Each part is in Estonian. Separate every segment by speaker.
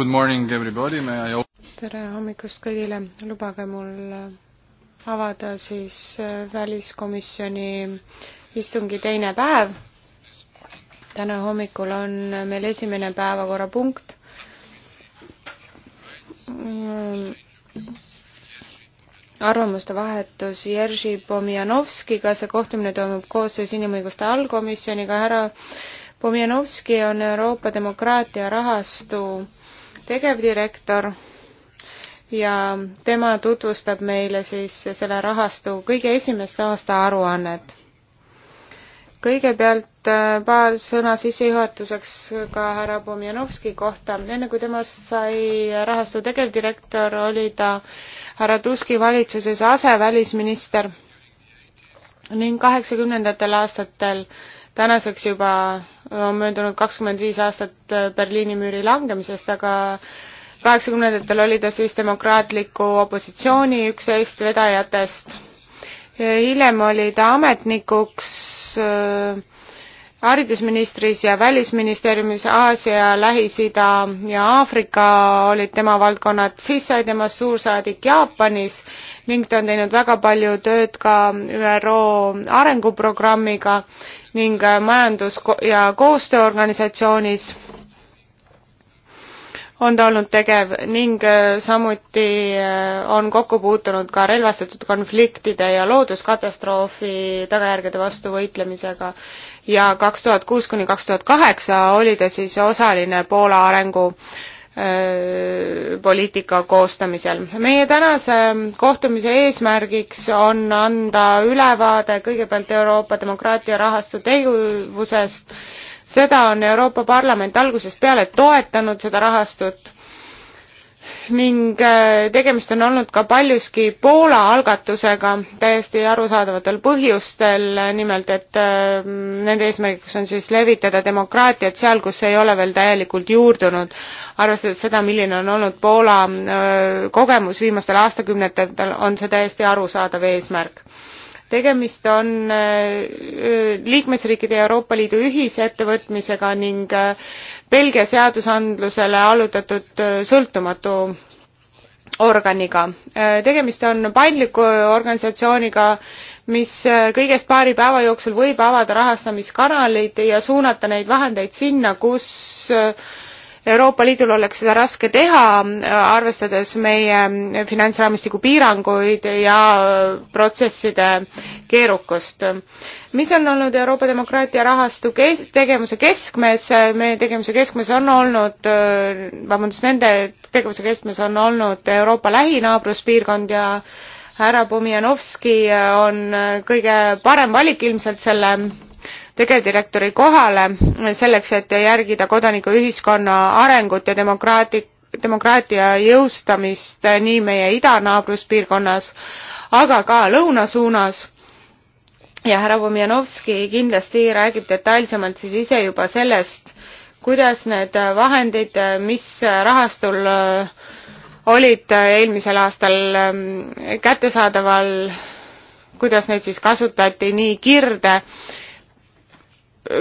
Speaker 1: Good morning everybody, may I
Speaker 2: tere hommikust kõigile, lubage mul avada siis äh, väliskomisjoni istungi teine päev. täna hommikul on meil esimene päevakorrapunkt. Mm. arvamuste vahetus Jerzy Pomjanovskiga, see kohtumine toimub koostöös inimõiguste allkomisjoniga, härra Pomjanovski on Euroopa demokraatia rahastu tegevdirektor ja tema tutvustab meile siis selle rahastu kõige esimest aasta aruannet. kõigepealt äh, paar sõna sissejuhatuseks ka härra Pomjanovski kohta. enne kui temast sai rahastu tegevdirektor, oli ta härra Tuski valitsuses asevälisminister ning kaheksakümnendatel aastatel äh, tänaseks juba on möödunud kakskümmend viis aastat äh, Berliini müüri langemisest, aga kaheksakümnendatel oli ta siis demokraatliku opositsiooni üks eestvedajatest. hiljem oli ta ametnikuks äh, haridusministris ja välisministeeriumis Aasia, Lähis-Ida ja Aafrika olid tema valdkonnad, siis sai temast suursaadik Jaapanis ning ta on teinud väga palju tööd ka ÜRO arenguprogrammiga ning majandus- ja koostööorganisatsioonis on ta olnud tegev ning äh, samuti äh, on kokku puutunud ka relvastatud konfliktide ja looduskatastroofi tagajärgede vastu võitlemisega ja kaks tuhat kuus kuni kaks tuhat kaheksa oli ta siis osaline Poola arengu poliitika koostamisel. meie tänase kohtumise eesmärgiks on anda ülevaade kõigepealt Euroopa demokraatia rahastu tegevusest, seda on Euroopa Parlament algusest peale toetanud, seda rahastut ning äh, tegemist on olnud ka paljuski Poola algatusega täiesti arusaadavatel põhjustel, nimelt et äh, nende eesmärgiks on siis levitada demokraatiat seal, kus ei ole veel täielikult juurdunud. arvestades seda, milline on olnud Poola äh, kogemus viimastel aastakümnetel, on see täiesti arusaadav eesmärk tegemist on liikmesriikide ja Euroopa Liidu ühisettevõtmisega ning Belgia seadusandlusele allutatud äh, sõltumatu organiga. Äh, tegemist on paindliku organisatsiooniga, mis äh, kõigest paari päeva jooksul võib avada rahastamiskanalid ja suunata neid vahendeid sinna, kus äh, Euroopa Liidul oleks seda raske teha, arvestades meie finantsraamistiku piiranguid ja protsesside keerukust. mis on olnud Euroopa demokraatia rahastu kes-, tegevuse keskmes, meie tegevuse keskmes on olnud, vabandust, nende tegevuse keskmes on olnud Euroopa lähinaabruspiirkond ja härra Pomjanovski on kõige parem valik ilmselt selle tegevdirektori kohale selleks, et järgida kodanikuühiskonna arengut ja demokraati-, demokraatia jõustamist nii meie idanaabruspiirkonnas, aga ka lõuna suunas ja härra Pomjanovski kindlasti räägib detailsemalt siis ise juba sellest, kuidas need vahendid, mis rahastul äh, olid äh, eelmisel aastal ähm, kättesaadaval, kuidas neid siis kasutati nii kirde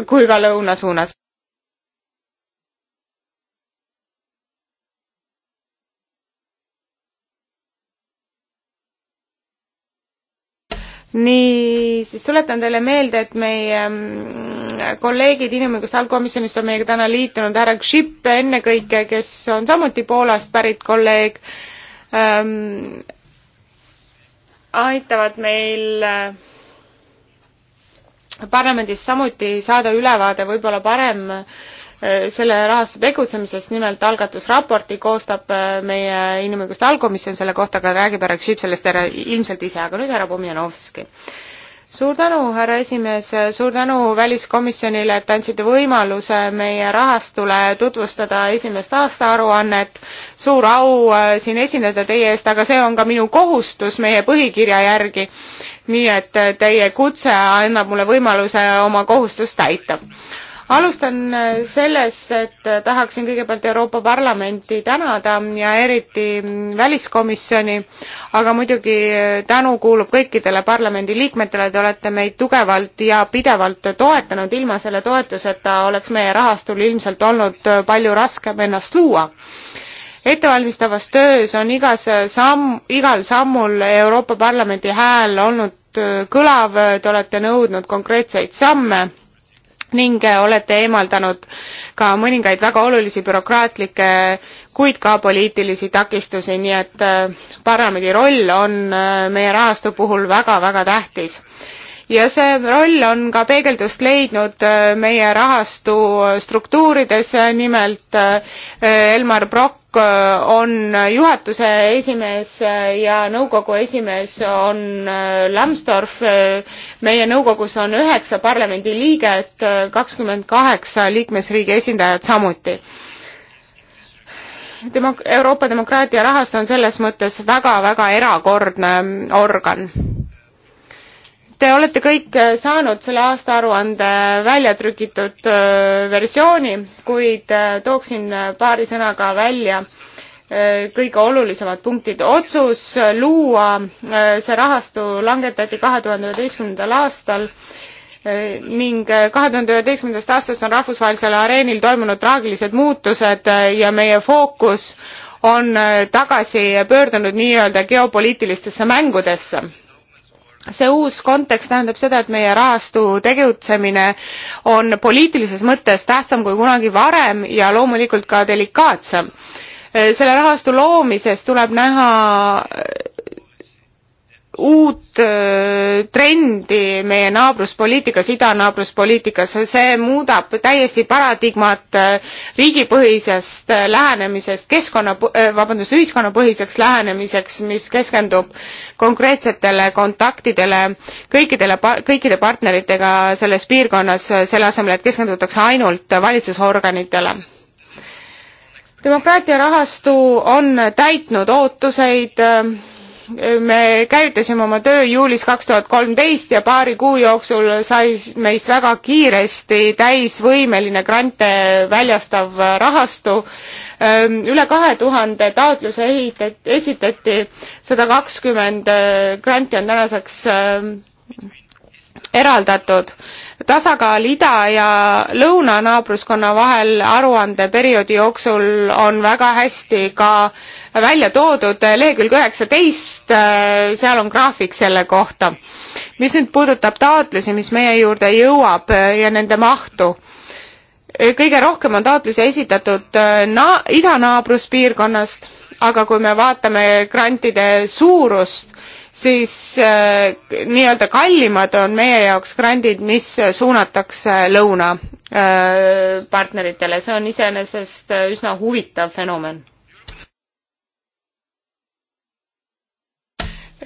Speaker 2: kui ka lõuna suunas. nii, siis tuletan teile meelde, et meie mm, kolleegid inimõiguste allkomisjonist on meiega täna liitunud, härra Gšip ennekõike, kes on samuti Poolast pärit kolleeg ähm,, aitavad meil äh, parlamendis samuti saada ülevaade võib-olla parem äh, selle rahastu tegutsemisest, nimelt algatusraporti koostab äh, meie inimõiguste allkomisjon selle kohta, aga räägib härra Kšip sellest ära ilmselt ise, aga nüüd härra Pomjanovski. suur tänu, härra esimees, suur tänu väliskomisjonile, et andsite võimaluse meie rahastule tutvustada esimest aastaaruannet. suur au äh, siin esineda teie eest, aga see on ka minu kohustus meie põhikirja järgi nii et teie kutse annab mulle võimaluse oma kohustust täita. alustan äh, sellest, et äh, tahaksin kõigepealt Euroopa Parlamenti tänada ja eriti väliskomisjoni, aga muidugi äh, tänu kuulub kõikidele parlamendiliikmetele, te olete meid tugevalt ja pidevalt toetanud, ilma selle toetuseta oleks meie rahastul ilmselt olnud palju raskem ennast luua ettevalmistavas töös on igas äh, samm, igal sammul Euroopa Parlamendi hääl olnud äh, kõlav, äh, te olete nõudnud konkreetseid samme ning olete eemaldanud ka mõningaid väga olulisi bürokraatlikke, kuid ka poliitilisi takistusi, nii et parlamendi roll on meie rahastu puhul väga-väga tähtis ja see roll on ka peegeldust leidnud äh, meie rahastu struktuurides, nimelt äh, Elmar Brokk äh, on juhatuse esimees ja nõukogu esimees on Lambsdorff. meie nõukogus on üheksa parlamendiliiget, kakskümmend kaheksa liikmesriigi esindajat samuti demok- euroopa demokraatia rahastu on selles mõttes väga väga erakordne organ Te olete kõik äh, saanud selle aastaaruande välja trükitud äh, versiooni, kuid äh, tooksin paari sõnaga välja kõige olulisemad punktid. otsus luua see rahastu langetati kahe tuhande üheteistkümnendal aastal ning kahe tuhande üheteistkümnendast aastast on rahvusvahelisel areenil toimunud traagilised muutused ja meie fookus on tagasi pöördunud nii-öelda geopoliitilistesse mängudesse see uus kontekst tähendab seda, et meie rahastu tegutsemine on poliitilises mõttes tähtsam kui kunagi varem ja loomulikult ka delikaatsem. selle rahastu loomises tuleb näha uut trendi meie naabruspoliitikas, idanaabruspoliitikas, see muudab täiesti paradigmat riigipõhisest lähenemisest keskkonna, vabandust, ühiskonnapõhiseks lähenemiseks, mis keskendub konkreetsetele kontaktidele kõikidele, kõikide partneritega selles piirkonnas, selle asemel, et keskendutakse ainult valitsusorganitele demokraatia rahastu on täitnud ootuseid me käivitasime oma töö juulis kaks tuhat kolmteist ja paari kuu jooksul sai meist väga kiiresti täisvõimeline grante väljastav rahastu. üle kahe tuhande taotluse ehitati, esitati, sada kakskümmend granti on tänaseks eraldatud tasakaal ida ja lõuna naabruskonna vahel aruandeperioodi jooksul on väga hästi ka äh, välja toodud eh, lehekülg üheksateist, eh, seal on graafik selle kohta. mis nüüd puudutab taotlusi, mis meie juurde jõuab eh, ja nende mahtu, kõige rohkem on taotlusi esitatud na-, idanaabruspiirkonnast, aga kui me vaatame grantide suurust, siis äh, nii-öelda kallimad on meie jaoks grandid, mis suunatakse lõunapartneritele äh,, see on iseenesest üsna huvitav fenomen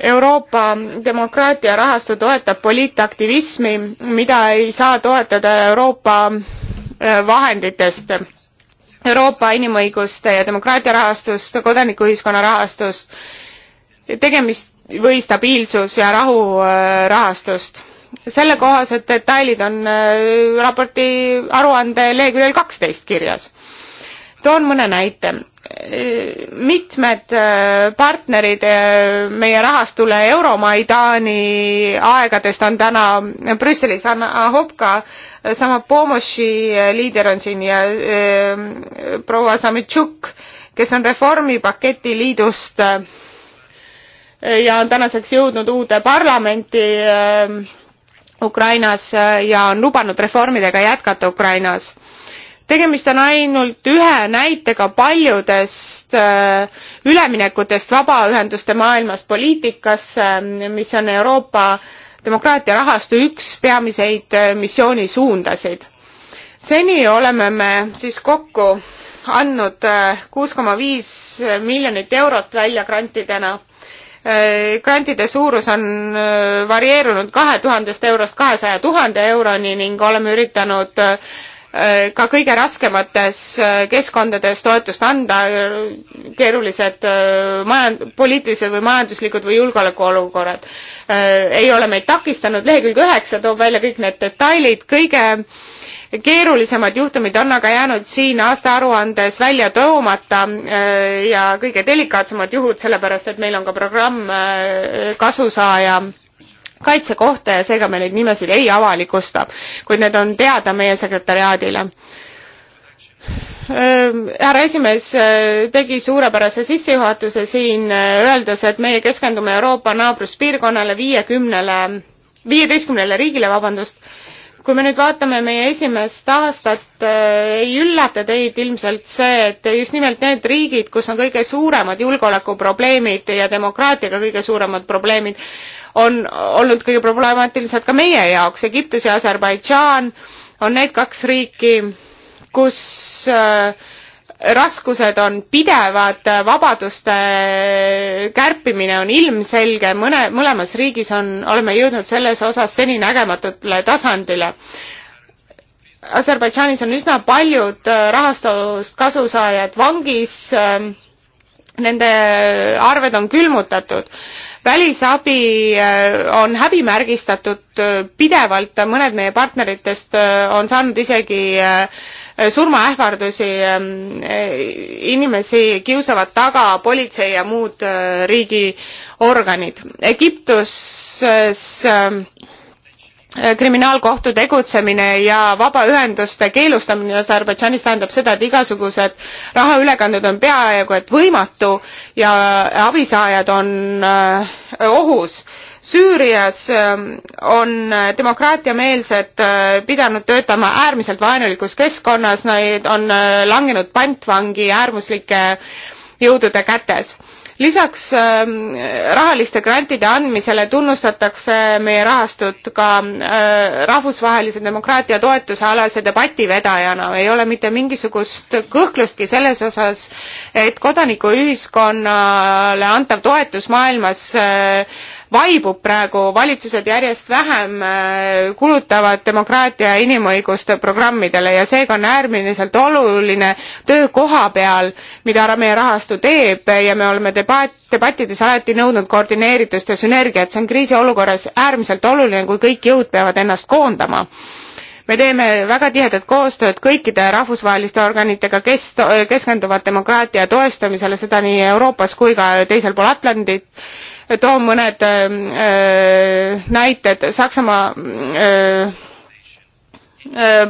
Speaker 2: Euroopa demokraatia rahastu toetab poliitaktivismi, mida ei saa toetada Euroopa äh, vahenditest Euroopa inimõiguste ja demokraatia rahastust, kodanikuühiskonna rahastust, tegemist või stabiilsus ja rahu äh, rahastust. sellekohased detailid on äh, raporti aruande leheküljel kaksteist kirjas. toon mõne näite mitmed äh, partnerid äh, meie rahastule Euromaidani aegadest on täna Brüsselis, Anna Hopka, sama Pomoši äh, liider on siin ja proua Samitšuk, kes on reformipaketi liidust ja on tänaseks jõudnud uude parlamenti Ukrainas ja on lubanud reformidega jätkata Ukrainas tegemist on ainult ühe näitega paljudest äh, üleminekutest vabaühenduste maailmas poliitikasse, mis on Euroopa demokraatia rahastu üks peamiseid äh, missioonisuundasid. seni oleme me siis kokku andnud äh, kuus koma viis miljonit eurot välja grantidena grantide suurus on varieerunud kahe tuhandest eurost kahesaja tuhande euroni ning oleme üritanud Äh, ka kõige raskemates äh, keskkondades toetust anda, äh, keerulised majand-, poliitilised või majanduslikud või julgeolekuolukorrad ei ole meid takistanud, lehekülg üheksa toob välja kõik need detailid, kõige keerulisemad juhtumid on aga jäänud siin aastaaruandes välja toomata ja kõige delikaatsemad juhud, sellepärast et meil on ka programm kasusaaja kaitse kohta ja seega me neid nimesid ei avalikusta, kuid need on teada meie sekretäriaadile ehm, härra esimees eh, tegi suurepärase sissejuhatuse siin, eh, öeldes, et meie keskendume Euroopa naabruspiirkonnale viiekümnele, viieteistkümnele riigile, vabandust. kui me nüüd vaatame meie esimest aastat, eh, ei üllata teid ilmselt see, et just nimelt need riigid, kus on kõige suuremad julgeolekuprobleemid ja demokraatiaga kõige suuremad probleemid, on olnud kõige problemaatilised ka meie jaoks. Egiptus ja Aserbaidžaan on need kaks riiki, kus äh, raskused on pidevad, äh, vabaduste äh, kärpimine on ilmselge, mõne, mõlemas riigis on, oleme jõudnud selles osas seninägematule tasandile. Aserbaidžaanis on üsna paljud rahastust kasusaajad vangis, nende arved on külmutatud välisabi äh, on häbimärgistatud äh, pidevalt, mõned meie partneritest äh, on saanud isegi surmaähvardusi, ähm, inimesi kiusavad taga politsei ja muud riigiorganid. Egiptuses Äh, kriminaalkohtu tegutsemine ja vabaühenduste keelustamine Aserbaidžaanis tähendab seda, et igasugused rahaülekanded on peaaegu et võimatu ja abisaajad on äh, ohus. Süürias ähm, on äh, demokraatiameelsed pidanud töötama äärmiselt vaenulikus keskkonnas, neid on langenud pantvangi äärmuslike jõudude kätes lisaks ähm, rahaliste grantide andmisele tunnustatakse meie rahastut ka äh, rahvusvahelise demokraatia toetuse alase debati vedajana. ei ole mitte mingisugust kõhklustki selles osas, et kodanikuühiskonnale antav toetus maailmas äh, vaibub praegu, valitsused järjest vähem äh, kulutavad demokraatia ja inimõiguste programmidele ja seega on äärmiselt oluline töö koha peal, mida meie rahastu teeb ja me oleme debat-, debattides alati nõudnud koordineeritust ja sünergiat, see on kriisiolukorras äärmiselt oluline, kui kõik jõud peavad ennast koondama me teeme väga tihedat koostööd kõikide rahvusvaheliste organitega kes keskenduvad demokraatia toestamisele seda nii euroopas kui ka teisel pool atlandit toon mõned äh, äh, näited, Saksamaa äh,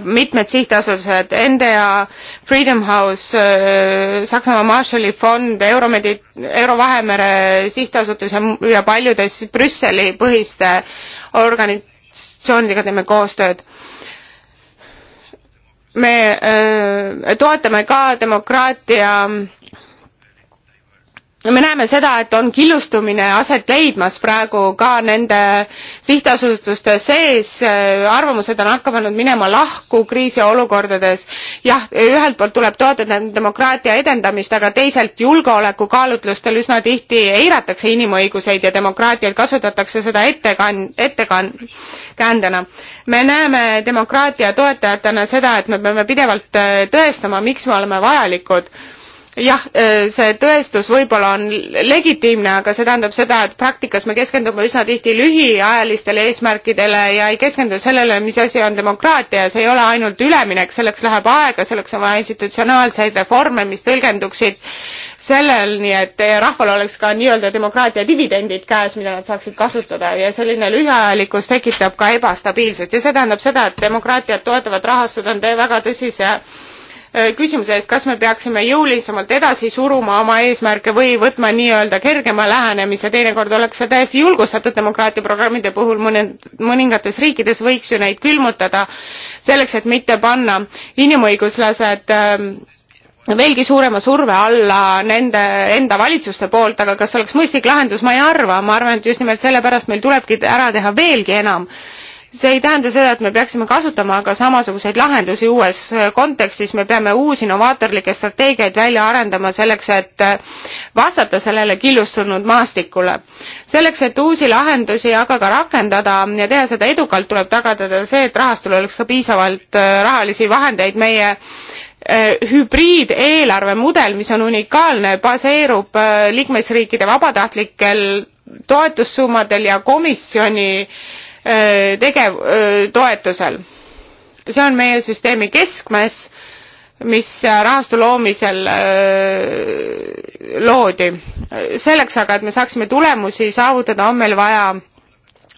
Speaker 2: mitmed sihtasutused, NDA, Freedom House, Saksamaa Marshalli fond, Euromedi-, Eurovahemere sihtasutus ja, ja paljudes Brüsseli põhiste organisatsioonidega teeme koostööd me öö, toetame ka demokraatia me näeme seda, et on killustumine aset leidmas praegu ka nende sihtasutuste sees, arvamused on hakanud minema lahku kriisiolukordades. jah, ühelt poolt tuleb toetada demokraatia edendamist, aga teisalt julgeoleku kaalutlustel üsna tihti eiratakse inimõiguseid ja demokraatiat kasutatakse seda ettekan-, ettekan-, käändena. me näeme demokraatia toetajatena seda, et me peame pidevalt tõestama, miks me oleme vajalikud jah, äh, see tõestus võib-olla on legitiimne, aga see tähendab seda, et praktikas me keskendume üsna tihti lühiajalistele eesmärkidele ja ei keskendu sellele, mis asi on demokraatia ja see ei ole ainult üleminek, selleks läheb aega, selleks on vaja institutsionaalseid reforme, mis tõlgenduksid selleni, et rahval oleks ka nii-öelda demokraatia dividendid käes, mida nad saaksid kasutada ja selline lühiajalikkus tekitab ka ebastabiilsust ja see tähendab seda, et demokraatiat toetavad rahastused on väga tõsise Äh, küsimuse eest, kas me peaksime jõulisemalt edasi suruma oma eesmärke või võtma nii-öelda kergema lähenemise, teinekord oleks see täiesti julgustatud demokraatia programmide puhul mõned, mõningates riikides võiks ju neid külmutada, selleks et mitte panna inimõiguslased äh, veelgi suurema surve alla nende enda valitsuste poolt, aga kas oleks mõistlik lahendus, ma ei arva, ma arvan, et just nimelt sellepärast meil tulebki ära teha veelgi enam see ei tähenda seda, et me peaksime kasutama aga samasuguseid lahendusi uues äh, kontekstis, me peame uusi novaatorlikke strateegiaid välja arendama selleks, et äh, vastata sellele killustunud maastikule. selleks, et uusi lahendusi aga ka rakendada ja teha seda edukalt, tuleb tagada see, et rahastul oleks ka piisavalt äh, rahalisi vahendeid meie hübriideelarve mudel, mis on unikaalne, baseerub liikmesriikide vabatahtlikel toetussummadel ja komisjoni äh, Äh, tegev-, äh, toetusel. see on meie süsteemi keskmes, mis rahastu loomisel äh, loodi. selleks aga, et me saaksime tulemusi saavutada, on meil vaja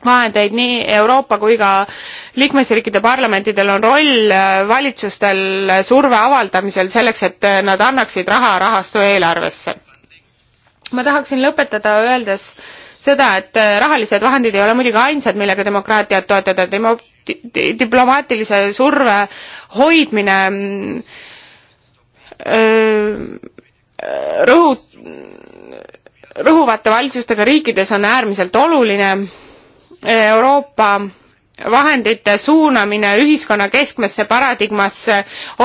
Speaker 2: vahendeid nii Euroopa kui ka liikmesriikide parlamentidel on roll valitsustel surve avaldamisel selleks, et nad annaksid raha rahastu eelarvesse. ma tahaksin lõpetada öeldes äh, seda, et äh, rahalised vahendid ei ole muidugi ainsad, millega demokraatiat toetada, demo-, diplomaatilise surve hoidmine mm, äh, rõhu, rõhuvate valitsustega riikides on äärmiselt oluline. Euroopa vahendite suunamine ühiskonna keskmesse paradigmasse,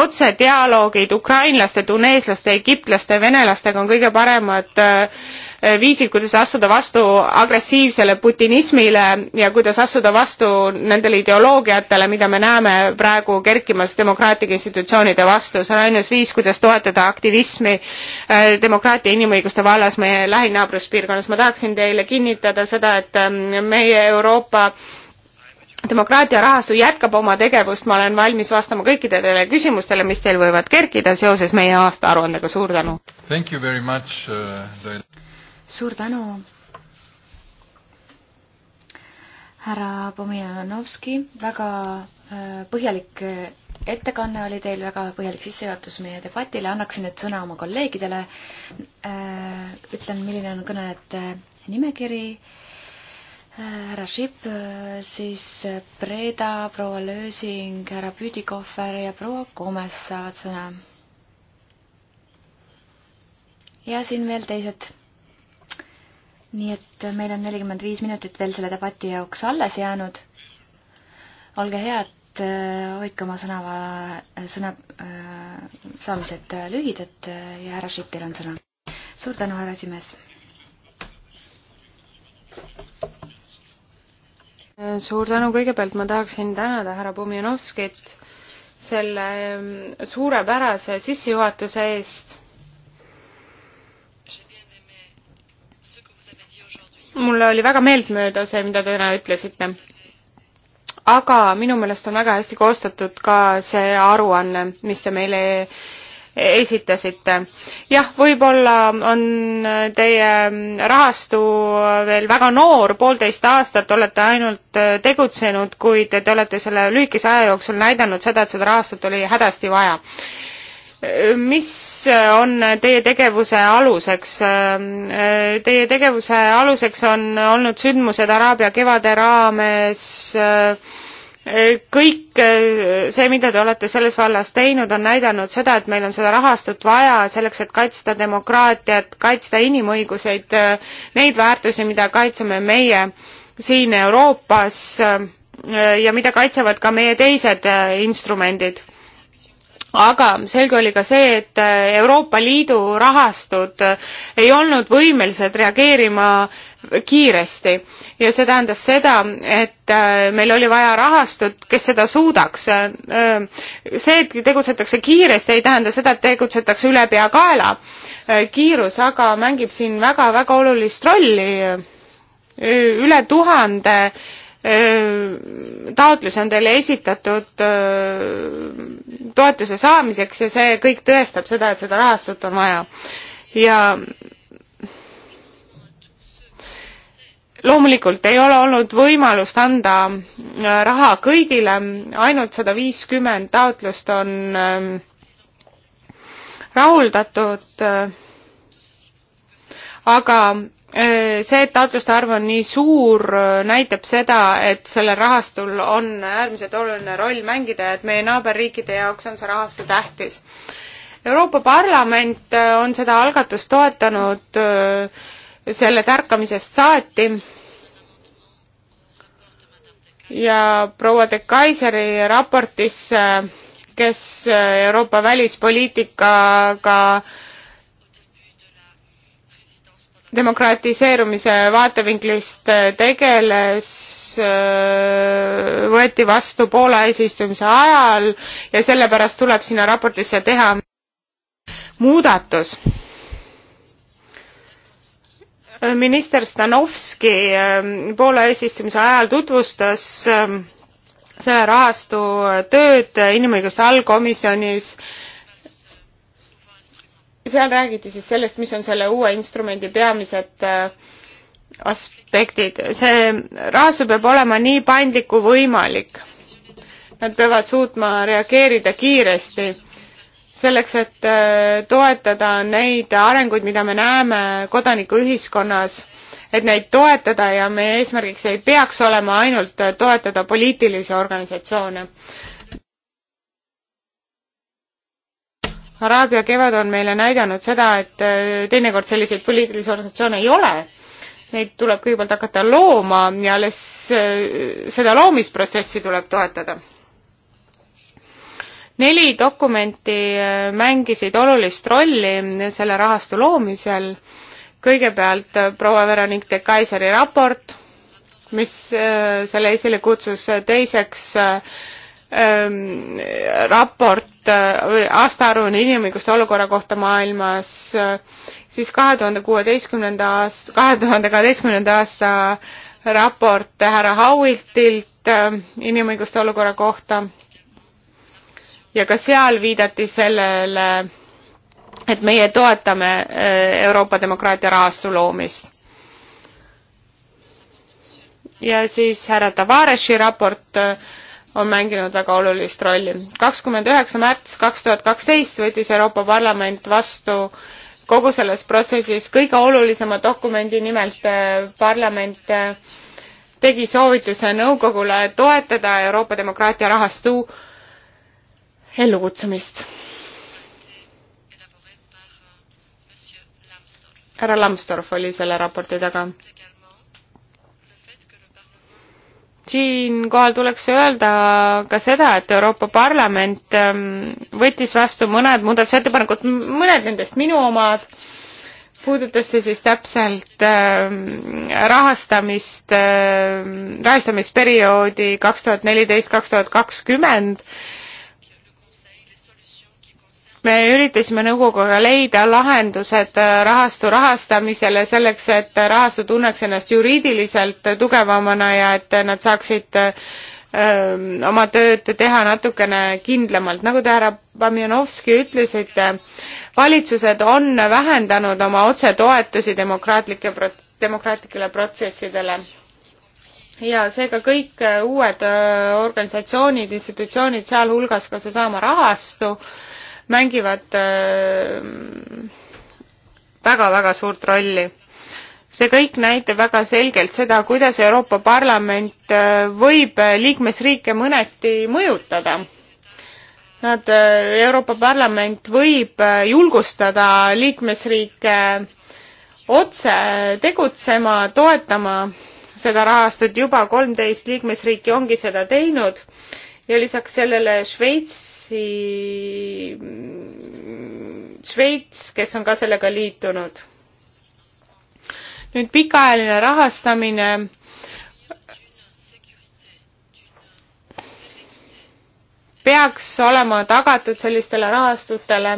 Speaker 2: otsedialoogid ukrainlaste, tuneeslaste, egiptlaste, venelastega on kõige paremad äh, Äh, viisid, kuidas astuda vastu agressiivsele putinismile ja kuidas astuda vastu nendele ideoloogiatele, mida me näeme praegu kerkimas demokraatlike institutsioonide vastu. see on ainus viis, kuidas toetada aktivismi äh, demokraatia ja inimõiguste vallas meie lähinaabruspiirkonnas. ma tahaksin teile kinnitada seda, et ähm, meie Euroopa demokraatia rahastu jätkab oma tegevust, ma olen valmis vastama kõikidele küsimustele, mis teil võivad kerkida seoses meie aastaaruandega, suur tänu!
Speaker 3: suur tänu, härra Pomjanovski, väga äh, põhjalik äh, ettekanne oli teil, väga põhjalik sissejuhatus meie debatile, annaksin nüüd sõna oma kolleegidele. Äh, ütlen, milline on kõnelejate nimekiri. härra Šip, siis Breda, proua Lösing, härra Püüdikohver ja proua Komes saavad sõna. ja siin veel teised nii et meil on nelikümmend viis minutit veel selle debati jaoks alles jäänud. olge head, äh, hoidke oma sõnavara, äh, sõna äh, saamised äh, lühidad ja härra Schipp, teil on sõna. suur tänu, härra esimees.
Speaker 2: suur tänu, kõigepealt ma tahaksin tänada härra Pomjanovskit selle ähm, suurepärase sissejuhatuse eest mulle oli väga meeltmööda see, mida te täna ütlesite. aga minu meelest on väga hästi koostatud ka see aruanne, mis te meile esitasite. jah, võib-olla on teie rahastu veel väga noor, poolteist aastat olete ainult tegutsenud, kuid te olete selle lühikese aja jooksul näidanud seda, et seda rahastut oli hädasti vaja mis on teie tegevuse aluseks? Teie tegevuse aluseks on olnud sündmused Araabia kevade raames, kõik see, mida te olete selles vallas teinud, on näidanud seda, et meil on seda rahastut vaja selleks, et kaitsta demokraatiat, kaitsta inimõiguseid, neid väärtusi, mida kaitseme meie siin Euroopas ja mida kaitsevad ka meie teised instrumendid aga selge oli ka see, et äh, Euroopa Liidu rahastud äh, ei olnud võimelised reageerima kiiresti ja see tähendas seda, et äh, meil oli vaja rahastut, kes seda suudaks. see, et tegutsetakse kiiresti, ei tähenda seda, et tegutsetakse ülepeakaela. kiirus aga mängib siin väga-väga olulist rolli. üle tuhande taotlus on teile esitatud toetuse saamiseks ja see kõik tõestab seda, et seda rahastust on vaja. ja loomulikult ei ole olnud võimalust anda raha kõigile, ainult sada viiskümmend taotlust on rahuldatud, aga Äh, see, et taotluste arv on nii suur, äh, näitab seda, et sellel rahastul on äärmiselt oluline roll mängida ja et meie naaberriikide jaoks on see rahastu tähtis. Euroopa Parlament äh, on seda algatust toetanud selle tärkamisest saati ja proua de Kaiseri raportisse, kes Euroopa välispoliitikaga ka demokratiseerumise vaatevinklist äh, tegeles, äh, võeti vastu Poola eesistumise ajal ja sellepärast tuleb sinna raportisse teha muudatus. minister Stanovski ähm, Poola eesistumise ajal tutvustas ähm, selle rahastu tööd inimõiguste allkomisjonis seal räägiti siis sellest, mis on selle uue instrumendi peamised äh, aspektid. see rahastu peab olema nii paindlik kui võimalik. Nad peavad suutma reageerida kiiresti selleks, et äh, toetada neid arenguid, mida me näeme kodanikuühiskonnas, et neid toetada ja meie eesmärgiks ei peaks olema ainult toetada poliitilisi organisatsioone. Araabia kevad on meile näidanud seda, et äh, teinekord selliseid poliitilisi organisatsioone ei ole. Neid tuleb kõigepealt hakata looma ja alles äh, seda loomisprotsessi tuleb toetada. neli dokumenti äh, mängisid olulist rolli selle rahastu loomisel. kõigepealt proua Veronique de Kaiseri raport, mis selle esile kutsus, teiseks ähm, raport Äh, aastaaruanne inimõiguste olukorra kohta maailmas, äh, siis kahe tuhande kuueteistkümnenda aasta, kahe tuhande kaheteistkümnenda aasta raport härra Howiltilt äh, inimõiguste olukorra kohta. ja ka seal viidati sellele, et meie toetame Euroopa demokraatia rahastu loomist. ja siis härra Tavaresi raport on mänginud väga olulist rolli. kakskümmend üheksa märts kaks tuhat kaksteist võttis Euroopa Parlament vastu kogu selles protsessis kõige olulisema dokumendi, nimelt äh, parlament äh, tegi soovituse nõukogule toetada Euroopa demokraatia rahastu ellukutsumist. härra Lambsdorff oli selle raporti taga siinkohal tuleks öelda ka seda, et Euroopa Parlament ähm, võttis vastu mõned muudatusettepanekud, mõned nendest minu omad, puudutas see siis täpselt ähm, rahastamist, ähm, rahastamisperioodi kaks tuhat neliteist, kaks tuhat kakskümmend me üritasime nõukoguga leida lahendused äh, rahastu rahastamisele selleks, et rahastu tunneks ennast juriidiliselt tugevamana ja et nad saaksid öö, ähm, oma tööd teha natukene kindlamalt. nagu te, härra Pamjanovski, ütlesite, valitsused on vähendanud oma otsetoetusi demokraatlike prots-, demokraatlikele protsessidele ja seega kõik äh, uued äh, organisatsioonid, institutsioonid, sealhulgas ka seesama rahastu, mängivad äh, väga-väga suurt rolli. see kõik näitab väga selgelt seda, kuidas Euroopa Parlament äh, võib liikmesriike mõneti mõjutada. Nad, äh, Euroopa Parlament võib julgustada liikmesriike otse tegutsema, toetama seda rahastut, juba kolmteist liikmesriiki ongi seda teinud ja lisaks sellele Šveitsi, Šveits, kes on ka sellega liitunud. nüüd pikaajaline rahastamine peaks olema tagatud sellistele rahastutele.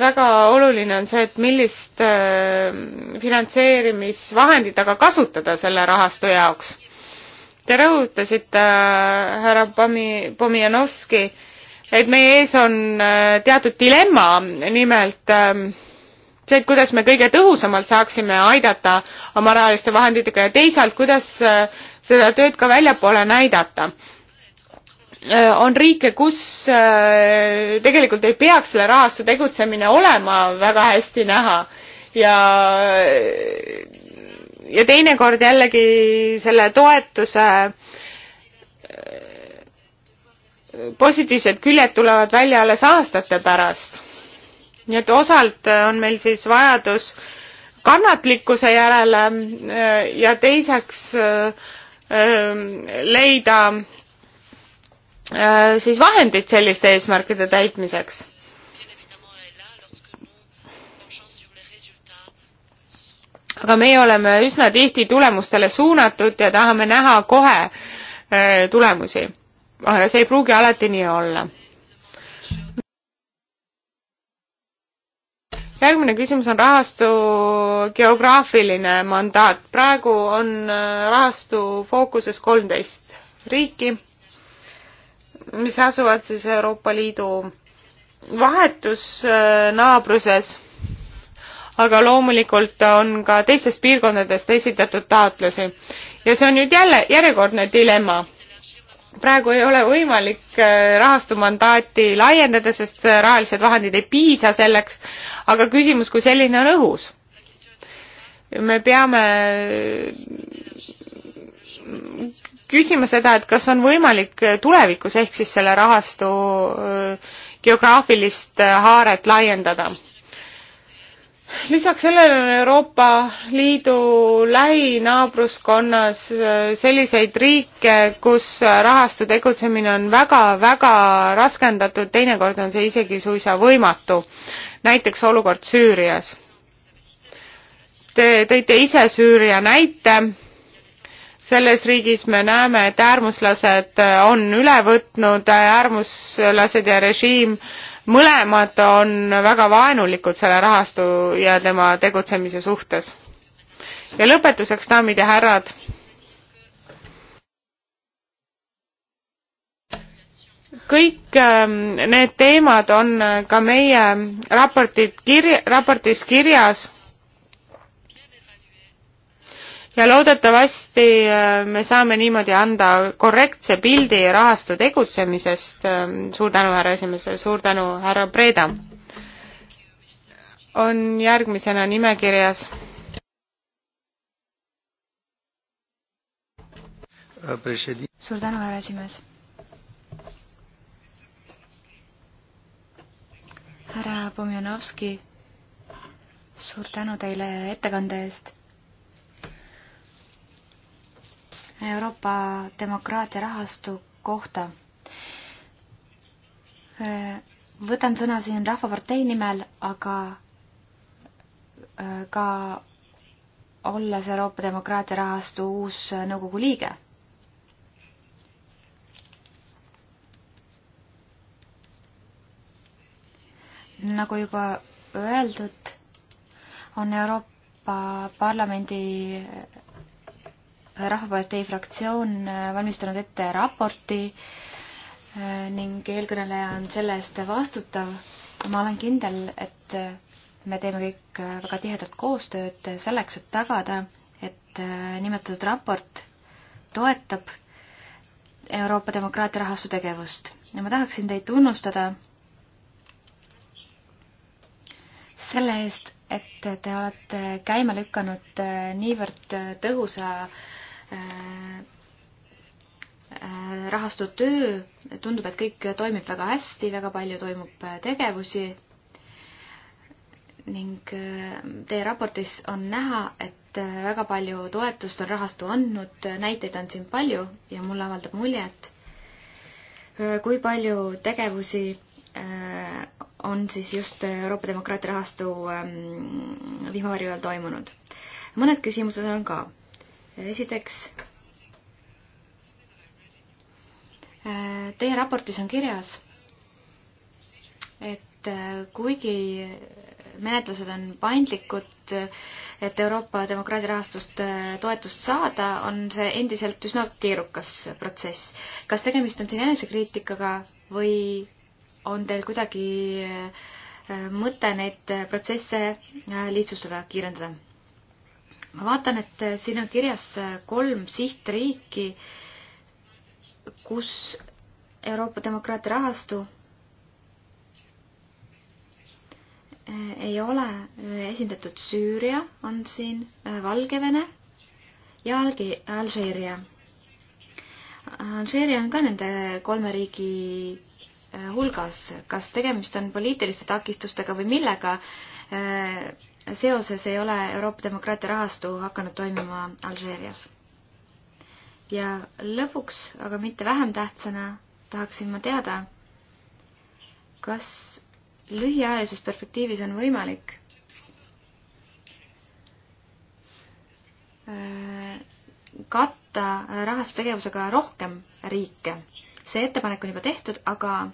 Speaker 2: väga oluline on see, et millist äh, finantseerimisvahendit aga kasutada selle rahastu jaoks Te rõhutasite, äh, härra Pomi-, Pomjanovski, et meie ees on äh, teatud dilemma, nimelt ähm, see, et kuidas me kõige tõhusamalt saaksime aidata oma rahaliste vahenditega ja teisalt, kuidas äh, seda tööd ka väljapoole näidata. on riike, kus tegelikult ei peaks selle rahastu tegutsemine olema väga hästi näha ja ja teinekord jällegi selle toetuse äh, positiivsed küljed tulevad välja alles aastate pärast. nii et osalt on meil siis vajadus kannatlikkuse järele äh, ja teiseks äh, leida siis vahendid selliste eesmärkide täitmiseks. aga meie oleme üsna tihti tulemustele suunatud ja tahame näha kohe äh, tulemusi. aga see ei pruugi alati nii olla. järgmine küsimus on rahastu geograafiline mandaat. praegu on äh, rahastu fookuses kolmteist riiki, mis asuvad siis Euroopa Liidu vahetusnaabruses äh, aga loomulikult on ka teistest piirkondadest esitatud taotlusi. ja see on nüüd jälle järjekordne dilemma. praegu ei ole võimalik äh, rahastumandaati laiendada, sest äh, rahalised vahendid ei piisa selleks, aga küsimus kui selline on õhus. me peame äh, küsima seda, et kas on võimalik tulevikus ehk siis selle rahastu geograafilist haaret laiendada lisaks sellele on Euroopa Liidu lähinaabruskonnas selliseid riike, kus rahastu tegutsemine on väga-väga raskendatud, teinekord on see isegi suisa võimatu. näiteks olukord Süürias. Te tõite ise Süüria näite selles riigis me näeme, et äärmuslased on üle võtnud, äärmuslased ja režiim mõlemad on väga vaenulikud selle rahastu ja tema tegutsemise suhtes. ja lõpetuseks, daamid ja härrad. kõik ähm, need teemad on ka meie raportid kirja, raportis kirjas ja loodetavasti äh, me saame niimoodi anda korrektse pildi rahastu tegutsemisest. Ähm, suur tänu, härra esimees, suur tänu, härra Breda. on järgmisena nimekirjas. suur tänu, härra esimees.
Speaker 3: härra Pomjanovski, suur tänu teile ettekande eest Euroopa demokraatia rahastu kohta. võtan sõna siin Rahvapartei nimel, aga äh, ka olles Euroopa demokraatia rahastu uus nõukogu liige nagu juba öeldud, on Euroopa Parlamendi Rahvapartei fraktsioon äh, valmistanud ette raporti äh, ning eelkõneleja on selle eest vastutav. ma olen kindel, et äh, me teeme kõik väga tihedat koostööd selleks, et tagada, et nimetatud raport toetab Euroopa demokraatia rahastu tegevust ja ma tahaksin teid tunnustada selle eest, et te olete käima lükanud niivõrd tõhusa äh, Äh, äh, rahastatud töö, tundub, et kõik toimib väga hästi, väga palju toimub äh, tegevusi ning teie raportis on näha, et väga palju toetust on rahastu andnud, näiteid on siin palju ja mulle avaldab mulje, et kui palju tegevusi on siis just Euroopa demokraatia rahastu ähm, vihmavarju all toimunud. mõned küsimused on ka esiteks, teie raportis on kirjas, et äh, kuigi menetlused on paindlikud, et Euroopa demokraatia rahastust äh, toetust saada, on see endiselt üsna keerukas protsess. kas tegemist on siin enesekriitikaga või on teil kuidagi äh, mõte neid protsesse lihtsustada, kiirendada? ma vaatan, et siin on kirjas kolm sihtriiki, kus Euroopa demokraatia rahastu ei ole esindatud. Süüria on siin, Valgevene ja Algi-, Alžeeria. Alžeeria on ka nende kolme riigi eh, hulgas. kas tegemist on poliitiliste takistustega või millega? Eh, seoses ei ole Euroopa demokraatia rahastu hakanud toimima Alžeerias. ja lõpuks, aga mitte vähem tähtsana, tahaksin ma teada, kas lühiajalises perspektiivis on võimalik äh, katta rahastustegevusega rohkem riike. see ettepanek on juba tehtud, aga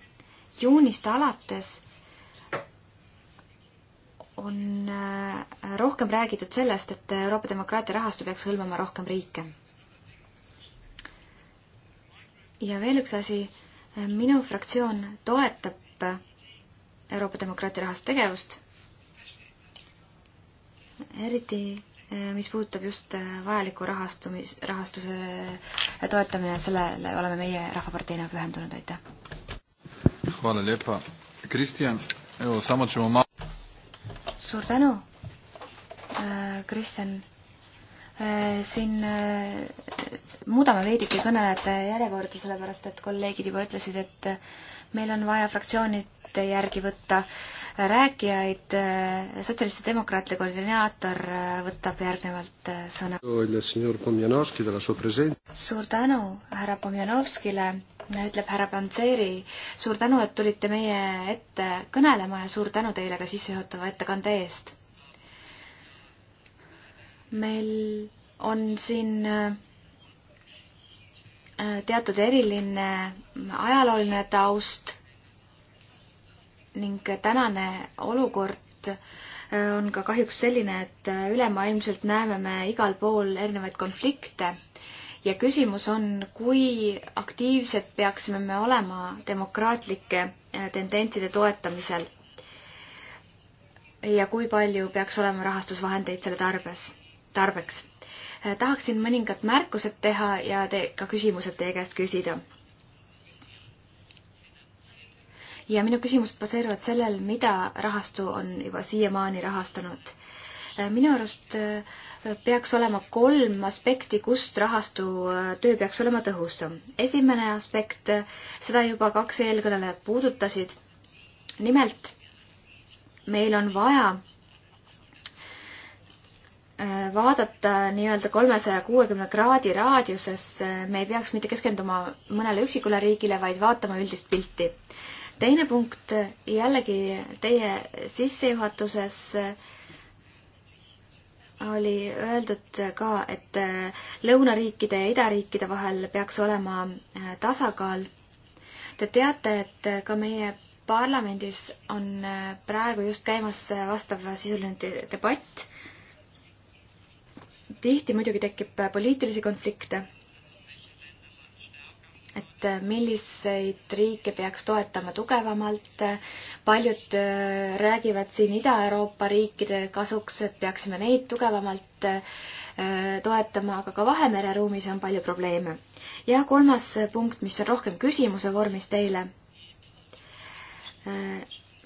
Speaker 3: juunist alates on äh, rohkem räägitud sellest, et Euroopa demokraatia rahastu peaks hõlmama rohkem riike. ja veel üks asi, minu fraktsioon toetab Euroopa demokraatia rahastu tegevust, eriti äh, mis puudutab just äh, vajaliku rahastumis, rahastuse toetamine, sellele oleme meie Rahvaparteina pühendunud, aitäh! Hvala lijepa. Kristjan, evo samo ćemo malo suur tänu, äh, Kristjan. Äh, siin äh, muudame veidike kõnelejate järjekorda, sellepärast et kolleegid juba ütlesid, et meil on vaja fraktsioonid järgi võtta rääkijaid. Eh, sotsialistide demokraatide koordinaator eh, võtab järgnevalt eh, sõna. suur tänu härra Pomjanovskile, ütleb härra Panseri. suur tänu, et tulite meie ette kõnelema ja suur tänu teile ka sissejuhatava ettekande eest. meil on siin teatud eriline ajalooline taust ning tänane olukord äh, on ka kahjuks selline, et äh, ülemaailmselt näeme me igal pool erinevaid konflikte ja küsimus on, kui aktiivsed peaksime me olema demokraatlike äh, tendentside toetamisel. ja kui palju peaks olema rahastusvahendeid selle tarbes, tarbeks. tahaksin mõningad märkused teha ja te ka küsimused teie käest küsida ja minu küsimused baseeruvad sellel, mida rahastu on juba siiamaani rahastanud. Äh, minu arust äh, peaks olema kolm aspekti, kust rahastu äh, töö peaks olema tõhusam. esimene aspekt, seda juba kaks eelkõnelejat puudutasid. nimelt, meil on vaja vaadata nii-öelda kolmesaja kuuekümne kraadi raadiuses, me ei peaks mitte keskenduma mõnele üksikule riigile, vaid vaatama üldist pilti teine punkt jällegi teie sissejuhatuses oli öeldud ka, et lõunariikide ja idariikide vahel peaks olema äh, tasakaal. Te teate, et ka meie parlamendis on äh, praegu just käimas äh, vastav sisuline debatt. tihti muidugi tekib poliitilisi konflikte et milliseid riike peaks toetama tugevamalt. paljud äh, räägivad siin Ida-Euroopa riikide kasuks, et peaksime neid tugevamalt äh, toetama, aga ka Vahemere ruumis on palju probleeme. ja kolmas äh, punkt, mis on rohkem küsimuse vormis teile.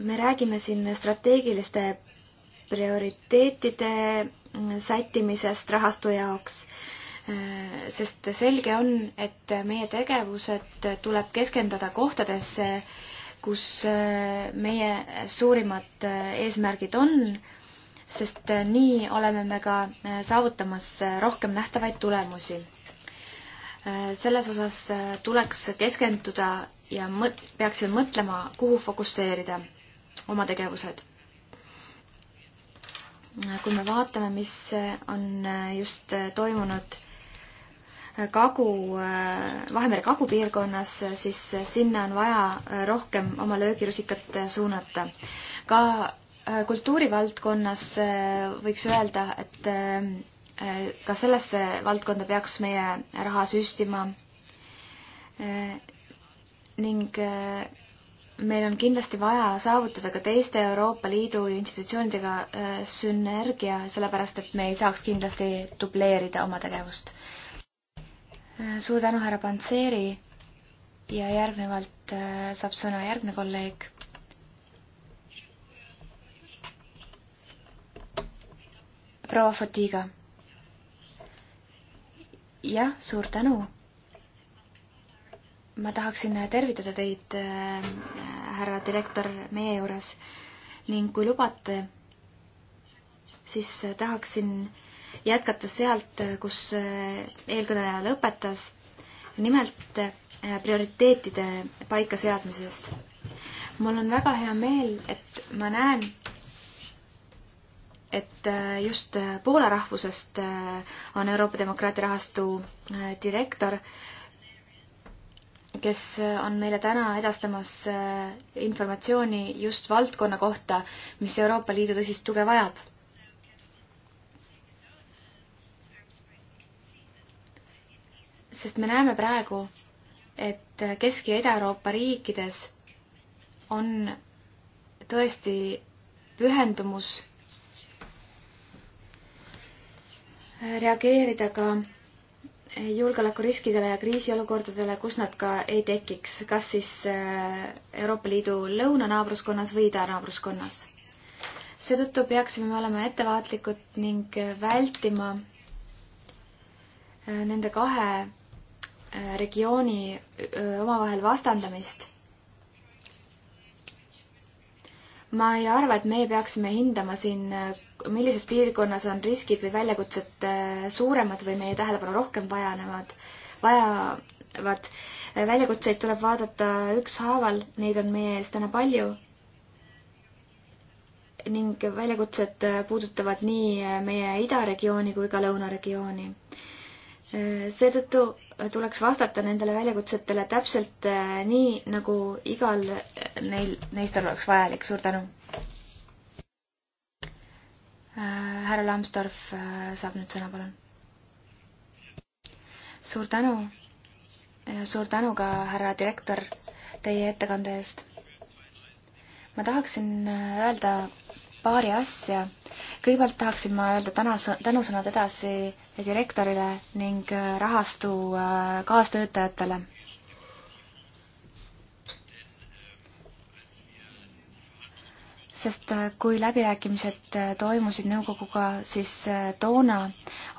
Speaker 3: me räägime siin strateegiliste prioriteetide mm, sättimisest rahastu jaoks sest selge on, et meie tegevused tuleb keskendada kohtadesse, kus äh, meie suurimad äh, eesmärgid on, sest äh, nii oleme me ka saavutamas rohkem nähtavaid tulemusi. selles osas tuleks keskenduda ja mõt-, peaksime mõtlema, kuhu fokusseerida oma tegevused kui me vaatame, mis on just toimunud kagu, äh, Vahemere kagu piirkonnas, äh, siis äh, sinna on vaja rohkem oma löögirusikat suunata. ka kultuurivaldkonnas võiks öelda, et ka sellesse valdkonda peaks meie raha süstima ning meil on kindlasti vaja saavutada ka teiste Euroopa Liidu institutsioonidega sünergia, sellepärast et me ei saaks kindlasti dubleerida oma tegevust. Äh, suur tänu, härra Panseri ja järgnevalt äh, saab sõna järgmine kolleeg. proua Fatiga. jah, suur tänu. ma tahaksin äh, tervitada teid, härra direktor, meie juures ning kui lubate, siis tahaksin äh, jätkates sealt, kus eh, eelkõneleja lõpetas, nimelt eh, prioriteetide paikaseadmisest. mul on väga hea meel, et ma näen, et eh, just Poola rahvusest on Euroopa Demokraatia rahastu direktor, kes on meile täna edastamas informatsiooni just valdkonna kohta, mis Euroopa Liidu tõsist tuge vajab sest me näeme praegu, et Kesk- ja Ida-Euroopa riikides on tõesti pühendumus reageerida ka julgeolekuriskidele ja kriisiolukordadele, kus nad ka ei tekiks, kas siis äh, Euroopa Liidu lõunanaabruskonnas või idanaabruskonnas. seetõttu peaksime me olema ettevaatlikud ning vältima äh, nende kahe regiooni omavahel vastandamist. ma ei arva, et meie peaksime hindama siin, millises piirkonnas on riskid või väljakutsed suuremad või meie tähelepanu rohkem vajanevad, vajavad. väljakutseid tuleb vaadata ükshaaval, neid on meie ees täna palju ning väljakutsed puudutavad nii meie idaregiooni kui ka lõunaregiooni. seetõttu tuleks vastata nendele väljakutsetele täpselt äh, nii, nagu igal neil, neist oleks vajalik. suur tänu! Äh, härra Lambsdorff äh, saab nüüd sõna, palun. suur tänu ja suur tänu ka, härra direktor, teie ettekande eest. ma tahaksin öelda paari asja. kõigepealt tahaksin ma öelda täna, tänusõnad edasi direktorile ning äh, rahastu äh, kaastöötajatele sest äh, kui läbirääkimised äh, toimusid nõukoguga, siis äh, toona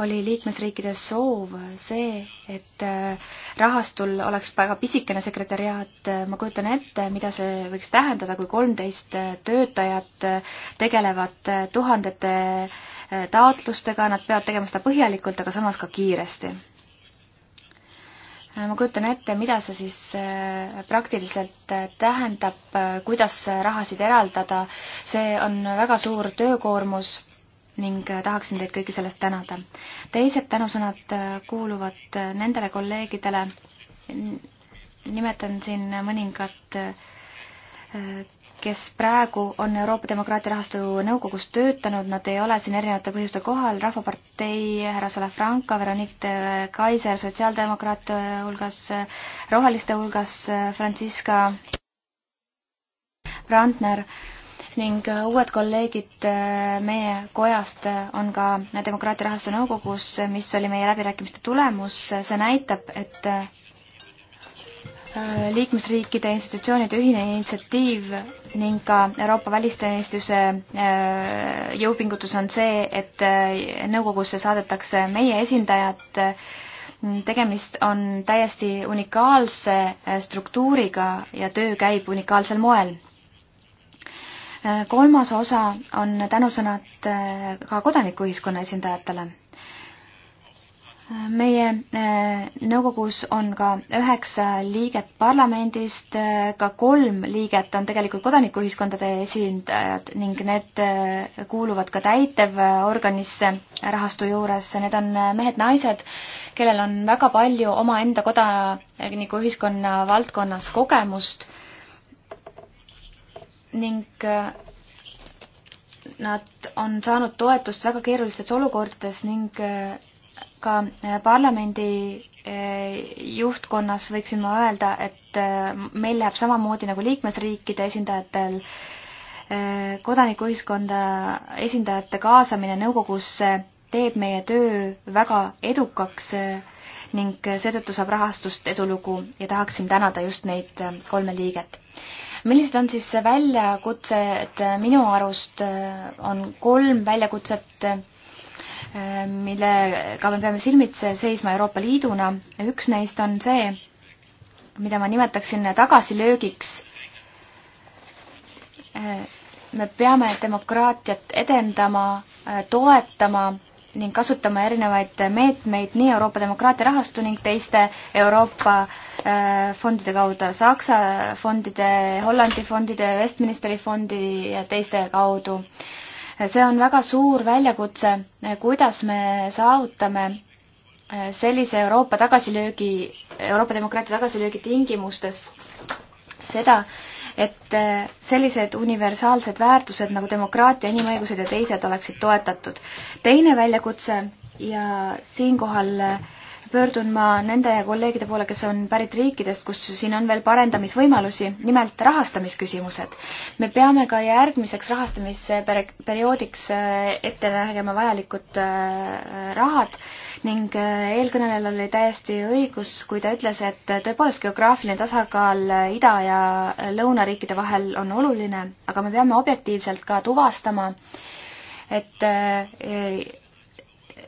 Speaker 3: oli liikmesriikide soov see, et rahastul oleks väga pisikene sekretäriaat. ma kujutan ette, mida see võiks tähendada, kui kolmteist töötajat tegelevad tuhandete taotlustega, nad peavad tegema seda põhjalikult, aga samas ka kiiresti ma kujutan ette, mida see siis äh, praktiliselt äh, tähendab, äh, kuidas rahasid eraldada. see on väga suur töökoormus ning tahaksin teid kõiki sellest tänada. teised tänusõnad kuuluvad nendele kolleegidele, nimetan siin mõningat kes praegu on Euroopa Demokraatia Rahastu nõukogus töötanud, nad ei ole siin erinevatel põhjustel kohal, Rahvapartei härra Salafranca, Veronique de Kaiser sotsiaaldemokraate hulgas, roheliste hulgas Franziska Brandner ning uued kolleegid meie kojast on ka Demokraatia Rahastu nõukogus, mis oli meie läbirääkimiste tulemus, see näitab, et Äh, liikmesriikide institutsioonide ühine initsiatiiv ning ka Euroopa välisteenistuse äh, jõupingutus on see, et äh, nõukogusse saadetakse meie esindajad. Mm, tegemist on täiesti unikaalse struktuuriga ja töö käib unikaalsel moel. kolmas osa on tänusõnad ka kodanikuühiskonna esindajatele meie äh, nõukogus on ka üheksa liiget parlamendist, äh, ka kolm liiget on tegelikult kodanikuühiskondade esindajad ning need äh, kuuluvad ka täitevorganisse rahastu juures, need on mehed-naised, kellel on väga palju omaenda kodanikuühiskonna valdkonnas kogemust ning nad on saanud toetust väga keerulistes olukordades ning ka eh, parlamendi eh, juhtkonnas võiksin ma öelda, et eh, meil läheb samamoodi nagu liikmesriikide esindajatel kodanikuühiskonda esindajate kaasamine nõukogusse teeb meie töö väga edukaks ning seetõttu saab rahastust edulugu ja tahaksin tänada just neid kolme liiget. millised on siis väljakutsed minu arust, on kolm väljakutset millega me peame silmitse seisma Euroopa Liiduna. üks neist on see, mida ma nimetaksin tagasilöögiks. me peame demokraatiat edendama, toetama ning kasutama erinevaid meetmeid nii Euroopa demokraatia rahastu ning teiste Euroopa äh, fondide kaudu, Saksa fondide, Hollandi fondide, Westminsteri fondi ja teiste kaudu see on väga suur väljakutse, kuidas me saavutame äh, sellise Euroopa tagasilöögi, Euroopa demokraatia tagasilöögi tingimustes seda, et äh, sellised universaalsed väärtused nagu demokraatia, inimõigused ja teised oleksid toetatud. teine väljakutse ja siinkohal äh, pöördun ma nende kolleegide poole, kes on pärit riikidest, kus siin on veel parendamisvõimalusi, nimelt rahastamisküsimused. me peame ka järgmiseks rahastamisperioodiks eh, ette nägema vajalikud eh, rahad ning eh, eelkõnelejal oli täiesti õigus, kui ta ütles, et tõepoolest geograafiline tasakaal ida- ja lõunariikide vahel on oluline, aga me peame objektiivselt ka tuvastama, et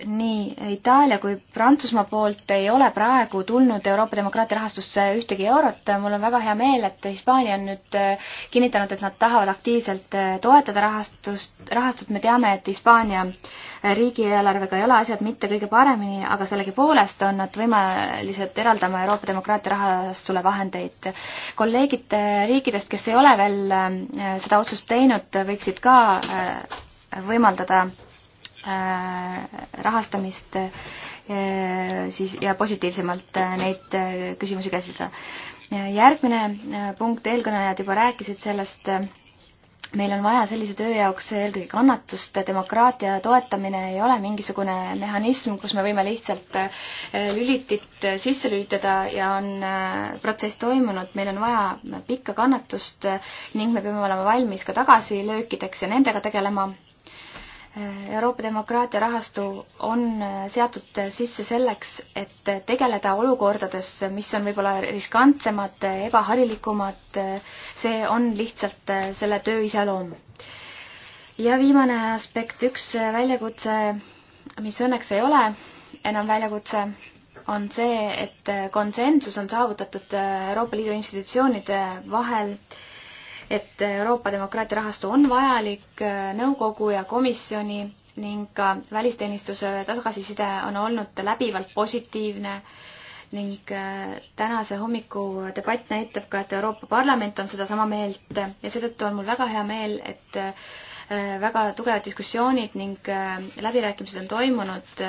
Speaker 3: nii Itaalia kui Prantsusmaa poolt ei ole praegu tulnud Euroopa demokraatia rahastusse ühtegi eurot. mul on väga hea meel, et Hispaania on nüüd äh, kinnitanud, et nad tahavad aktiivselt äh, toetada rahastust, rahastut. me teame, et Hispaania äh, riigieelarvega ei ole asjad mitte kõige paremini, aga sellegipoolest on nad võimelised eraldama Euroopa demokraatia rahastule vahendeid. kolleegid riikidest, kes ei ole veel seda otsust teinud, võiksid ka võimaldada Äh, rahastamist äh, siis ja positiivsemalt äh, neid küsimusi käsitleda. järgmine punkt, eelkõnelejad juba rääkisid sellest, meil on vaja sellise töö jaoks eelkõige kannatust, demokraatia toetamine ei ole mingisugune mehhanism, kus me võime lihtsalt lülitit sisse lülitada ja on protsess toimunud, meil on vaja pikka kannatust ning me peame olema valmis ka tagasilöökideks ja nendega tegelema Euroopa demokraatia rahastu on äh, seatud äh, sisse selleks, et äh, tegeleda olukordades, mis on võib-olla riskantsemad, ebaharilikumad, see on lihtsalt selle töö iseloom. ja viimane aspekt, üks väljakutse, mis õnneks ei ole enam väljakutse, on see, et konsensus on saavutatud Euroopa Liidu institutsioonide vahel äh, et Euroopa demokraatia rahastu on vajalik äh, nõukogu ja komisjoni ning ka välisteenistuse tagasiside on olnud läbivalt positiivne ning äh, tänase hommiku debatt näitab ka, et Euroopa Parlament on sedasama meelt ja seetõttu on mul väga hea meel, et äh, väga tugevad diskussioonid ning läbirääkimised on toimunud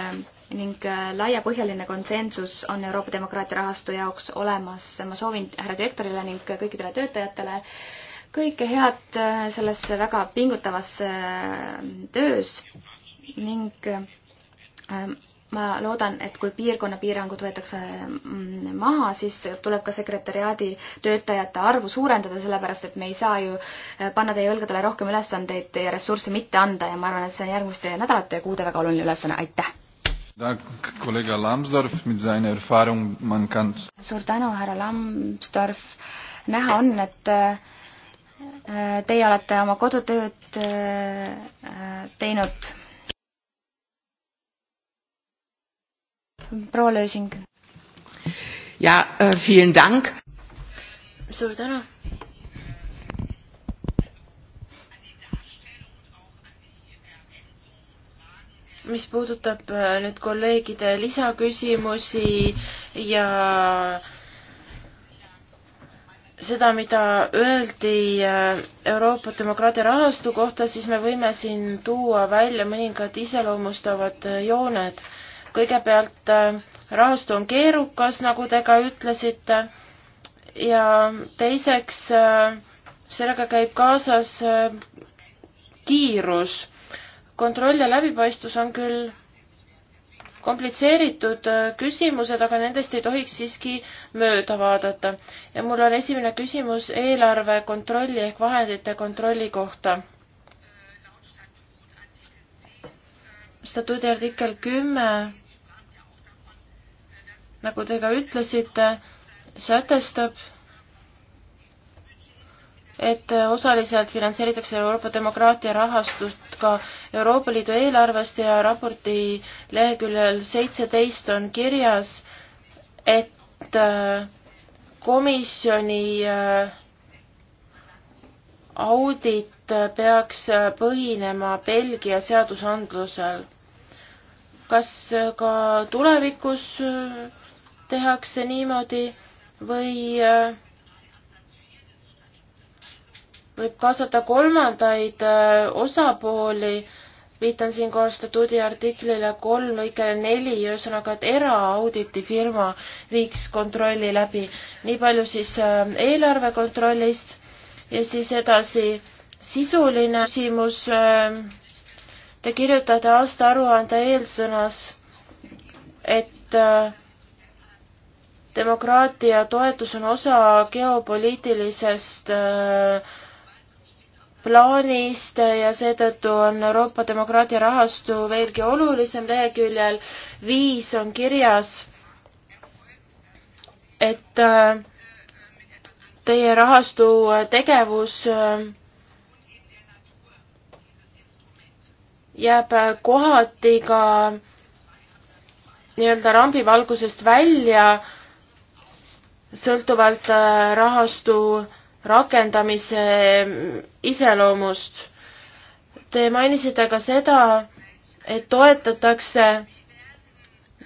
Speaker 3: ning laiapõhjaline konsensus on Euroopa demokraatia rahastu jaoks olemas. ma soovin härra direktorile ning kõikidele töötajatele äh, kõike head äh, selles väga pingutavas äh, töös ning äh, ma loodan, et kui piirkonna piirangud võetakse mm, maha, siis tuleb ka sekretäriaadi töötajate arvu suurendada, sellepärast et me ei saa ju panna teie õlgadele rohkem ülesandeid ja ressursse mitte anda ja ma arvan, et see on järgmiste nädalate ja kuude väga oluline ülesanne, aitäh! suur tänu, härra Lambsdorff, näha on, et Äh, teie olete oma kodutööd äh, teinud.
Speaker 1: proua Lösing.
Speaker 2: ja, äh, vielen Dank.
Speaker 1: suur tänu. mis puudutab nüüd kolleegide lisaküsimusi ja äh, seda, mida öeldi äh, Euroopa demokraatia rahastu kohta, siis me võime siin tuua välja mõningad iseloomustavad äh, jooned. kõigepealt äh, rahastu on keerukas, nagu te ka ütlesite, ja teiseks sellega käib kaasas kiirus. kontroll ja läbipaistvus on küll komplitseeritud äh, küsimused, aga nendest ei tohiks siiski mööda vaadata. ja mul on esimene küsimus eelarve kontrolli ehk vahendite kontrolli kohta. statuudi artikkel kümme, nagu te ka ütlesite, sätestab et osaliselt finantseeritakse Euroopa demokraatia rahastust ka Euroopa Liidu eelarvest ja raporti leheküljel seitseteist on kirjas, et äh, komisjoni äh, audit peaks äh, põhinema Belgia seadusandlusel. kas ka tulevikus tehakse niimoodi või äh, võib kaasata kolmandaid äh, osapooli, viitan siinkohal statuudi artiklile kolm lõikele neli, ühesõnaga, et eraauditifirma viiks kontrolli läbi. nii palju siis äh, eelarve kontrollist ja siis edasi sisuline küsimus. Äh, te kirjutate aastaaruande eelsõnas, et demokraatia toetus on osa geopoliitilisest äh, plaanist ja seetõttu on Euroopa demokraatia rahastu veelgi olulisem. leheküljel viis on kirjas, et äh, teie rahastu äh, tegevus äh, jääb kohati ka nii-öelda rambivalgusest välja, sõltuvalt rahastu äh, rakendamise iseloomust. Te mainisite ka seda, et toetatakse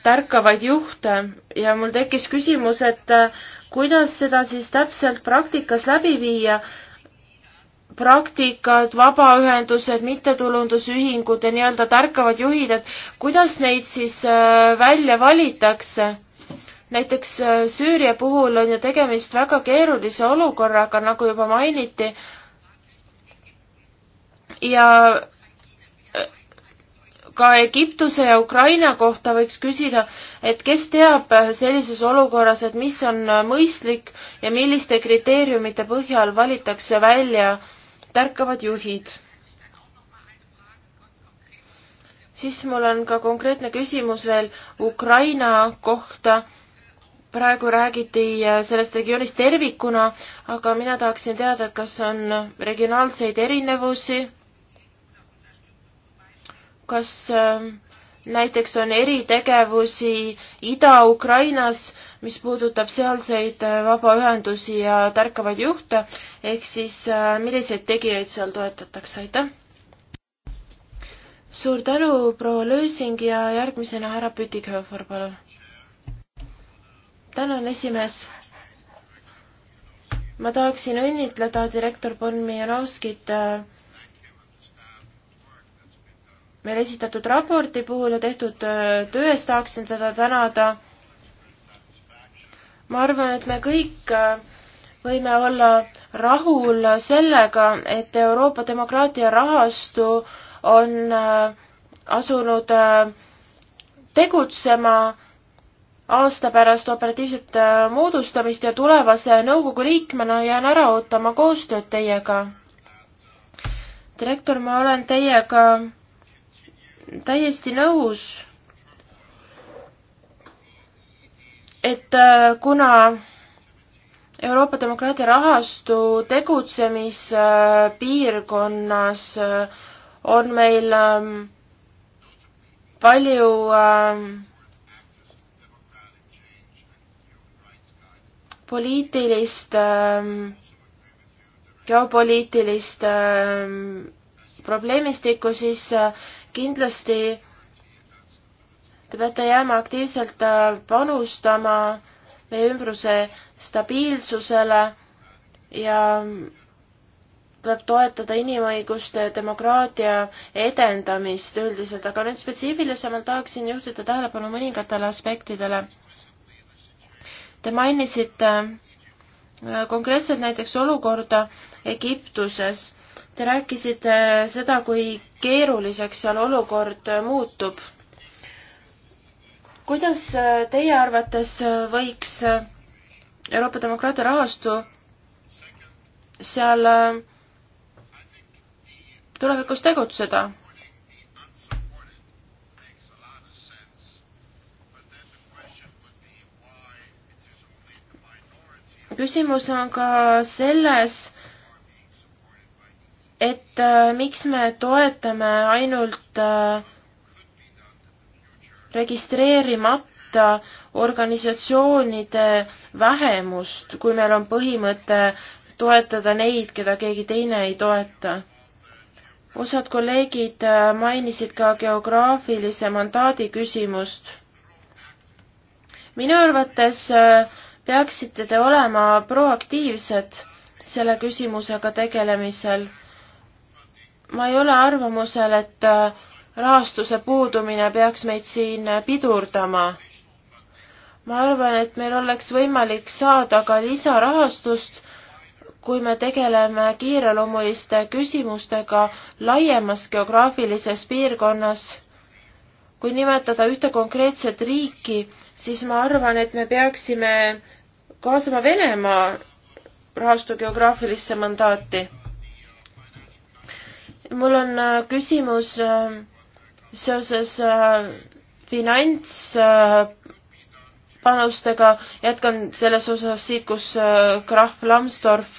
Speaker 1: tärkavaid juhte ja mul tekkis küsimus, et kuidas seda siis täpselt praktikas läbi viia, praktikad, vabaühendused, mittetulundusühingud ja nii-öelda tärkavad juhid, et kuidas neid siis äh, välja valitakse? näiteks äh, Süüria puhul on ju tegemist väga keerulise olukorraga, nagu juba mainiti. ja äh, ka Egiptuse ja Ukraina kohta võiks küsida, et kes teab äh, sellises olukorras, et mis on mõistlik ja milliste kriteeriumite põhjal valitakse välja tärkavad juhid. siis mul on ka konkreetne küsimus veel Ukraina kohta praegu räägiti äh, sellest regioonist tervikuna, aga mina tahaksin teada, et kas on regionaalseid erinevusi, kas äh, näiteks on eritegevusi Ida-Ukrainas, mis puudutab sealseid äh, vabaühendusi ja tärkavaid juhte, ehk siis milliseid tegijaid seal toetatakse, aitäh! suur tänu, proua Lösing ja järgmisena härra Pütikhofer, palun! tänan, esimees. ma tahaksin õnnitleda direktor Bonmi Janovskit äh, meile esitatud raporti puhul ja tehtud äh, töö eest tahaksin teda tänada. ma arvan, et me kõik äh, võime olla rahul sellega, et Euroopa demokraatia rahastu on asunud tegutsema aasta pärast operatiivset äh, moodustamist ja tulevase nõukogu liikmena jään ära ootama koostööd teiega. direktor, ma olen teiega täiesti nõus, et äh, kuna Euroopa demokraatia rahastu tegutsemispiirkonnas äh, on meil ähm, palju äh, poliitilist ähm,, geopoliitilist ähm, probleemistikku, siis äh, kindlasti te peate jääma aktiivselt äh, panustama meie ümbruse stabiilsusele ja mm, tuleb toetada inimõiguste ja demokraatia edendamist üldiselt, aga nüüd spetsiifilisemalt tahaksin juhtida tähelepanu mõningatele aspektidele Te mainisite äh, konkreetselt näiteks olukorda Egiptuses. Te rääkisite äh, seda, kui keeruliseks seal olukord äh, muutub. kuidas teie arvates võiks Euroopa demokraatia rahastu seal tulevikus tegutseda? küsimus on ka selles, et äh, miks me toetame ainult äh, registreerimata organisatsioonide vähemust, kui meil on põhimõte toetada neid, keda keegi teine ei toeta. osad kolleegid äh, mainisid ka geograafilise mandaadi küsimust. minu arvates äh, peaksite te olema proaktiivsed selle küsimusega tegelemisel. ma ei ole arvamusel, et äh, rahastuse puudumine peaks meid siin äh, pidurdama. ma arvan, et meil oleks võimalik saada ka lisarahastust, kui me tegeleme kiireloomuliste küsimustega laiemas geograafilises piirkonnas. kui nimetada ühte konkreetset riiki, siis ma arvan, et me peaksime kaasame Venemaa rahastu geograafilisse mandaati. mul on äh, küsimus äh, seoses äh, finantspanustega, jätkan selles osas siit, kus Krahv Lambsdorff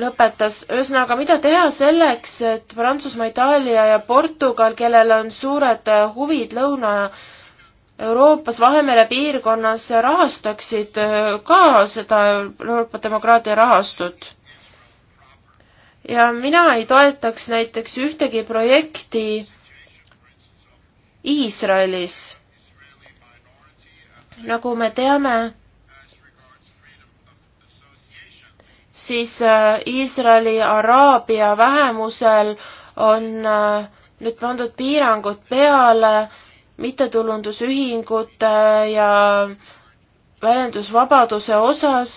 Speaker 1: lõpetas. ühesõnaga, mida teha selleks, et Prantsusmaa, Itaalia ja Portugal, kellel on suured huvid lõuna Euroopas Vahemere piirkonnas rahastaksid äh, ka seda Euroopa demokraatia rahastut. ja mina ei toetaks näiteks ühtegi projekti Iisraelis. nagu me teame, siis äh, Iisraeli araabia vähemusel on äh, nüüd pandud piirangud peale mittetulundusühingute ja väljendusvabaduse osas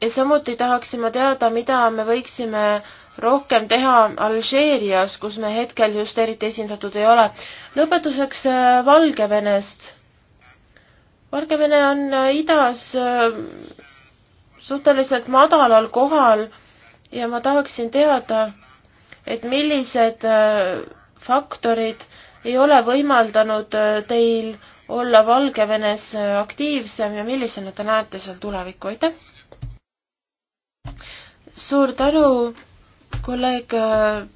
Speaker 1: ja samuti tahaksime teada, mida me võiksime rohkem teha Alžeerias, kus me hetkel just eriti esindatud ei ole. lõpetuseks äh, Valgevenest. Valgevene on äh, idas äh, suhteliselt madalal kohal ja ma tahaksin teada, et millised faktorid ei ole võimaldanud äh, teil olla Valgevenes äh, aktiivsem ja millisena te näete seal tulevikku, aitäh! suur tänu, kolleeg äh,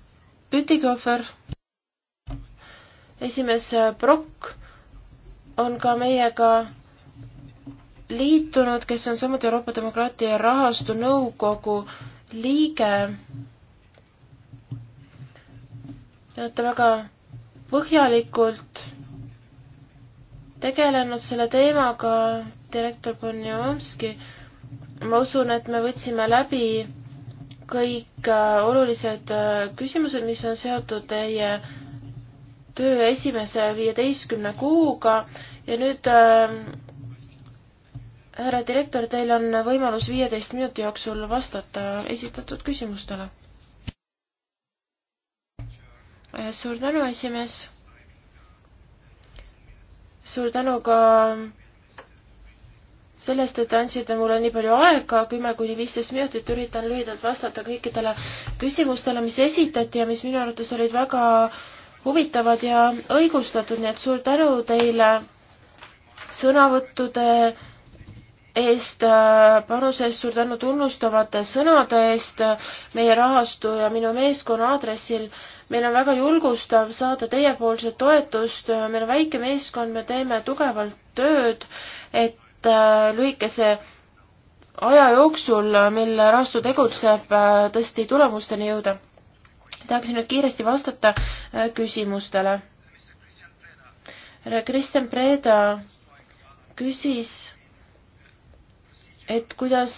Speaker 1: Pütikofer. esimees Brock on ka meiega liitunud, kes on samuti Euroopa Demokraatia Rahastu Nõukogu liige. Te olete väga põhjalikult tegelenud selle teemaga, direktor Bonjovski. ma usun, et me võtsime läbi kõik äh, olulised äh, küsimused, mis on seotud teie töö esimese viieteistkümne kuuga ja nüüd äh, härra direktor, teil on võimalus viieteist minuti jooksul vastata esitatud küsimustele Eh, suur tänu, esimees. suur tänu ka sellest, et andsite mulle nii palju aega, kümme kuni viisteist minutit, üritan lühidalt vastata kõikidele küsimustele, mis esitati ja mis minu arvates olid väga huvitavad ja õigustatud, nii et suur tänu teile sõnavõttude eest, panuse eest, suur tänu tunnustavate sõnade eest meie rahastu ja minu meeskonna aadressil meil on väga julgustav saada teiepoolset toetust, meil on väike meeskond, me teeme tugevalt tööd, et äh, lühikese aja jooksul, mil Rastu tegutseb, äh, tõesti tulemusteni jõuda. tahaksin nüüd kiiresti vastata äh, küsimustele. Kristjan Preda küsis, et kuidas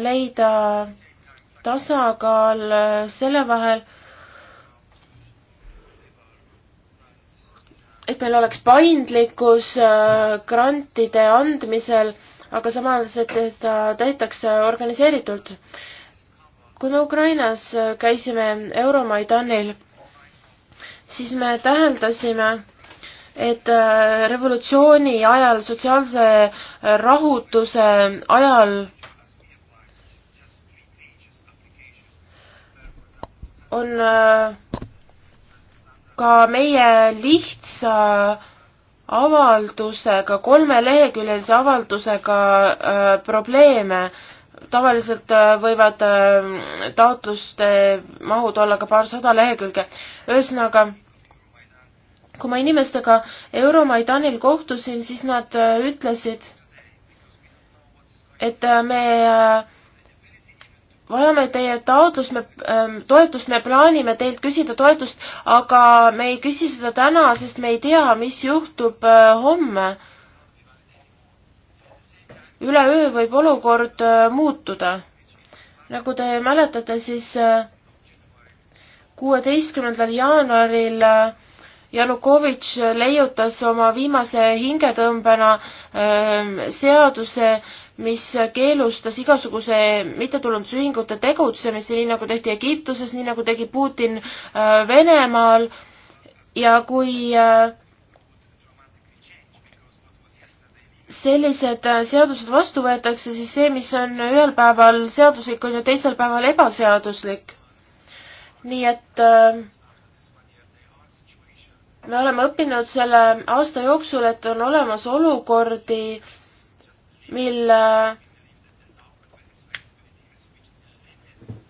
Speaker 1: leida tasakaal selle vahel, et meil oleks paindlikkus äh, grantide andmisel, aga samas, et seda täidetakse organiseeritult. kui me Ukrainas äh, käisime Euromaidanil, siis me täheldasime, et äh, revolutsiooni ajal, sotsiaalse rahutuse ajal on äh, ka meie lihtsa avaldusega, kolmeleheküljelise avaldusega äh, probleeme. tavaliselt äh, võivad äh, taotluste mahud olla ka paarsada lehekülge. ühesõnaga, kui ma inimestega Euromaidanil kohtusin, siis nad äh, ütlesid, et äh, me äh, vajame teie taotlust, me ähm,, toetust, me plaanime teilt küsida toetust, aga me ei küsi seda täna, sest me ei tea, mis juhtub äh, homme. üleöö võib olukord äh, muutuda. nagu te mäletate, siis äh, kuueteistkümnendal äh, jaanuaril Janukovitš leiutas oma viimase hingetõmbena ähm, seaduse, mis keelustas igasuguse mittetulundusühingute tegutsemise, nii nagu tehti Egiptuses, nii nagu tegi Putin äh, Venemaal ja kui äh, sellised äh, seadused vastu võetakse, siis see, mis on ühel päeval seaduslik, on ju teisel päeval ebaseaduslik. nii et äh, me oleme õppinud selle aasta jooksul, et on olemas olukordi, mil äh,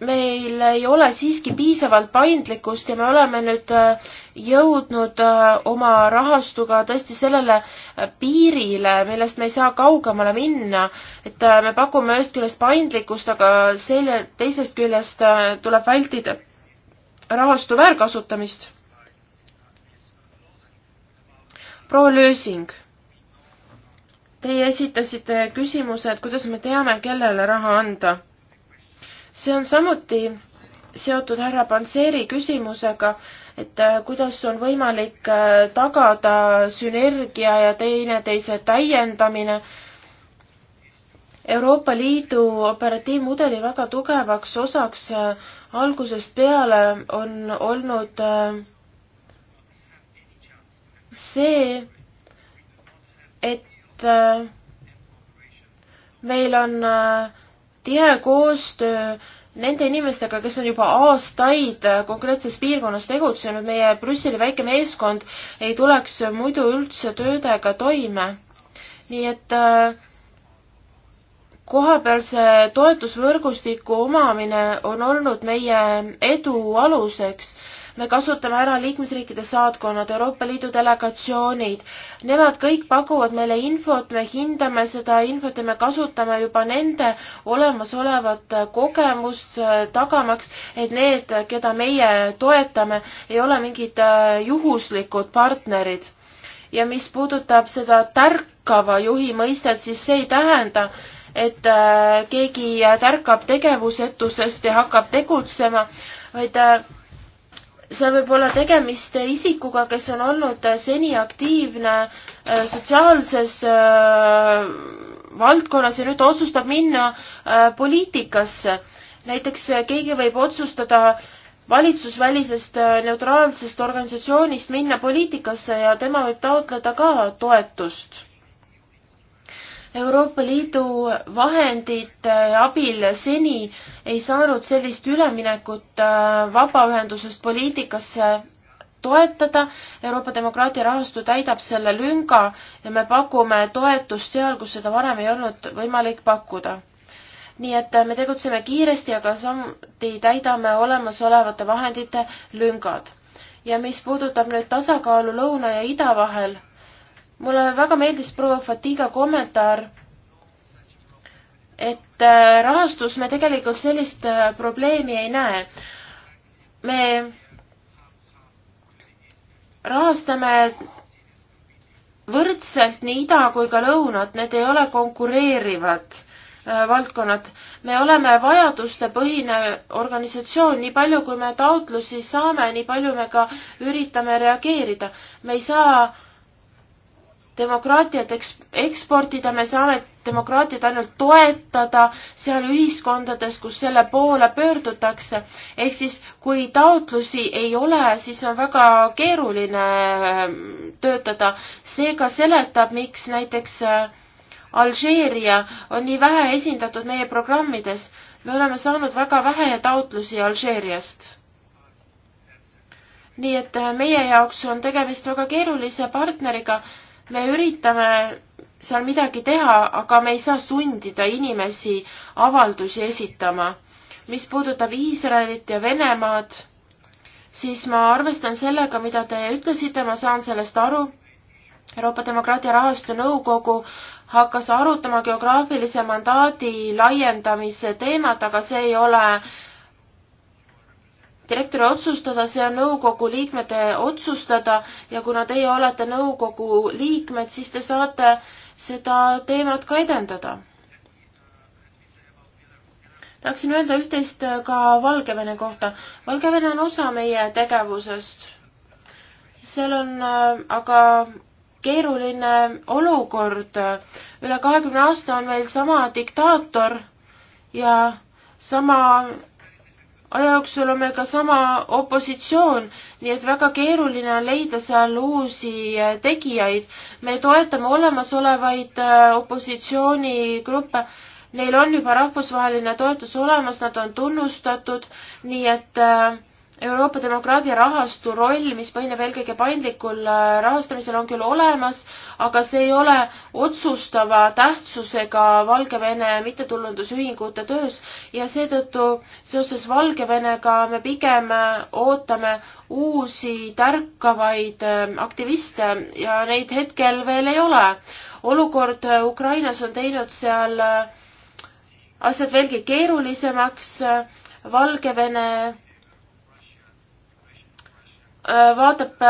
Speaker 1: meil ei ole siiski piisavalt paindlikkust ja me oleme nüüd äh, jõudnud äh, oma rahastuga tõesti sellele piirile, millest me ei saa kaugemale minna. et me pakume ühest küljest paindlikkust, aga selle teisest küljest tuleb vältida rahastu väärkasutamist. proua Lösing Teie esitasite küsimuse, et kuidas me teame, kellele raha anda. see on samuti seotud härra Panseri küsimusega, et äh, kuidas on võimalik äh, tagada sünergia ja teineteise täiendamine. Euroopa Liidu operatiivmudeli väga tugevaks osaks äh, algusest peale on olnud see, et et äh, meil on äh, tihe koostöö nende inimestega, kes on juba aastaid äh, konkreetses piirkonnas tegutsenud, meie Brüsseli väike meeskond ei tuleks muidu üldse töödega toime. nii et kohapealse toetusvõrgustiku omamine on olnud meie edu aluseks me kasutame ära liikmesriikide saatkonnad, Euroopa Liidu delegatsioonid, nemad kõik pakuvad meile infot, me hindame seda infot ja me kasutame juba nende olemasolevat kogemust, äh, tagamaks, et need, keda meie toetame, ei ole mingid äh, juhuslikud partnerid. ja mis puudutab seda tärkava juhi mõistet, siis see ei tähenda, et äh, keegi tärkab tegevusetusest ja hakkab tegutsema, vaid seal võib olla tegemist isikuga, kes on olnud seni aktiivne äh, sotsiaalses äh, valdkonnas ja nüüd otsustab minna äh, poliitikasse. näiteks keegi võib otsustada valitsusvälisest neutraalsest organisatsioonist minna poliitikasse ja tema võib taotleda ka toetust Euroopa Liidu vahendite abil seni ei saanud sellist üleminekut äh, vabaühendusest poliitikasse toetada. Euroopa demokraatia rahastu täidab selle lünga ja me pakume toetust seal, kus seda varem ei olnud võimalik pakkuda. nii et äh, me tegutseme kiiresti, aga samuti täidame olemasolevate vahendite lüngad. ja mis puudutab nüüd tasakaalu lõuna ja ida vahel mulle väga meeldis proua Fatiga kommentaar, et äh, rahastus me tegelikult sellist äh, probleemi ei näe. me rahastame võrdselt nii ida kui ka lõunat, need ei ole konkureerivad äh, valdkonnad. me oleme vajadustepõhine organisatsioon, nii palju kui me taotlusi saame, nii palju me ka üritame reageerida. me ei saa demokraatiat eks-, eksportida, me saame demokraatiat ainult toetada seal ühiskondades, kus selle poole pöördutakse. ehk siis, kui taotlusi ei ole, siis on väga keeruline ähm, töötada. seega seletab, miks näiteks äh, Alžeeria on nii vähe esindatud meie programmides. me oleme saanud väga vähe taotlusi Alžeeriast nii et äh, meie jaoks on tegemist väga keerulise partneriga, me üritame seal midagi teha, aga me ei saa sundida inimesi avaldusi esitama. mis puudutab Iisraelit ja Venemaad, siis ma arvestan sellega, mida te ütlesite, ma saan sellest aru. Euroopa Demokraatia Rahastu Nõukogu hakkas arutama geograafilise mandaadi laiendamise teemat, aga see ei ole äh, direktori otsustada, see on nõukogu liikmete otsustada ja kuna teie olete nõukogu liikmed, siis te saate seda teemat ka edendada. tahaksin öelda üht-teist ka Valgevene kohta. Valgevene on osa meie tegevusest. seal on äh, aga keeruline olukord. üle kahekümne aasta on meil sama diktaator ja sama aja jooksul on meil ka sama opositsioon, nii et väga keeruline on leida seal uusi äh, tegijaid. me toetame olemasolevaid äh, opositsioonigruppe, neil on juba rahvusvaheline toetus olemas, nad on tunnustatud, nii et äh, Euroopa demokraatia rahastu roll, mis põhineb eelkõige paindlikul äh, rahastamisel, on küll olemas, aga see ei ole otsustava tähtsusega Valgevene mittetulundusühingute töös ja seetõttu seoses Valgevenega me pigem äh, ootame uusi tärkavaid äh, aktiviste ja neid hetkel veel ei ole. olukord Ukrainas on teinud seal asjad veelgi keerulisemaks, Valgevene Äh, vaatab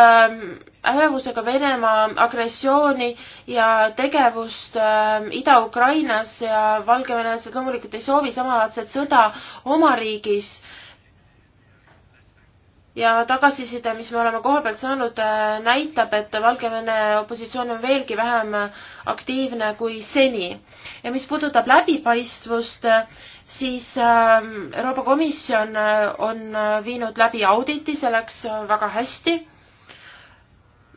Speaker 1: ärevusega ähm, Venemaa agressiooni ja tegevust ähm, Ida-Ukrainas ja valgevenelased loomulikult ei soovi samalaadset sõda oma riigis. ja tagasiside, mis me oleme koha pealt saanud, äh, näitab, et Valgevene opositsioon on veelgi vähem aktiivne kui seni. ja mis puudutab läbipaistvust, siis ähm, Euroopa Komisjon äh, on äh, viinud läbi auditi, see läks äh, väga hästi.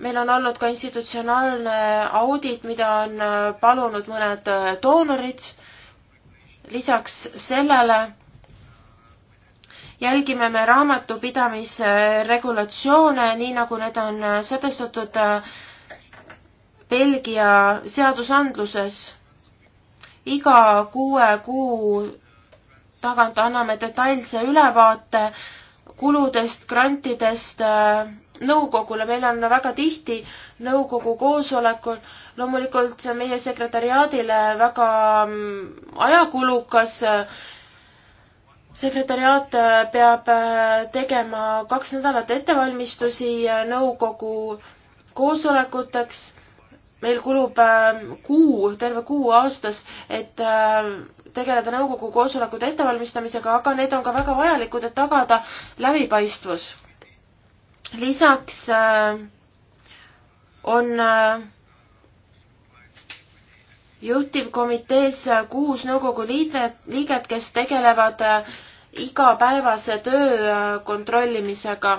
Speaker 1: meil on olnud ka institutsionaalne audit, mida on palunud mõned doonorid. lisaks sellele jälgime me raamatupidamise regulatsioone, nii nagu need on sätestatud Belgia seadusandluses. iga kuue kuu tagant anname detailse ülevaate kuludest, grantidest äh, nõukogule, meil on väga tihti nõukogu koosolekul, loomulikult see on meie sekretäriaadile väga mm, ajakulukas, sekretäriaat äh, peab äh, tegema kaks nädalat ettevalmistusi nõukogu koosolekuteks, meil kulub kuu, terve kuu aastas, et tegeleda nõukogu koosolekute ettevalmistamisega, aga need on ka väga vajalikud, et tagada läbipaistvus. lisaks äh, on äh, juhtivkomitees äh, kuus nõukogu liidet, liiget, kes tegelevad igapäevase töö kontrollimisega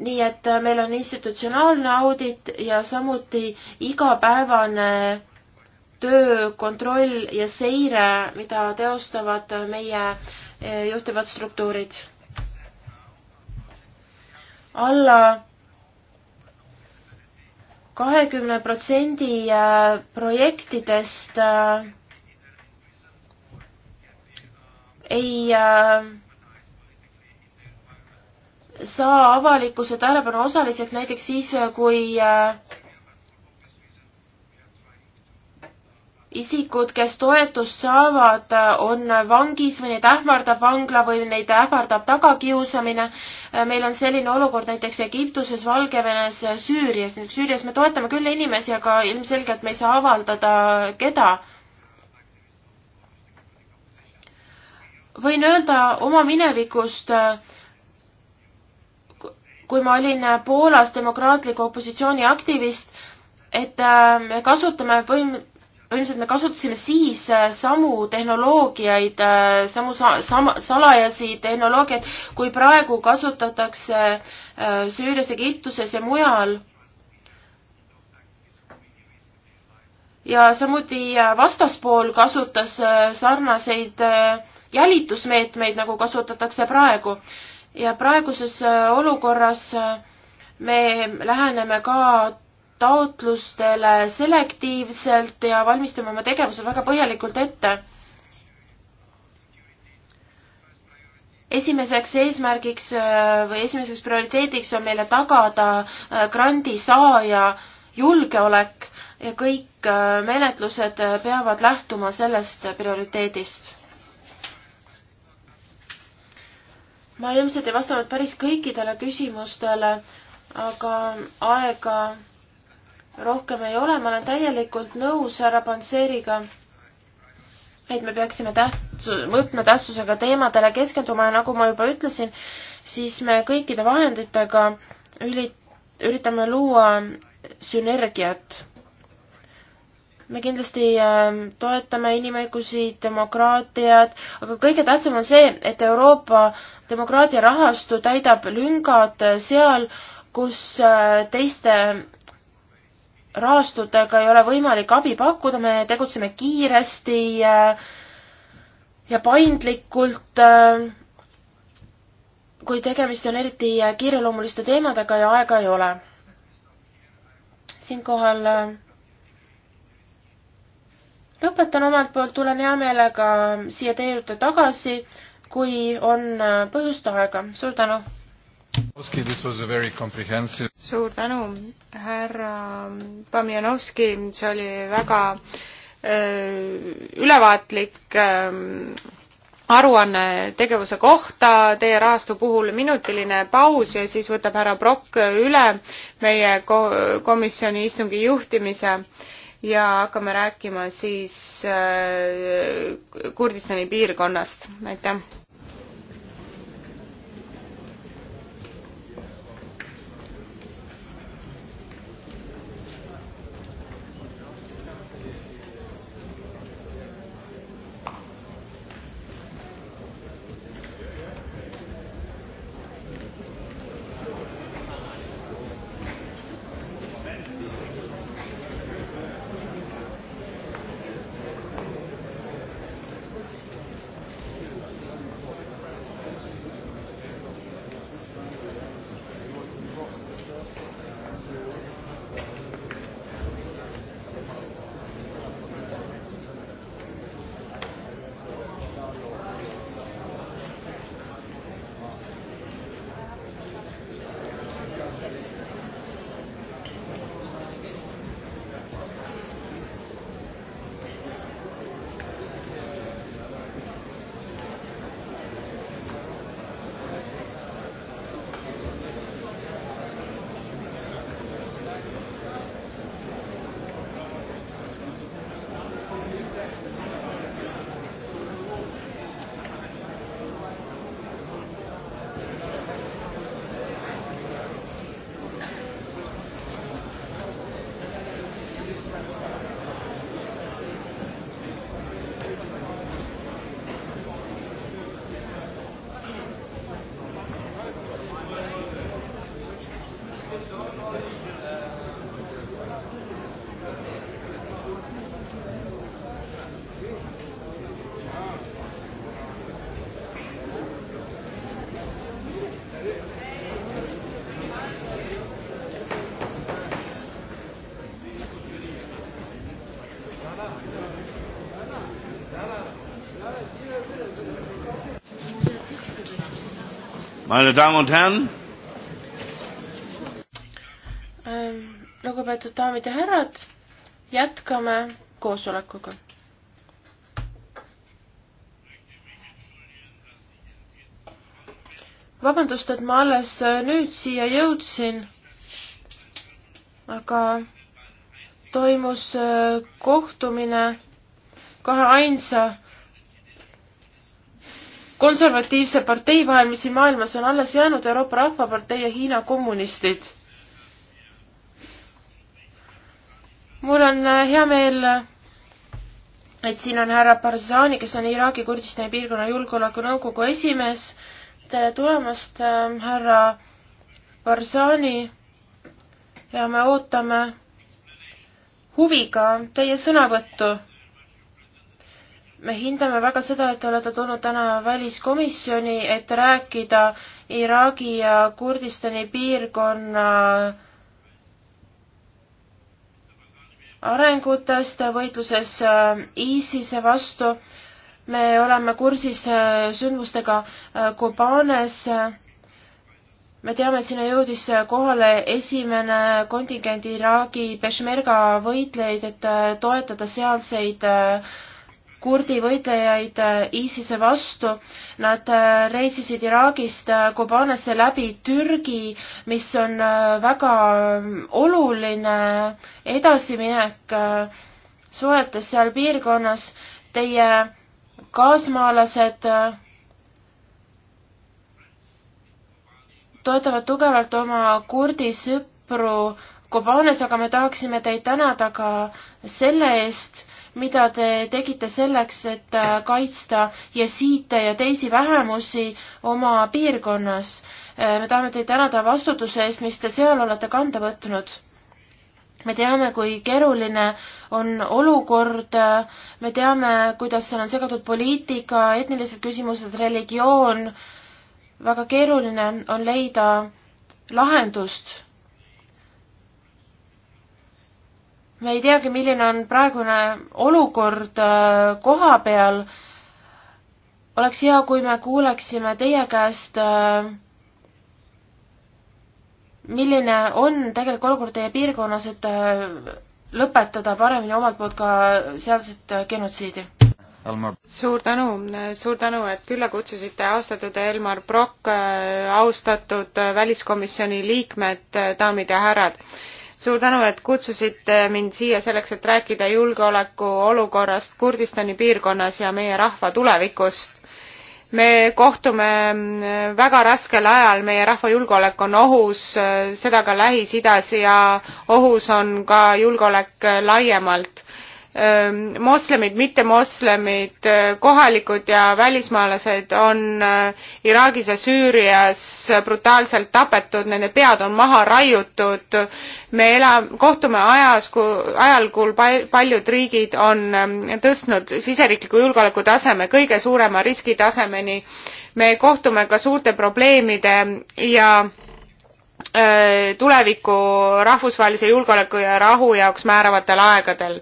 Speaker 1: nii et meil on institutsionaalne audit ja samuti igapäevane töö, kontroll ja seire, mida teostavad meie eh, juhtivad struktuurid. alla kahekümne protsendi eh, projektidest eh, ei saa avalikkuse tähelepanu osaliseks näiteks siis, kui äh, isikud, kes toetust saavad, on vangis või neid ähvardab vangla või neid ähvardab tagakiusamine. meil on selline olukord näiteks Egiptuses, Valgevenes, Süürias. Süürias me toetame küll inimesi, aga ilmselgelt me ei saa avaldada, keda. võin öelda oma minevikust, kui ma olin Poolas demokraatliku opositsiooni aktivist, et me kasutame põhim-, põhimõtteliselt me kasutasime siis äh, samu tehnoloogiaid, äh, samu sama, salajasi tehnoloogiaid, kui praegu kasutatakse äh, Süürias, Egiptuses ja mujal. ja samuti vastaspool kasutas sarnaseid jälitusmeetmeid, nagu kasutatakse praegu. ja praeguses olukorras me läheneme ka taotlustele selektiivselt ja valmistume oma tegevusel väga põhjalikult ette. esimeseks eesmärgiks äh, või esimeseks prioriteediks on meile tagada äh, grandi saaja julgeolek ja kõik äh, menetlused peavad lähtuma sellest prioriteedist ma ilmselt ei vastanud päris kõikidele küsimustele, aga aega rohkem ei ole, ma olen täielikult nõus härra Panseriga, et me peaksime tähtsu-, võtmetähtsusega teemadele keskenduma ja nagu ma juba ütlesin, siis me kõikide vahenditega üli-, üritame luua sünergiat. me kindlasti ähm, toetame inimõigusi, demokraatiat, aga kõige tähtsam on see, et Euroopa demokraatia rahastu täidab lüngad seal, kus äh, teiste rahastutega ei ole võimalik abi pakkuda, me tegutseme kiiresti ja paindlikult. Äh, kui tegemist on eriti kiireloomuliste teemadega ja aega ei ole. siinkohal äh, lõpetan omalt poolt, tulen hea meelega siia teie juurde tagasi, kui on äh, põhjust aega. suur tänu! suur
Speaker 2: tänu, härra Pamjanovski, see oli väga öö, äh, ülevaatlik öö, ähm, aruanne tegevuse kohta teie rahastu puhul minutiline paus ja siis võtab härra Brock üle meie ko komisjoni istungi juhtimise ja hakkame rääkima siis äh, Kurdistani piirkonnast. aitäh! Meine Damen und Herren.
Speaker 1: Ähm, lugupeetud daamid ja härrad, jätkame koosolekuga. vabandust, et ma alles äh, nüüd siia jõudsin, aga toimus äh, kohtumine kahe ainsa konservatiivse partei vahel, mis siin maailmas on alles jäänud, Euroopa Rahvapartei ja Hiina kommunistid. mul on äh, hea meel, et siin on härra Barzani, kes on Iraagi Kurdistani piirkonna julgeolekunõukogu esimees. tere tulemast äh,, härra Barzani ja me ootame huviga teie sõnavõttu me hindame väga seda, et te olete tulnud täna väliskomisjoni, et rääkida Iraagi ja Kurdistani piirkonna arengutest võitluses äh, ISISe vastu. me oleme kursis äh, sündmustega äh, Kobanes. me teame, et sinna jõudis kohale esimene kontingent Iraagi peshmerga võitlejaid, et toetada sealseid äh, kurdi võitlejaid äh, ISISe vastu. Nad äh, reisisid Iraagist äh, Kobanesse läbi Türgi, mis on väga ähm, oluline edasiminek suhetes seal piirkonnas. Teie kaasmaalased toetavad tugevalt oma kurdi sõpru Kobanes, aga me tahaksime teid tänada ka selle eest, mida te tegite selleks, et äh, kaitsta jesiite ja teisi vähemusi oma piirkonnas. Äh, me tahame teid tänada vastutuse eest, mis te seal olete kanda võtnud. me teame, kui keeruline on olukord, me teame, kuidas seal on segatud poliitika, etnilised küsimused, religioon, väga keeruline on leida lahendust me ei teagi, milline on praegune olukord äh, koha peal. oleks hea, kui me kuuleksime teie käest, äh, milline on tegelik olukord teie piirkonnas, et äh, lõpetada paremini omalt poolt ka sealset genotsiidi. suur tänu, suur tänu, et külla kutsusite, austatud
Speaker 2: Elmar Brokk, austatud väliskomisjoni liikmed, daamid ja härrad suur tänu, et kutsusite mind siia selleks, et rääkida julgeoleku olukorrast Kurdistani piirkonnas ja meie rahva tulevikust. me kohtume mm, väga raskel ajal, meie rahva julgeolek on ohus, seda ka Lähis-Idas ja ohus on ka julgeolek laiemalt Ehm, moslemid, mittemoslemid, eh, kohalikud ja välismaalased on eh, Iraagis ja Süürias brutaalselt tapetud, nende pead on maha raiutud. me elame, kohtume ajas, ajal, kui paljud riigid on ehm, tõstnud siseriikliku julgeoleku taseme kõige suurema riskitasemeni. me kohtume ka suurte probleemide ja eh, tuleviku rahvusvahelise julgeoleku ja rahu jaoks määravatel aegadel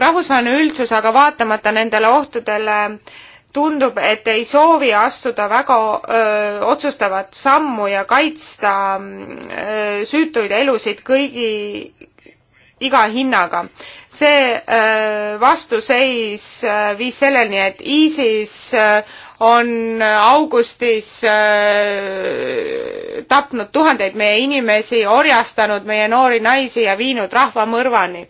Speaker 2: rahvusvaheline üldsus aga vaatamata nendele ohtudele tundub, et ei soovi astuda väga öö, otsustavat sammu ja kaitsta öö, süütuid elusid kõigi, iga hinnaga. see öö, vastuseis öö, viis selleni, et ISIS öö, on augustis öö, tapnud tuhandeid meie inimesi, orjastanud meie noori naisi ja viinud rahvamõrvani öö,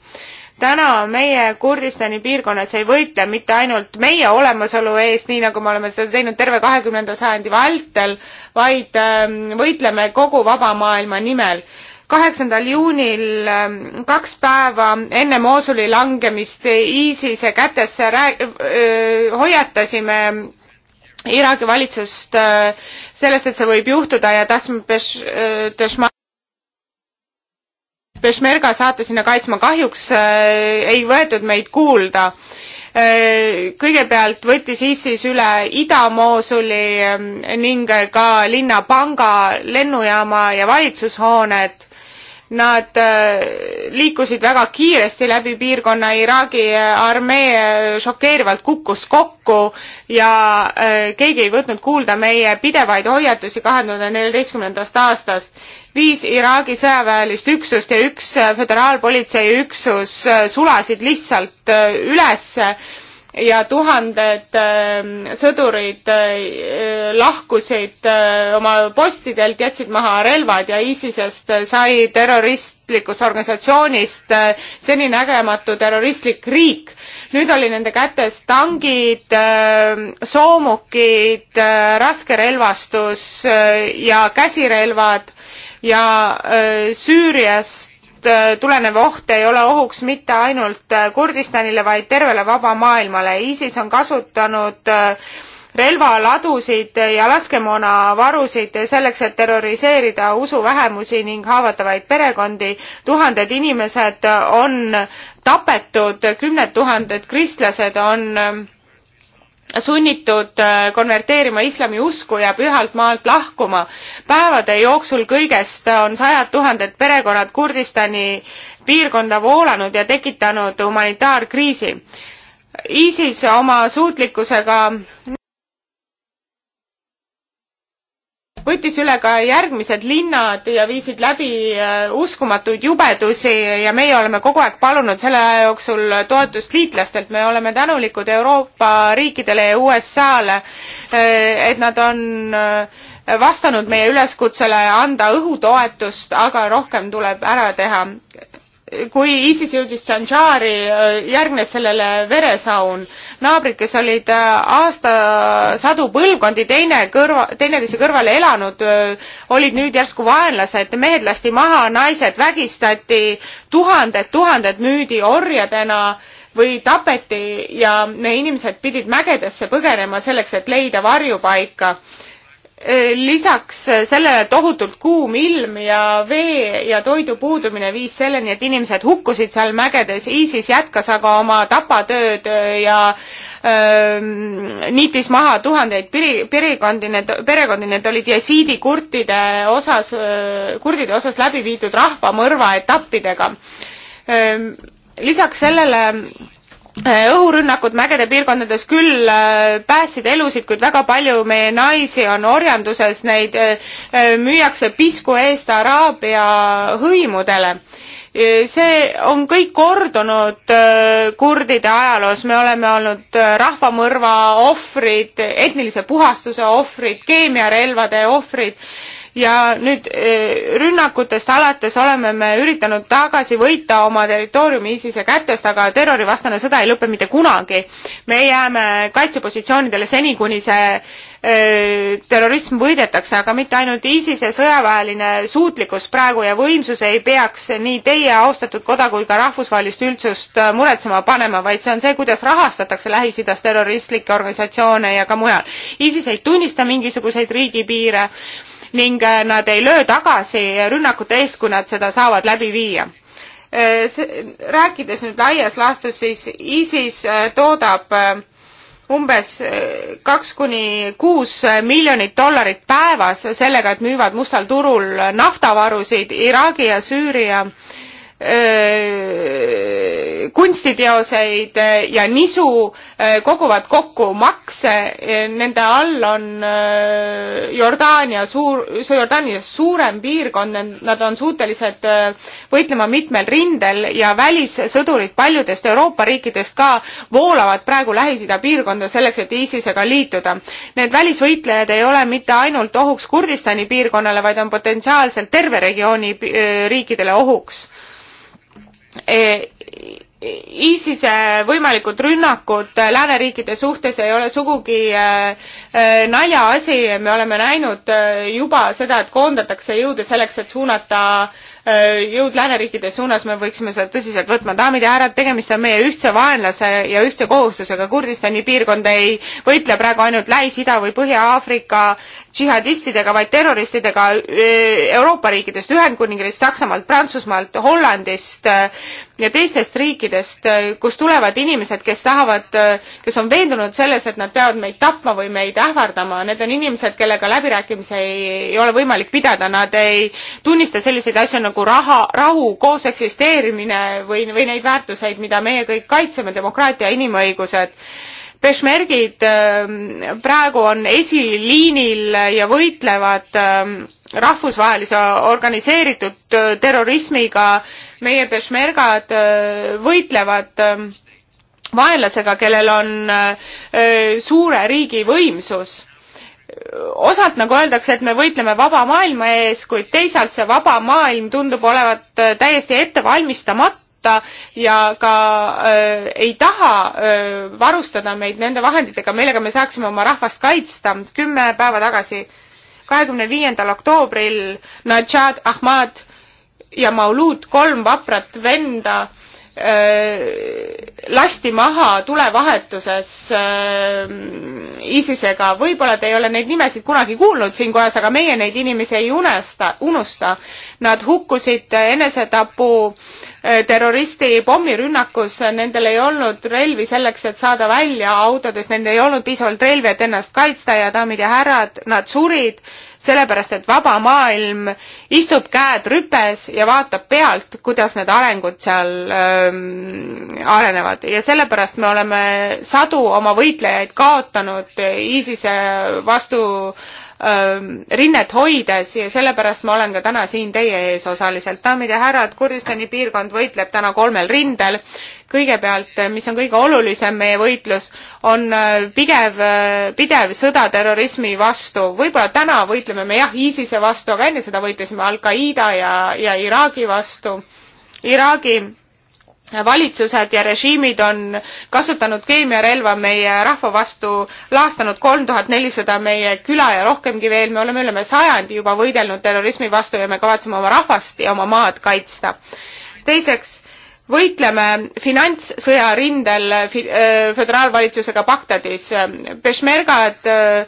Speaker 2: täna meie Kurdistani piirkonnas ei võitle mitte ainult meie olemasolu eest, nii nagu me oleme seda teinud terve kahekümnenda sajandi vältel, vaid ähm, võitleme kogu vaba maailma nimel kaheksandal juunil ähm, kaks päeva enne Moosuli langemist ISISe kätesse rääg-, hoiatasime Iraagi valitsust äh, sellest, et see võib juhtuda ja tahtsime Peshmerga saate sinna kaitsma, kahjuks äh, ei võetud meid kuulda äh,. kõigepealt võttis ISIS üle Ida-Moosuli äh, ning ka linna panga, lennujaama ja valitsushooned Nad äh, liikusid väga kiiresti läbi piirkonna, Iraagi äh, armee äh, šokeerivalt kukkus kokku ja keegi ei võtnud kuulda meie pidevaid hoiatusi kahe tuhande neljateistkümnendast aastast. viis Iraagi sõjaväelist üksust ja üks föderaalpolitseiüksus sulasid lihtsalt ülesse ja tuhanded ähm, sõdurid äh, lahkusid äh, oma postidelt, jätsid maha relvad ja ISISest sai terroristlikust organisatsioonist äh, seninägematu terroristlik riik. nüüd oli nende kätes tangid, ähm, soomukid, raskerelvastus ja käsirelvad ja Süüriast terrorismist äh, tulenev oht ei ole ohuks mitte ainult äh, Kurdistanile, vaid tervele vaba maailmale. ISIS on kasutanud äh, relvaladusid ja laskemoonavarusid selleks, et terroriseerida usuvähemusi ning haavatavaid perekondi. tuhanded inimesed on tapetud, kümned tuhanded kristlased on sunnitud äh, konverteerima islami usku ja pühalt maalt lahkuma. päevade jooksul kõigest on sajad tuhanded perekonnad Kurdistani piirkonda voolanud ja tekitanud humanitaarkriisi. ISIS oma suutlikkusega võttis üle ka järgmised linnad ja viisid läbi äh, uskumatuid jubedusi ja meie oleme kogu aeg palunud selle aja jooksul toetust liitlastelt. me oleme tänulikud Euroopa riikidele ja USA-le, äh, et nad on äh, vastanud meie üleskutsele anda õhutoetust, aga rohkem tuleb ära teha kui ISIS jõudis Janjari, äh, järgnes sellele veresaun. naabrid, kes olid äh, aastasadu põlvkondi teine kõrva, teineteise kõrvale elanud, äh, olid nüüd järsku vaenlased, mehed lasti maha, naised vägistati, tuhanded-tuhanded müüdi orjadena või tapeti ja inimesed pidid mägedesse põgenema selleks, et leida varjupaika Eh, lisaks eh, sellele tohutult kuum ilm ja vee ja toidu puudumine viis selleni, et inimesed hukkusid seal mägedes. ISIS jätkas aga oma tapatööd eh, ja öö, ehm, niitis maha tuhandeid peri-, perekondi, need, perekondi, need olid jesiidi kurtide osas, kurdide osas läbi viidud rahvamõrva etappidega. Ehm, lisaks sellele Äh, õhurünnakud mägede piirkondades küll äh, päästsid elusid, kuid väga palju meie naisi on orjanduses, neid äh, müüakse pisku eest Araabia hõimudele. see on kõik kordunud kurdide ajaloos, me oleme olnud rahvamõrva ohvrid, etnilise puhastuse ohvrid, keemiarelvade ohvrid ja nüüd eh, rünnakutest alates oleme me üritanud tagasi võita oma territooriumi ISISe kätest, aga terrorivastane sõda ei lõpe mitte kunagi. me jääme kaitsepositsioonidele seni, kuni see eh, terrorism võidetakse, aga mitte ainult ISISe sõjaväeline suutlikkus praegu ja võimsus ei peaks nii teie, austatud koda, kui ka rahvusvahelist üldsust eh, muretsema panema, vaid see on see, kuidas rahastatakse Lähis-Idas terroristlikke organisatsioone ja ka mujal. ISIS ei tunnista mingisuguseid riigipiire ning äh, nad ei löö tagasi rünnakute eest, kui nad seda saavad läbi viia. Äh, rääkides nüüd laias laastus, siis ISIS äh, toodab umbes kaks kuni kuus miljonit dollarit päevas sellega, et müüvad mustal turul naftavarusid Iraagi ja Süüria Äh, kunstiteoseid äh, ja nisu äh, koguvad kokku makse, nende all on Jordaania suur, Jordaanias suurem piirkond, nad on suutelised võitlema mitmel rindel ja välissõdurid paljudest Euroopa riikidest ka voolavad praegu Lähis-Ida piirkonda selleks, et ISISega liituda. Need välisvõitlejad ei ole mitte ainult ohuks Kurdistani piirkonnale, vaid on potentsiaalselt terve regiooni riikidele ohuks E, e, ISISe võimalikud rünnakud lääneriikide suhtes ei ole sugugi e, naljaasi, me oleme näinud juba seda, et koondatakse jõude selleks, et suunata jõud lääneriikide suunas, me võiksime seda tõsiselt võtma. daamid ja härrad, tegemist on meie ühtse vaenlase ja ühtse kohustusega. Kurdistani piirkond ei võitle praegu ainult Lähis-Ida või Põhja-Aafrika džihadistidega, vaid terroristidega e, Euroopa riikidest, Ühendkuningriigist, Saksamaalt, Prantsusmaalt, Hollandist, ja teistest riikidest, äh, kust tulevad inimesed, kes tahavad, äh, kes on veendunud selles, et nad peavad meid tapma või meid ähvardama, need on inimesed, kellega läbirääkimisi ei, ei ole võimalik pidada, nad ei tunnista selliseid asju nagu raha, rahu, koos eksisteerimine või, või neid väärtuseid, mida meie kõik kaitseme, demokraatia, inimõigused peshmergid ähm, praegu on esiliinil ja võitlevad ähm, rahvusvahelise organiseeritud äh, terrorismiga, meie peshmergad äh, võitlevad äh, vaenlasega, kellel on suure riigi võimsus. osalt nagu öeldakse, et me võitleme vaba maailma ees, kuid teisalt see vaba maailm tundub olevat täiesti ettevalmistamatu ja ka äh, ei taha äh, varustada meid nende vahenditega, millega me saaksime oma rahvast kaitsta. kümme päeva tagasi äh, kahekümne viiendal oktoobril Najad Ahmad ja Maulud, kolm vaprat venda, äh, lasti maha tulevahetuses äh, ISISega, võib-olla te ei ole neid nimesid kunagi kuulnud siin kohas, aga meie neid inimesi ei unesta, unusta. Nad hukkusid enesetapu äh, Eh, terroristi pommirünnakus, eh, nendel ei olnud relvi selleks, et saada välja autodest, nendel ei olnud piisavalt relvi, et ennast kaitsta ja daamid ja härrad, nad surid, sellepärast et vaba maailm istub käed rüpes ja vaatab pealt, kuidas need arengud seal ähm, arenevad ja sellepärast me oleme sadu oma võitlejaid kaotanud ISISe vastu äh, Ähm, rinnet hoides ja sellepärast ma olen ka täna siin teie ees osaliselt. daamid ja härrad, Kurdistani piirkond võitleb täna kolmel rindel. kõigepealt, äh, mis on kõige olulisem meie võitlus, on äh, pidev, äh, pidev sõda terrorismi vastu. võib-olla täna võitleme me jah, ISISe vastu, aga enne seda võitlesime Al-Qaeda ja, ja Iraagi vastu. Iraagi valitsused ja režiimid on kasutanud keemiarelva meie rahva vastu, laastanud kolm tuhat nelisada meie küla ja rohkemgi veel, me oleme üle sajandi juba võidelnud terrorismi vastu ja me kavatseme oma rahvast ja oma maad kaitsta. teiseks, võitleme finantssõja rindel äh, föderaalvalitsusega Bagdadis. Peshmergad äh,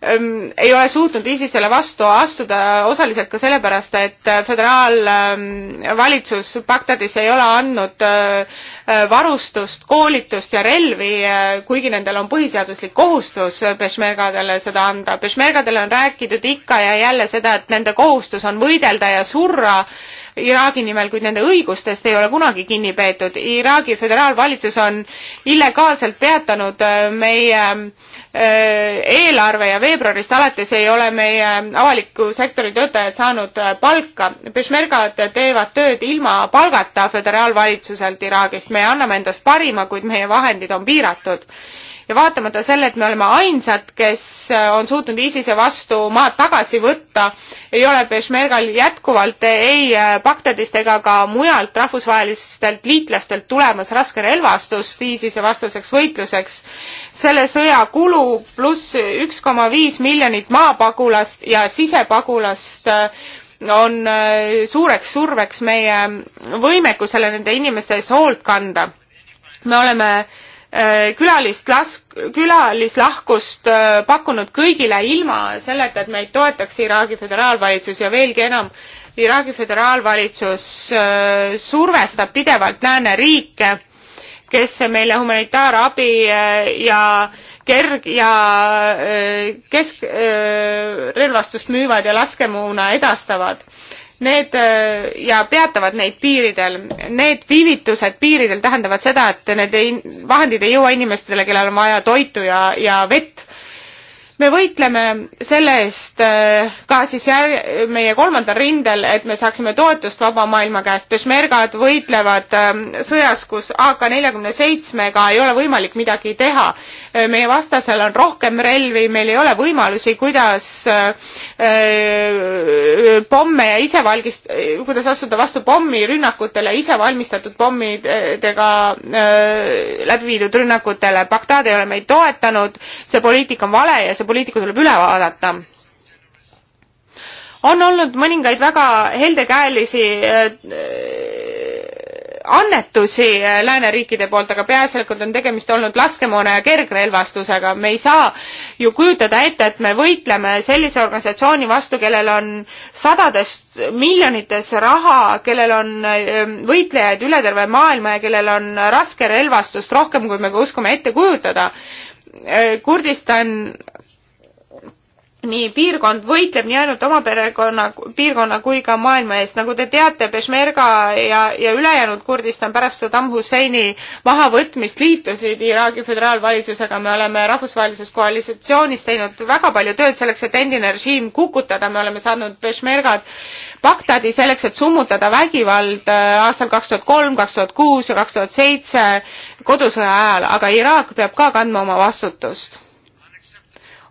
Speaker 2: Ehm, ei ole suutnud ISISele vastu astuda osaliselt ka sellepärast, et äh, föderaalvalitsus ehm, Bagdadis ei ole andnud äh, äh, varustust, koolitust ja relvi, kuigi nendel on põhiseaduslik kohustus peshmergadele seda anda. peshmergadele on räägitud ikka ja jälle seda, et nende kohustus on võidelda ja surra Iraagi nimel, kuid nende õigustest ei ole kunagi kinni peetud. Iraagi föderaalvalitsus on illegaalselt peatanud meie Äh, eelarve ja veebruarist alates ei ole meie avaliku sektori töötajad saanud äh, palka. Peshmergad teevad tööd ilma palgata föderaalvalitsuselt Iraagist. me anname endast parima, kuid meie vahendid on piiratud ja vaatamata selle, et me oleme ainsad, kes äh, on suutnud ISISe vastu maad tagasi võtta, ei ole Peshmergal jätkuvalt ei äh, Bagdadist ega ka mujalt rahvusvahelistelt liitlastelt tulemas raskerelvastust ISISe vastaseks võitluseks. selle sõja kulu pluss üks koma viis miljonit maapagulast ja sisepagulast äh, on suureks surveks meie võimekusele nende inimeste eest hoolt kanda. me oleme äh, Äh, külalislas-, külalislahkust äh, pakkunud kõigile ilma selleta, et meid toetaks Iraagi föderaalvalitsus ja veelgi enam, Iraagi föderaalvalitsus äh, survestab pidevalt lääneriike, kes meile humanitaarabi ja kerg- ja kesk-, relvastust müüvad ja laskemoona edastavad Need äh, ja peatavad neid piiridel. Need viivitused piiridel tähendavad seda, et need ei, vahendid ei jõua inimestele, kellel on vaja toitu ja, ja vett. me võitleme selle eest äh, ka siis jär, meie kolmandal rindel, et me saaksime toetust vaba maailma käest. Peshmergad võitlevad ähm, sõjas, kus AK-47-ga ei ole võimalik midagi teha. Äh, meie vastasel on rohkem relvi, meil ei ole võimalusi, kuidas äh, äh, pomme ja isevalgist-, kuidas astuda vastu pommirünnakutele, isevalmistatud pommidega läbi viidud rünnakutele. Bagdad ei ole meid toetanud, see poliitika on vale ja see poliitika tuleb üle vaadata on olnud mõningaid väga heldekäelisi annetusi eh, lääneriikide poolt, aga peaasjalikult on tegemist olnud laskemoona ja kergrelvastusega. me ei saa ju kujutada ette, et me võitleme sellise organisatsiooni vastu, kellel on sadades miljonites raha, kellel on eh, võitlejaid üle terve maailma ja kellel on raske relvastust rohkem, kui me uskume ette kujutada. Eh, Kurdistan nii piirkond võitleb nii ainult oma perekonna, piirkonna kui ka maailma eest. nagu te teate, Peshmerga ja, ja ülejäänud Kurdistan pärast Saddam Husseini mahavõtmist liitusid Iraagi föderaalvalitsusega. me oleme rahvusvahelises koalisatsioonis teinud väga palju tööd selleks, et endine režiim kukutada. me oleme saanud Peshmergad Bagdadi selleks, et summutada vägivald äh, aastal kaks tuhat kolm, kaks tuhat kuus ja kaks tuhat seitse kodusõja ajal, aga Iraak peab ka kandma oma vastutust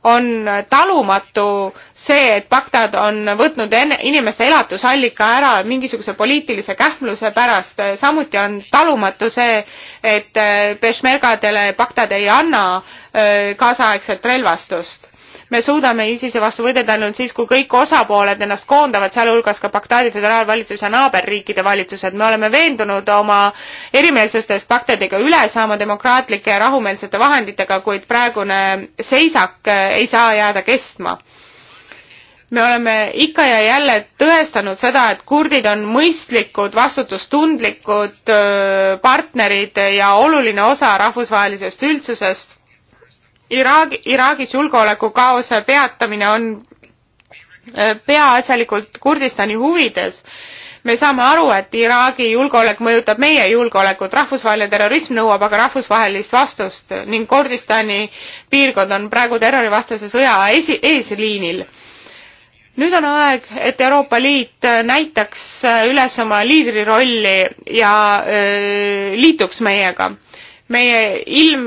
Speaker 2: on talumatu see, et Bagdad on võtnud inimeste elatusallika ära mingisuguse poliitilise kähmluse pärast, samuti on talumatu see, et peshmergadele Bagdad ei anna äh, kaasaegset relvastust me suudame ISISe vastu võidelda ainult siis, kui kõik osapooled ennast koondavad, sealhulgas ka Bagdadi föderaalvalitsus ja naaberriikide valitsused. me oleme veendunud oma erimeelsustest Bagdadiga üle saama demokraatlike ja rahumeelsete vahenditega, kuid praegune seisak eh, ei saa jääda kestma me oleme ikka ja jälle tõestanud seda, et kurdid on mõistlikud, vastutustundlikud eh, partnerid ja oluline osa rahvusvahelisest üldsusest. Iraagi, Iraagis julgeolekukaose peatamine on äh, peaasjalikult Kurdistani huvides. me saame aru, et Iraagi julgeolek mõjutab meie julgeolekut, rahvusvaheline terrorism nõuab aga rahvusvahelist vastust ning Kurdistani piirkond on praegu terrorivastase sõja esi, eesliinil nüüd on aeg, et Euroopa Liit näitaks üles oma liidrirolli ja öö, äh, liituks meiega. meie ilm,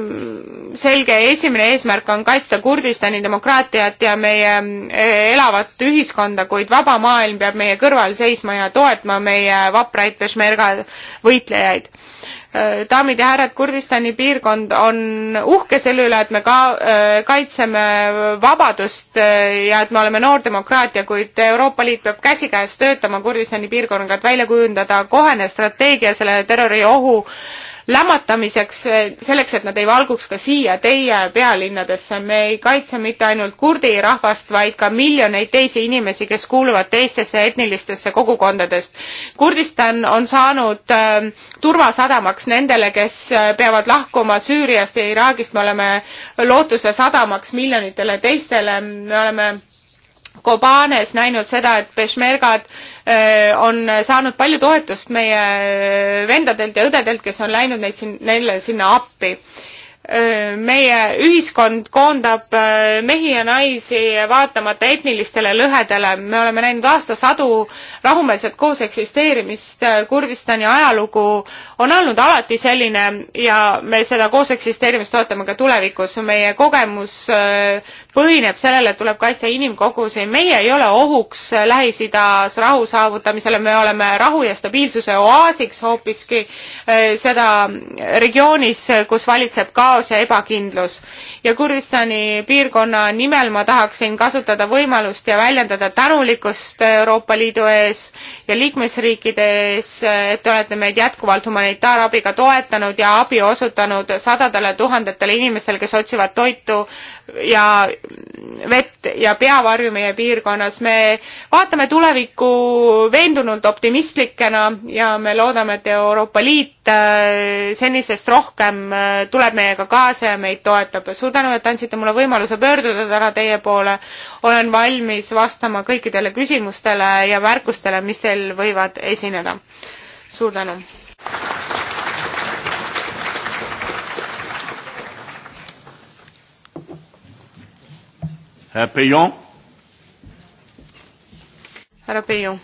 Speaker 2: selge esimene eesmärk on kaitsta Kurdistani demokraatiat ja meie e, elavat ühiskonda, kuid vaba maailm peab meie kõrval seisma ja toetma meie vapraid peshmerga võitlejaid. E, daamid ja härrad, Kurdistani piirkond on uhke selle üle, et me ka e, kaitseme vabadust ja et me oleme noor demokraatia, kuid Euroopa Liit peab käsikäes töötama Kurdistani piirkonnaga, et välja kujundada kohene strateegia selle terroriohu lämmatamiseks, selleks, et nad ei valguks ka siia teie pealinnadesse. me ei kaitse mitte ainult kurdi rahvast, vaid ka miljoneid teisi inimesi, kes kuuluvad teistesse etnilistesse kogukondadest. Kurdistan on saanud äh, turvasadamaks nendele, kes äh, peavad lahkuma Süüriast ja Iraagist. me oleme lootuse sadamaks miljonitele teistele, me oleme Kobanes näinud seda, et peshmergad äh, on saanud palju toetust meie vendadelt ja õdedelt, kes on läinud neid siin, neile sinna appi. Äh, meie ühiskond koondab äh, mehi ja naisi vaatamata etnilistele lõhedele. me oleme näinud aastasadu rahumeelset koos eksisteerimist. Kurdistani ajalugu on olnud alati selline ja me seda koos eksisteerimist toetame ka tulevikus. meie kogemus äh, põhineb sellele, et tuleb kaitsta inimkoguseid. meie ei ole ohuks Lähis-Idas rahu saavutamisele, me oleme rahu ja stabiilsuse oaasiks hoopiski eh, seda regioonis, kus valitseb kaos ja ebakindlus. ja Kurdistani piirkonna nimel ma tahaksin kasutada võimalust ja väljendada tänulikkust Euroopa Liidu ees ja liikmesriikide ees, eh, et te olete meid jätkuvalt humanitaarabiga toetanud ja abi osutanud sadadele tuhandetele inimestele, kes otsivad toitu ja vett ja peavarju meie piirkonnas. me vaatame tulevikku veendunult optimistlikena ja me loodame, et Euroopa Liit äh, senisest rohkem äh, tuleb meiega kaasa ja meid toetab. suur tänu, et andsite mulle võimaluse pöörduda täna teie poole. olen valmis vastama kõikidele küsimustele ja märkustele, mis teil võivad esineda. suur tänu! härra Peillon. härra Peillon.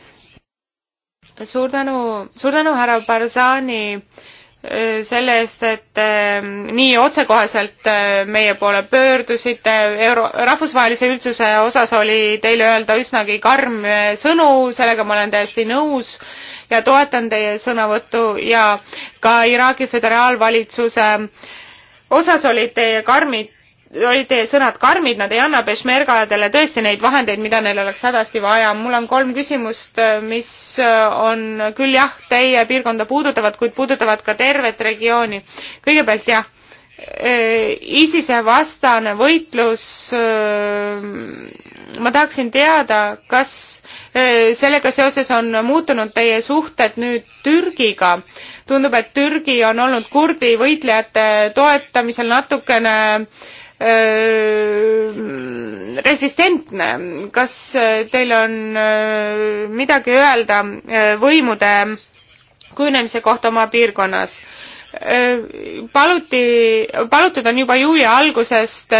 Speaker 2: suur tänu, suur tänu, härra Barzani äh, selle eest, et äh, nii otsekoheselt äh, meie poole pöördusite, euro, rahvusvahelise üldsuse osas oli teile öelda üsnagi karm äh, sõnu, sellega ma olen täiesti nõus ja toetan teie sõnavõttu ja ka Iraagi föderaalvalitsuse osas olid teie karmid olid teie sõnad karmid, nad ei anna peshmergadele tõesti neid vahendeid, mida neil oleks hädasti vaja. mul on kolm küsimust, mis äh, on küll jah, teie piirkonda puudutavad, kuid puudutavad ka tervet regiooni. kõigepealt jah, äh, ISISe vastane võitlus, äh, ma tahaksin teada, kas sellega seoses on muutunud teie suhted nüüd Türgiga? tundub, et Türgi on olnud kurdi võitlejate toetamisel natukene äh, resistentne. kas teil on midagi öelda võimude kujunemise kohta oma piirkonnas? paluti, palutud on juba juuli algusest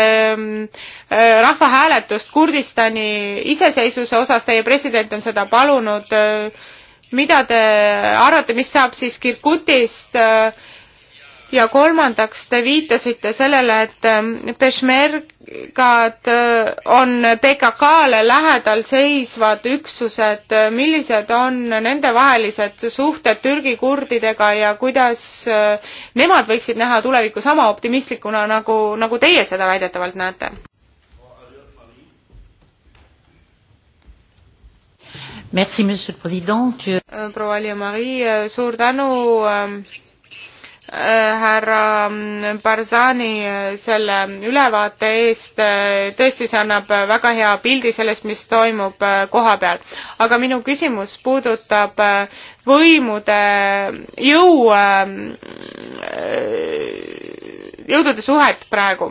Speaker 2: rahvahääletust Kurdistani iseseisvuse osas, teie president on seda palunud. mida te arvate, mis saab siis Kirgutist äh, ja kolmandaks, te viitasite sellele, et ähm, peshmergad äh, on PKK-le lähedal seisvad üksused. millised on nendevahelised suhted Türgi kurdidega ja kuidas äh, nemad võiksid näha tulevikku sama optimistlikuna, nagu, nagu teie seda väidetavalt näete?
Speaker 1: Äh,
Speaker 2: proua Alja-Marii, suur tänu äh, Äh, härra Barzani äh, selle ülevaate eest. Äh, tõesti, see annab väga hea pildi sellest, mis toimub kohapeal. aga minu küsimus puudutab võimude jõu, ähm, jõudude suhet praegu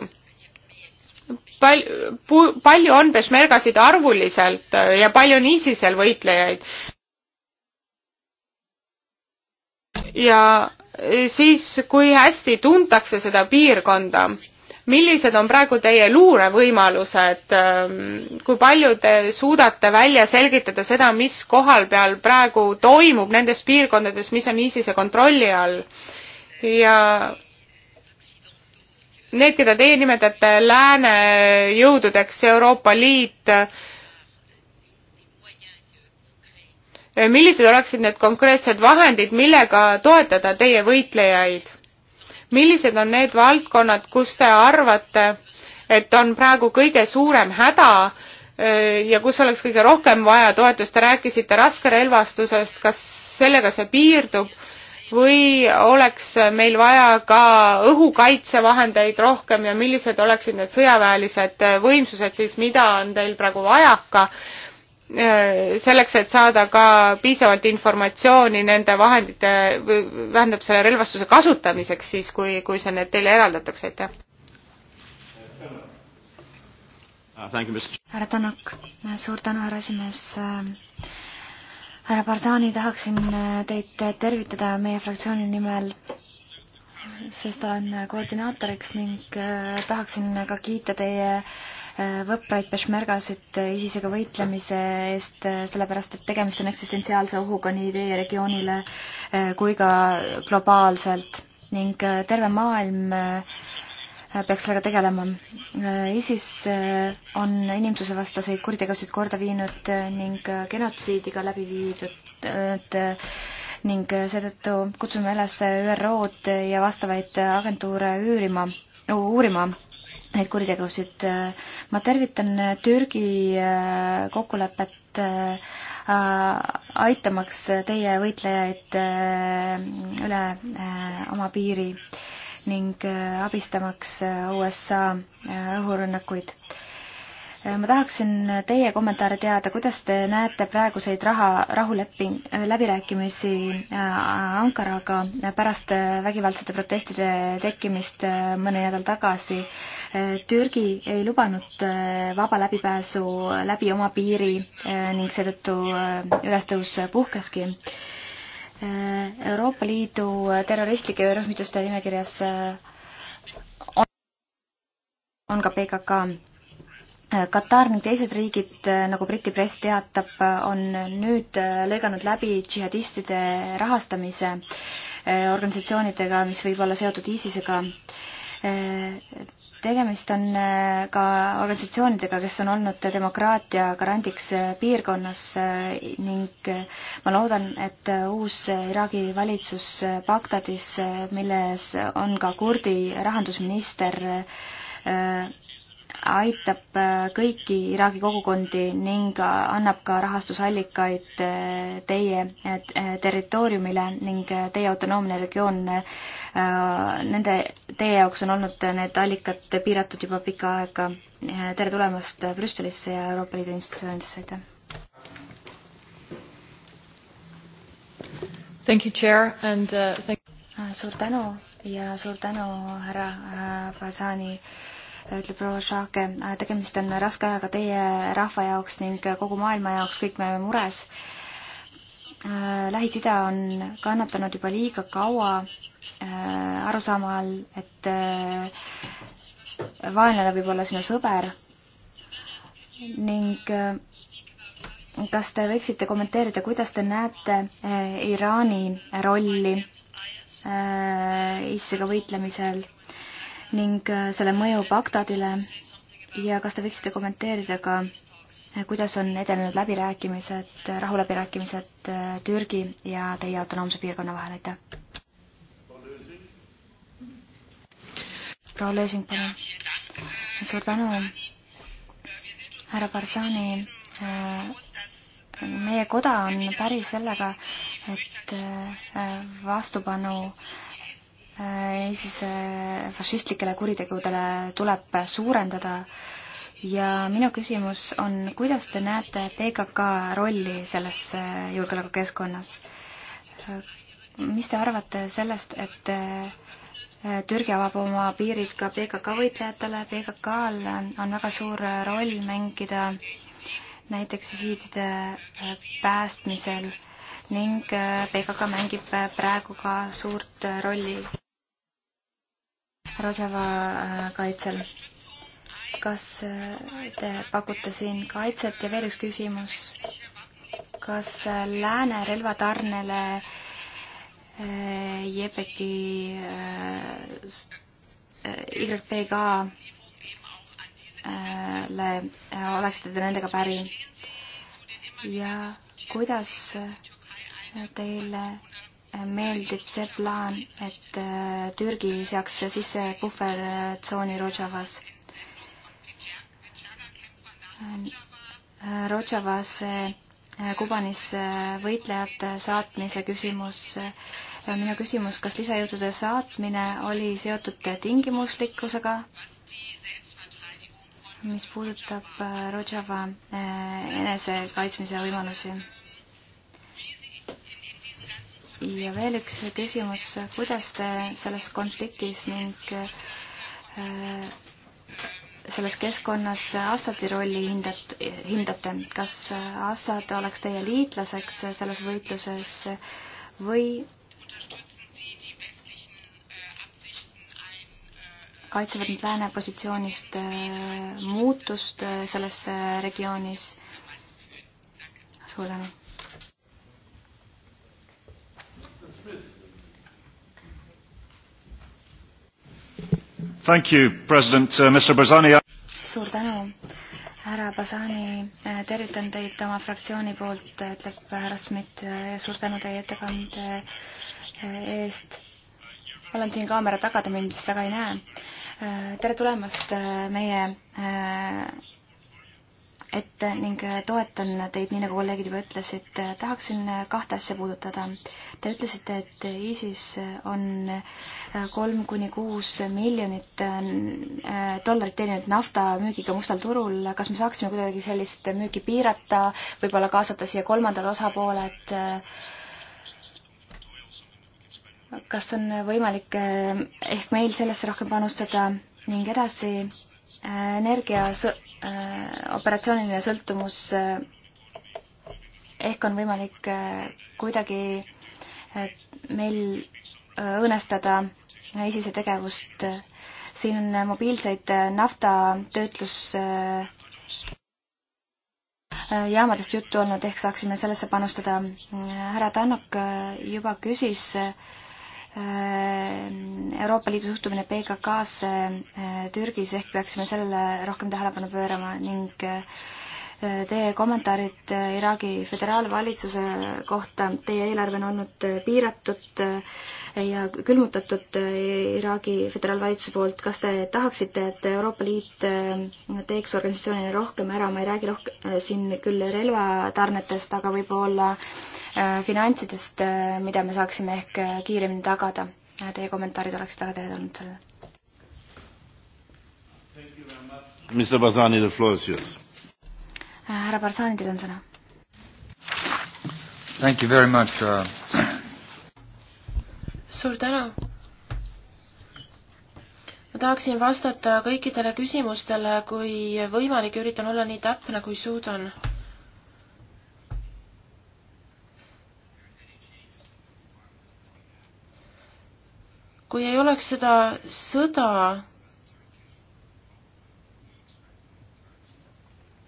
Speaker 2: pal-, pu-, palju on peshmergasid arvuliselt ja palju on ISISel võitlejaid? ja siis kui hästi tuntakse seda piirkonda? millised on praegu teie luurevõimalused, ähm, kui palju te suudate välja selgitada seda, mis kohal peal praegu toimub nendes piirkondades, mis on ISISe kontrolli all? ja need, keda teie nimetate lääne jõududeks, Euroopa Liit, millised oleksid need konkreetsed vahendid, millega toetada teie võitlejaid? millised on need valdkonnad, kus te arvate, et on praegu kõige suurem häda ja kus oleks kõige rohkem vaja toetust, te rääkisite raskerelvastusest, kas sellega see piirdub või oleks meil vaja ka õhukaitsevahendeid rohkem ja millised oleksid need sõjaväelised võimsused siis, mida on teil praegu vajaka Äh, selleks, et saada ka piisavalt informatsiooni nende vahendite, vähendab selle relvastuse kasutamiseks siis, kui, kui see need teile eraldatakse, aitäh.
Speaker 3: Uh, härra Tanak, suur tänu, härra esimees. härra Barzani, tahaksin teid tervitada meie fraktsiooni nimel sest olen koordinaatoriks ning tahaksin ka kiita teie äh, võpraid peshmergasid ISISega võitlemise eest, äh, sellepärast et tegemist on eksistentsiaalse ohuga nii teie regioonile äh, kui ka globaalselt ning äh, terve maailm peaks sellega tegelema. ISIS on inimsusevastaseid kuritegusid korda viinud ning genotsiidi ka läbi viidud ning seetõttu kutsume üles ÜRO-d ja vastavaid agentuure üürima, uurima neid kuritegusid. ma tervitan Türgi äh, kokkulepet äh, äh, aitamaks teie võitlejaid üle oma piiri ning abistamaks USA õhurünnakuid ma tahaksin teie kommentaare teada, kuidas te näete praeguseid raha, rahuleping, läbirääkimisi äh, Ankaraga pärast äh, vägivaldsete protestide tekkimist äh, mõni nädal tagasi. Türgi ei lubanud vaba läbipääsu läbi oma piiri ning seetõttu ülestõus puhkeski Euroopa Liidu terroristlike rühmituste nimekirjas on ka PKK. Äh, Katar ning teised riigid, äh, nagu Briti press teatab, äh, on nüüd lõiganud läbi džihadistide rahastamise organisatsioonidega, mis võib olla seotud ISISega. tegemist on ka organisatsioonidega, kes on olnud demokraatia garandiks piirkonnas ning ma loodan, et uus Iraagi valitsus Bagdadis, milles on ka kurdi rahandusminister, aitab äh, kõiki Iraagi kogukondi ning annab ka rahastusallikaid äh, teie äh, territooriumile ning teie autonoomne regioon, nende, teie jaoks on olnud need allikad piiratud juba pikka aega. tere tulemast Brüsselisse ja Euroopa Liidu institutsioonidesse, aitäh! Thank you, Chair, and uh, thank suur tänu ja suur tänu, härra Fazani uh, ütleb proua Šake, äh, tegemist on raske ajaga teie rahva jaoks ning kogu maailma jaoks, kõik me oleme mures. Äh, Lähis-Ida on kannatanud juba liiga kaua äh, arusaama all, et vaenlane võib olla sinu sõber ning kas te võiksite kommenteerida, kuidas te näete Iraani rolli ISISega võitlemisel? ning äh, selle mõju Bagdadile ja kas te võiksite kommenteerida ka, äh, kuidas on edenenud läbirääkimised, äh, rahuläbirääkimised Türgi ja teie autonoomse piirkonna vahel, aitäh! proua Lösing, palun! suur tänu, härra Barzani meie koda on päri sellega, et vastupanu äh, siis fašistlikele kuritegudele tuleb suurendada ja minu küsimus on, kuidas te näete PKK rolli selles äh, julgeolekukeskkonnas? mis te arvate sellest, et äh, Türgi avab oma piirid ka PKK võitlejatele, PKK-l on väga suur äh, roll mängida näiteks visiidide päästmisel ning PKK mängib praegu ka suurt rolli Rojava kaitsel. kas äh, te pakute siin kaitset ja veel üks küsimus, kas äh, lääne relvatarnele äh, Jebeki YPK-le oleksite te nendega päri ja kuidas teile meeldib see plaan, et äh, Türgi seaks sisse puhvertsooni Rojavas. Äh, Rojavas äh, Kubanis võitlejate saatmise küsimus. minu küsimus, kas lisajõudude saatmine oli seotud tingimuslikkusega, mis puudutab Rojava enesekaitsmise võimalusi? ja veel üks küsimus, kuidas te selles konfliktis ning äh, selles keskkonnas Assadi rolli hindat, hindate, kas Assad oleks teie liitlaseks selles võitluses või kaitsevad nüüd lääne positsioonist äh, muutust äh, selles regioonis?
Speaker 2: suur tänu.
Speaker 1: Thank you, president uh,, Mr Barzani.
Speaker 3: suur tänu, härra Barzani, äh, tervitan teid oma fraktsiooni poolt, äh, ütleb härra Schmidt äh, ja suur tänu teie ettekande eest. olen siin kaamera taga, te mind vist väga ei näe. tere tulemast meie ette ning toetan teid, nii nagu kolleegid juba ütlesid. tahaksin kahte asja puudutada. Te ütlesite, et ISIS on kolm kuni kuus miljonit äh, dollarit teeninud nafta müügiga mustal turul. kas me saaksime kuidagi sellist müüki piirata, võib-olla kaasata siia kolmandad osapooled? kas on võimalik äh, ehk meil sellesse rohkem panustada ning edasi Äh, energia sõ-, äh, operatsiooniline sõltumus äh, ehk on võimalik kuidagi meil õõnestada ISISe tegevust. siin on mobiilseid naftatöötlusjaamadest juttu olnud, ehk saaksime sellesse panustada. härra Tannok juba küsis äh, Äh, Euroopa Liidu suhtumine PKK-sse äh, Türgis ehk peaksime sellele rohkem tähelepanu pöörama ning äh, teie kommentaarid Iraagi föderaalvalitsuse kohta, teie eelarve on olnud piiratud ja külmutatud Iraagi föderaalvalitsuse poolt, kas te tahaksite, et Euroopa Liit teeks organisatsioonina rohkem ära, ma ei räägi rohkem siin küll relvatarnetest, aga võib-olla äh, Äh, finantsidest, äh, mida me saaksime ehk äh, kiiremini tagada. Teie kommentaarid oleksid väga teretulnud sellele.
Speaker 2: Mr Barzani, the floor is yours.
Speaker 3: härra Barzani, teil on sõna. Thank you very much uh....
Speaker 1: suur tänu ma tahaksin vastata kõikidele küsimustele, kui võimalik, üritan olla nii täpne, kui suudan. kui ei oleks seda sõda,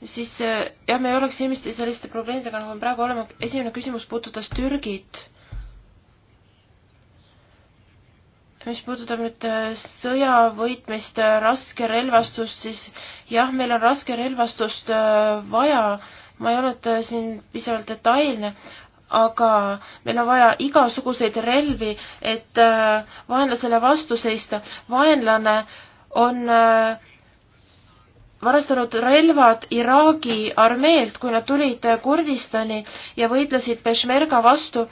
Speaker 1: siis eh, jah, me ei oleks silmisti selliste probleemidega, nagu me praegu oleme. esimene küsimus puudutas Türgit. mis puudutab nüüd eh, sõja võitmist, eh, raskerelvastust, siis jah, meil on raskerelvastust vaja. ma ei olnud siin piisavalt detailne, aga meil on vaja igasuguseid relvi, et äh, vaenlasele vastu seista. vaenlane on äh, varastanud relvad Iraagi armeelt, kui nad tulid Kurdistani ja võitlesid Peshmerga vastu,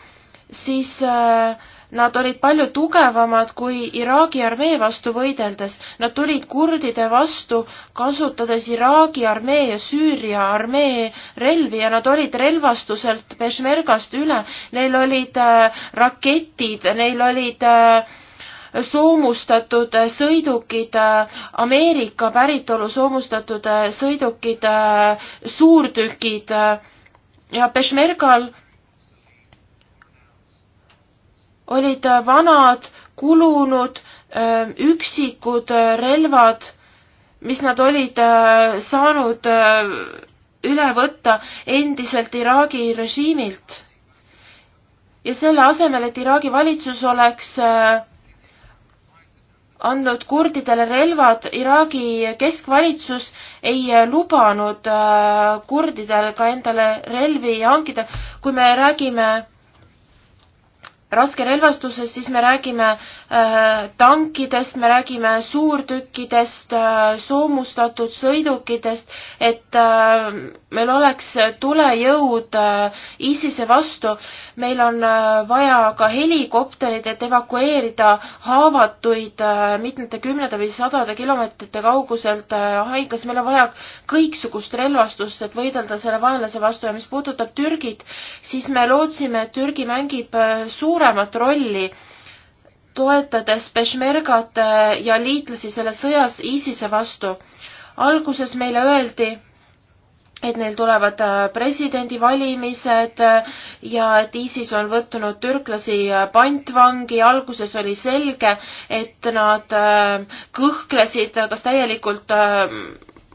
Speaker 1: siis äh, Nad olid palju tugevamad kui Iraagi armee vastu võideldes. Nad tulid kurdide vastu, kasutades Iraagi armee ja Süüria armee relvi ja nad olid relvastuselt Peshmergast üle. Neil olid äh, raketid, neil olid äh, soomustatud äh, sõidukid, äh, Ameerika päritolu soomustatud äh, sõidukid, suurtükid ja Peshmergal olid äh, vanad, kulunud, äh, üksikud äh, relvad, mis nad olid saanud üle võtta endiselt Iraagi režiimilt. ja selle asemel, et Iraagi valitsus oleks andnud kurdidele relvad, Iraagi keskvalitsus ei lubanud kurdidel ka endale relvi hankida. kui me räägime raskerelvastusest, siis me räägime äh, tankidest, me räägime suurtükkidest äh,, soomustatud sõidukitest, et äh, meil oleks tulejõud äh, ISISe vastu. meil on äh, vaja ka helikopterid, et evakueerida haavatuid äh, mitmete kümnede või sadade kilomeetrite kauguselt äh, haiglas. meil on vaja kõiksugust relvastust, et võidelda selle vaenlase vastu ja mis puudutab Türgit, siis me lootsime, et Türgi mängib äh, suurt suuremat rolli, toetades Peshmergat äh, ja liitlasi selles sõjas ISISe vastu. alguses meile öeldi, et neil tulevad äh, presidendivalimised äh, ja et ISIS on võtnud türklasi pantvangi. alguses oli selge, et nad kõhklesid, kas täielikult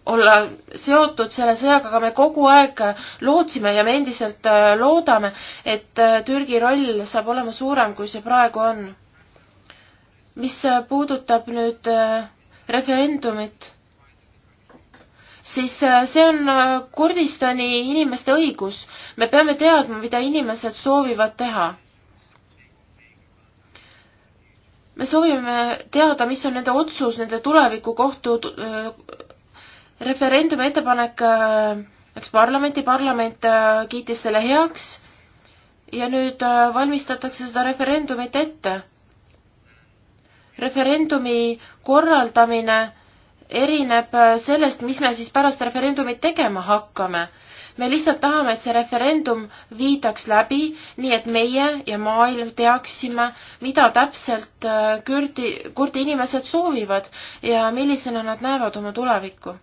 Speaker 1: olla seotud selle sõjaga, aga me kogu aeg lootsime ja me endiselt äh, loodame, et äh, Türgi roll saab olema suurem, kui see praegu on. mis äh, puudutab nüüd referendumit, siis see on Kurdistani inimeste õigus. me peame teadma, mida inimesed soovivad teha me soovime teada, mis on nende otsus nende tuleviku kohtu referendumi ettepanek läks äh, parlamenti, parlament äh, kiitis selle heaks ja nüüd äh, valmistatakse seda referendumit ette. referendumi korraldamine erineb sellest, mis me siis pärast referendumit tegema hakkame. me lihtsalt tahame, et see referendum viidaks läbi, nii et meie ja maailm teaksime, mida täpselt kurdi, kurdi inimesed soovivad ja millisena nad näevad oma tulevikku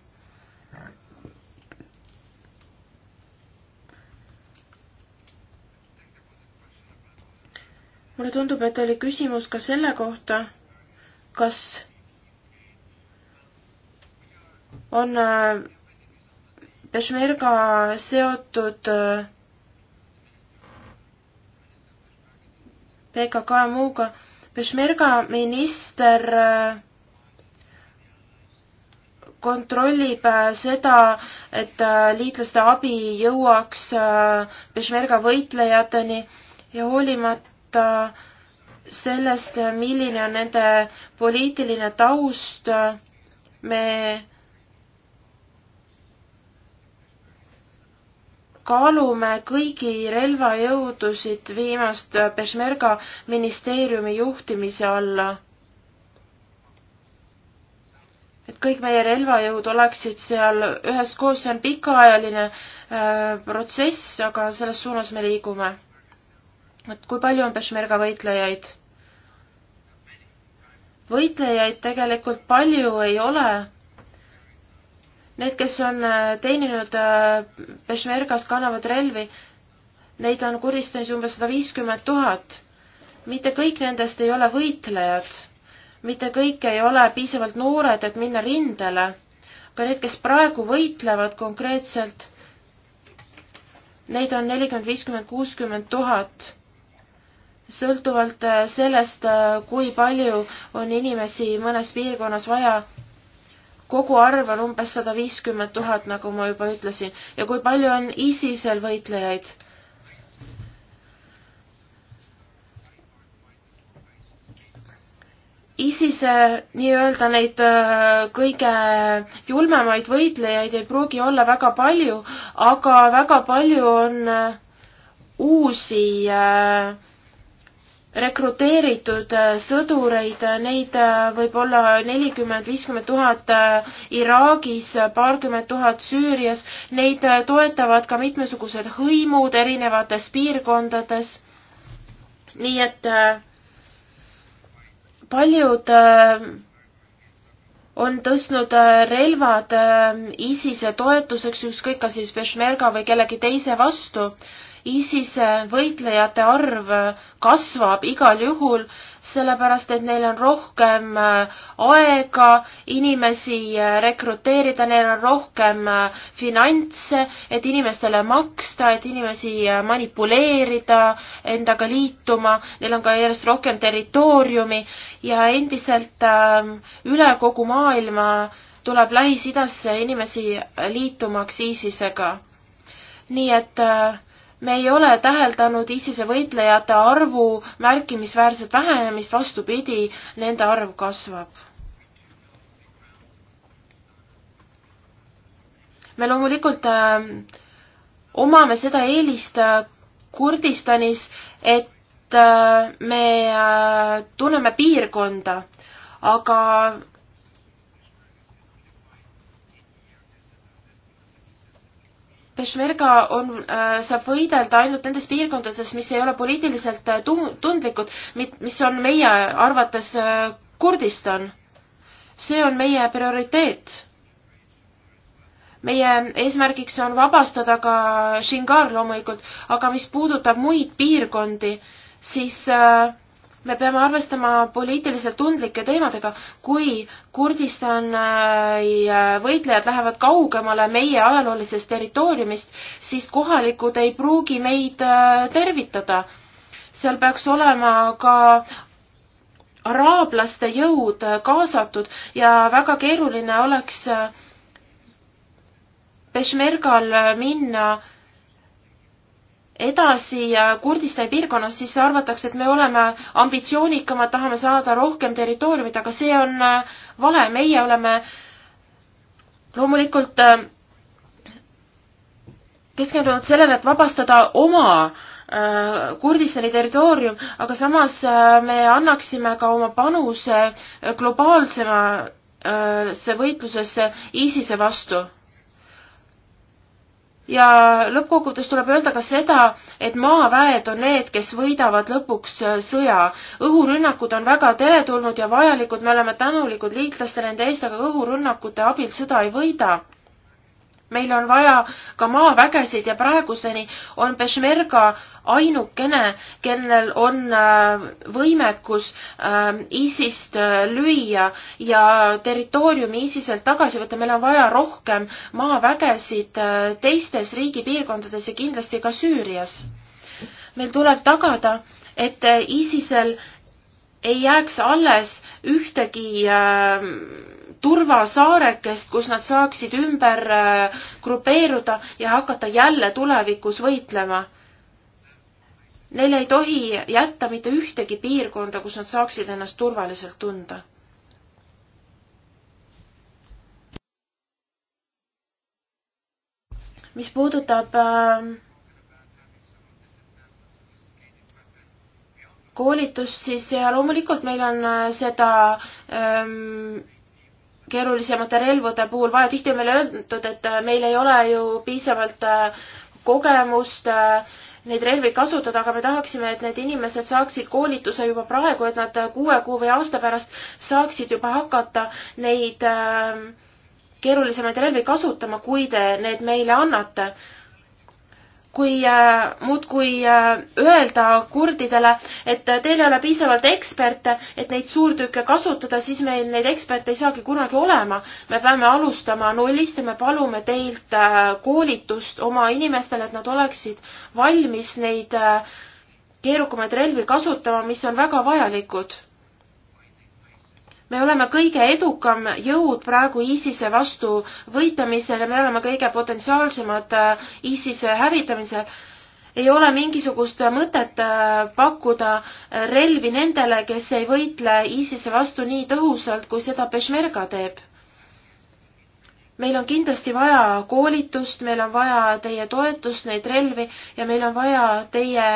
Speaker 1: mulle tundub, et oli küsimus ka selle kohta, kas on äh, Peshmerga seotud äh, PKK muuga. Peshmerga minister äh, kontrollib seda, et liitlaste abi jõuaks Peshmerga võitlejateni ja hoolimata sõltumata sellest, milline on nende poliitiline taust, me kaalume kõigi relvajõudusid viimast Peshmerga ministeeriumi juhtimise alla. et kõik meie relvajõud oleksid seal üheskoos, see on pikaajaline äh, protsess, aga selles suunas me liigume et kui palju on peshmerga võitlejaid? võitlejaid tegelikult palju ei ole. Need, kes on äh, teeninud äh, peshmergas, kannavad relvi, neid on Kurdistanis umbes sada viiskümmend tuhat. mitte kõik nendest ei ole võitlejad, mitte kõik ei ole piisavalt noored, et minna rindele. aga need, kes praegu võitlevad konkreetselt, neid on nelikümmend, viiskümmend, kuuskümmend tuhat sõltuvalt äh, sellest, äh, kui palju on inimesi mõnes piirkonnas vaja, koguarv on umbes sada viiskümmend tuhat, nagu ma juba ütlesin, ja kui palju on ISISel võitlejaid? ISISe nii-öelda neid äh, kõige julmemaid võitlejaid ei pruugi olla väga palju, aga väga palju on uusi äh, rekruteeritud äh, sõdureid, äh, neid äh, võib olla nelikümmend, viiskümmend tuhat Iraagis, paarkümmend tuhat Süürias, neid toetavad ka mitmesugused hõimud erinevates piirkondades. nii et paljud on tõstnud relvad ISISe toetuseks, ükskõik kas siis Peshmerga või kellegi teise vastu ISISe võitlejate arv kasvab igal juhul, sellepärast et neil on rohkem äh, aega inimesi äh, rekruteerida, neil on rohkem äh, finantse, et inimestele maksta, et inimesi manipuleerida endaga liituma, neil on ka järjest rohkem territooriumi ja endiselt üle kogu maailma tuleb Lähis-Idasse inimesi liitumaks ISISega. nii et äh, me ei ole täheldanud ISISe võitlejate arvu märkimisväärset vähenemist, vastupidi, nende arv kasvab. me loomulikult äh, omame seda eelist äh, Kurdistanis, et äh, me äh, tunneme piirkonda, aga peshmerga on äh,, saab võidelda ainult nendes piirkondades, mis ei ole poliitiliselt äh, tun-, tundlikud, mis on meie arvates äh, Kurdistan. see on meie prioriteet. meie eesmärgiks on vabastada ka Shingar loomulikult, aga mis puudutab muid piirkondi, siis äh, me peame arvestama poliitiliselt tundlike teemadega, kui Kurdistani äh, äh, võitlejad lähevad kaugemale meie ajaloolisest territooriumist, siis kohalikud ei pruugi meid äh, tervitada. seal peaks olema ka araablaste jõud kaasatud ja väga keeruline oleks Peshmergal minna edasi Kurdistani piirkonnas, siis arvatakse, et me oleme ambitsioonikamad, tahame saada rohkem territooriumit, aga see on äh, vale, meie oleme loomulikult äh, keskendunud sellele, et vabastada oma äh, Kurdistani territoorium, aga samas me annaksime ka oma panuse globaalsema see võitlusesse ISISe vastu ja lõppkokkuvõttes tuleb öelda ka seda, et maaväed on need, kes võidavad lõpuks äh, sõja. õhurünnakud on väga teretulnud ja vajalikud, me oleme tänulikud liitlastele nende eest, aga õhurünnakute abil sõda ei võida meil on vaja ka maavägesid ja praeguseni on Peshmerga ainukene, kellel on äh, võimekus ähm, ISIS-t äh, lüüa ja territooriumi ISIS-elt tagasi võtta, meil on vaja rohkem maavägesid äh, teistes riigipiirkondades ja kindlasti ka Süürias. meil tuleb tagada, et ISIS-el ei jääks alles ühtegi äh, turvasaarekest, kus nad saaksid ümber äh, grupeeruda ja hakata jälle tulevikus võitlema. Neile ei tohi jätta mitte ühtegi piirkonda, kus nad saaksid ennast turvaliselt tunda. mis puudutab äh, koolitust, siis ja äh, loomulikult meil on äh, seda ähm, keerulisemate relvade puhul vaja, tihti on meile öeldud, et äh, meil ei ole ju piisavalt äh, kogemust äh, neid relvi kasutada, aga me tahaksime, et need inimesed saaksid koolituse juba praegu, et nad kuue kuu või aasta pärast saaksid juba hakata neid keerulisemaid relvi kasutama, kui te need meile annate kui äh, muudkui äh, öelda kurdidele, et äh, teil ei ole piisavalt eksperte, et neid suurtükke kasutada, siis meil neid eksperte ei saagi kunagi olema. me peame alustama nullist ja me palume teilt äh, koolitust oma inimestele, et nad oleksid valmis neid äh, keerukamaid relvi kasutama, mis on väga vajalikud me oleme kõige edukam jõud praegu ISISe vastu võitlemisel ja me oleme kõige potentsiaalsemad äh, ISISe hävitamisel. ei ole mingisugust mõtet äh, pakkuda äh, relvi nendele, kes ei võitle ISISe vastu nii tõhusalt, kui seda Peshmerga teeb meil on kindlasti vaja koolitust, meil on vaja teie toetust, neid relvi ja meil on vaja teie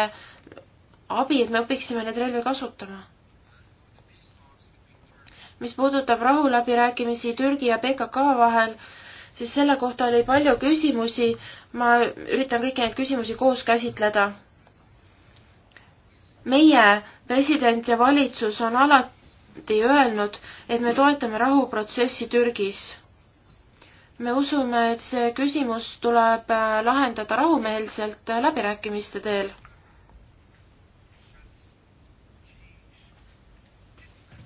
Speaker 1: abi, et me õpiksime neid relvi kasutama mis puudutab rahuläbirääkimisi Türgi ja PKK vahel, siis selle kohta oli palju küsimusi, ma üritan kõiki neid küsimusi koos käsitleda. meie president ja valitsus on alati öelnud, et me toetame rahuprotsessi Türgis. me usume, et see küsimus tuleb lahendada rahumeelselt läbirääkimiste teel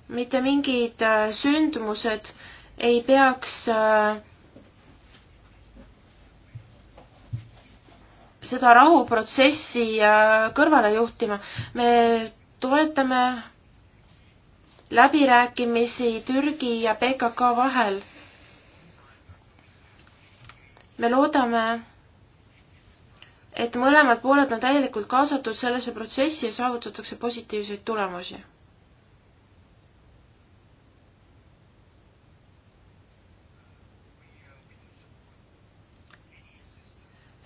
Speaker 1: mitte mingid äh, sündmused ei peaks äh, seda rahuprotsessi äh, kõrvale juhtima. me toetame läbirääkimisi Türgi ja PKK vahel. me loodame, et mõlemad pooled on täielikult kaasatud sellesse protsessi ja saavutatakse positiivseid tulemusi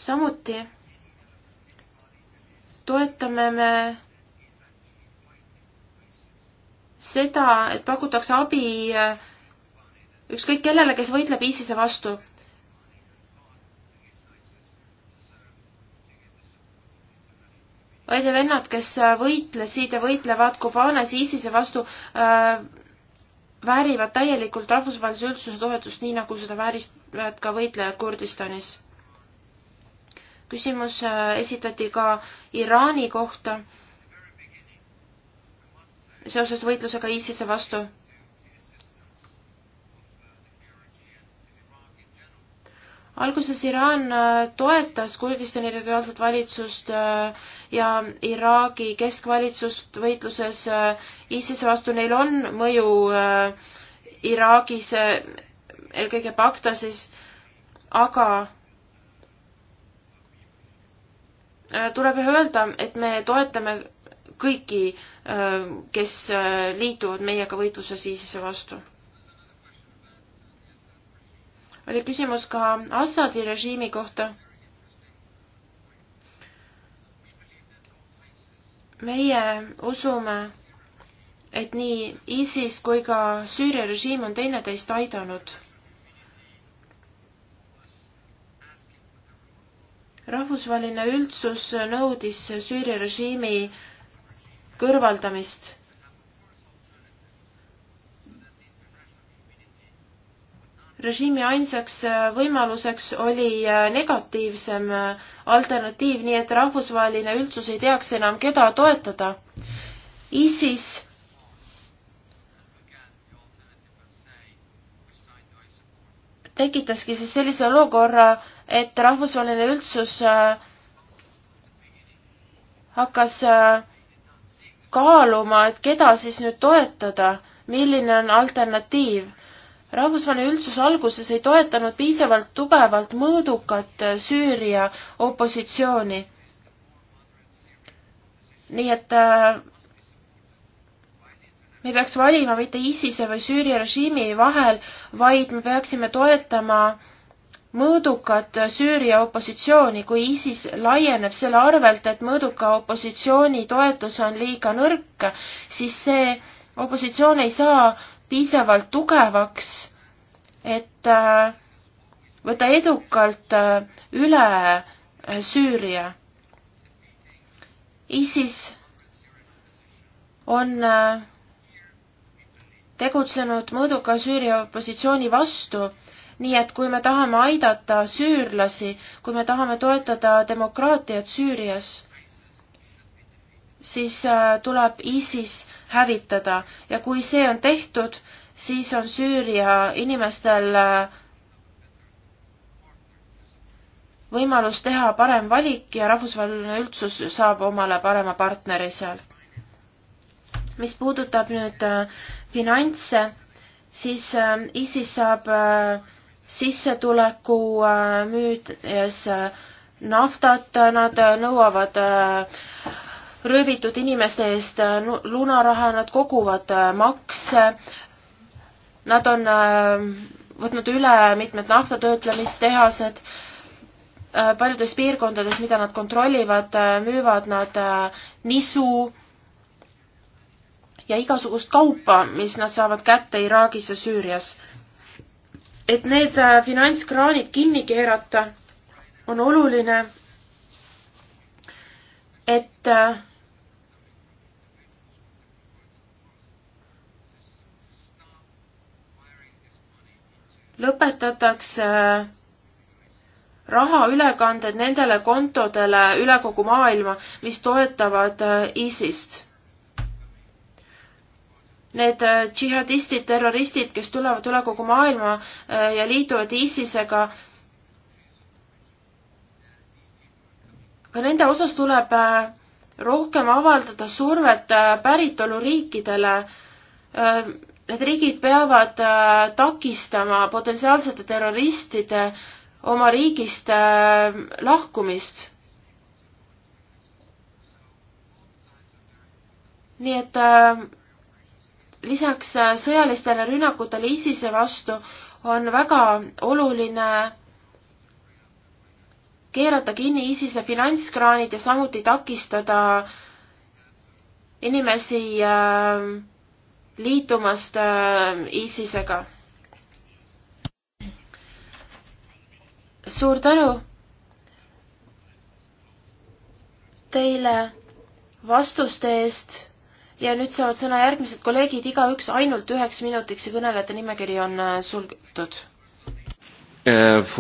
Speaker 1: samuti toetame me seda, et pakutakse abi äh, ükskõik kellele, kes võitleb ISISe vastu. õed ja vennad, kes äh, võitlesid ja võitlevad Kubaanas ISISe vastu äh,, väärivad täielikult rahvusvahelise üldsuse toetust, nii nagu seda väärivad ka võitlejad Kurdistanis küsimus äh, esitati ka Iraani kohta seoses võitlusega ISISe vastu. alguses Iraan äh, toetas Kurdistani regionaalset valitsust äh, ja Iraagi keskvalitsust võitluses ISISe vastu, neil on mõju Iraagis, eelkõige Bagdasis, aga Äh, tuleb öelda, et me toetame kõiki, äh, kes äh, liituvad meiega võitluses ISISe vastu. oli küsimus ka Assadi režiimi kohta. meie usume, et nii ISIS kui ka Süüria režiim on teineteist aidanud rahvusvaheline üldsus nõudis Süüria režiimi kõrvaldamist. režiimi ainsaks võimaluseks oli negatiivsem alternatiiv, nii et rahvusvaheline üldsus ei teaks enam, keda toetada. ISIS tekitaski siis sellise olukorra, et rahvusvaheline üldsus äh, hakkas äh, kaaluma, et keda siis nüüd toetada, milline on alternatiiv. rahvusvaheline üldsus alguses ei toetanud piisavalt tugevalt mõõdukat äh, Süüria opositsiooni. nii et me ei peaks valima mitte ISISe või Süüria režiimi vahel, vaid me peaksime toetama mõõdukat Süüria opositsiooni, kui ISIS laieneb selle arvelt, et mõõduka opositsiooni toetus on liiga nõrk, siis see opositsioon ei saa piisavalt tugevaks, et äh, võtta edukalt äh, üle äh, Süüria. ISIS on äh, tegutsenud mõõduka Süüria opositsiooni vastu, nii et kui me tahame aidata süürlasi, kui me tahame toetada demokraatiat Süürias, siis äh, tuleb ISIS hävitada ja kui see on tehtud, siis on Süüria inimestel äh, võimalus teha parem valik ja rahvusvaheline üldsus saab omale parema partneri seal. mis puudutab nüüd äh, finantse, siis äh, ISIS saab äh, sissetuleku äh, müüdes naftat, nad nõuavad röövitud inimeste eest lunaraha, nad koguvad makse, nad on võtnud üle mitmed naftatöötlemistehased, paljudes piirkondades, mida nad kontrollivad, müüvad nad nisu, ja igasugust kaupa, mis nad saavad kätte Iraagis ja Süürias. et need äh, finantskraanid kinni keerata, on oluline, et äh, lõpetatakse äh, raha ülekanded nendele kontodele üle kogu maailma, mis toetavad ISIS-t need äh, džihadistid, terroristid, kes tulevad üle kogu maailma äh, ja liituvad ISISega, ka nende osas tuleb äh, rohkem avaldada survet päritoluriikidele. Need riigid peavad takistama potentsiaalsete terroristide oma riigist lahkumist nii et äh, lisaks äh, sõjalistele rünnakutele ISISe vastu on väga oluline keerata kinni ISISe finantskraanid ja samuti takistada inimesi äh, liitumast äh, ISISega. suur tänu teile vastuste eest ja nüüd saavad sõna järgmised kolleegid, igaüks ainult üheks minutiks ja kõnelejate nimekiri on äh, sulgetud uh,.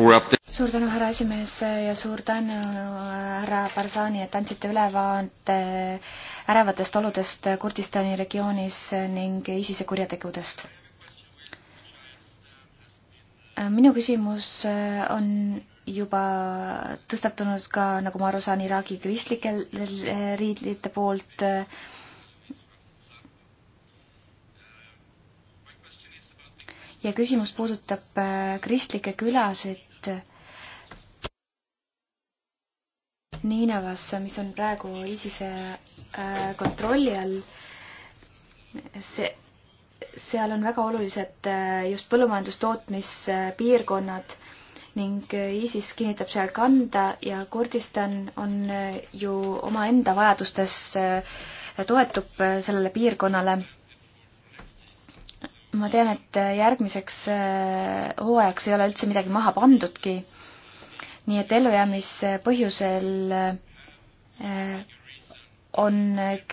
Speaker 1: suur tänu, härra esimees ja suur tänu, äh, härra Barzani,
Speaker 3: et andsite ülevaate ärevatest oludest Kurdistani regioonis ning ISISe kurjategudest. minu küsimus on juba tõstatunud ka, nagu ma aru saan, Iraagi kristlikel riidlite poolt äh, ja küsimus puudutab äh, kristlikke külasid Niinavas, mis on praegu ISISe äh, kontrolli all. see, seal on väga olulised äh, just põllumajandustootmispiirkonnad ning ISIS kinnitab seal kanda ja Kurdistan on ju omaenda vajadustes, toetub sellele piirkonnale ma tean, et äh, järgmiseks äh, hooajaks ei ole üldse midagi maha pandudki, nii et ellujäämise põhjusel äh, on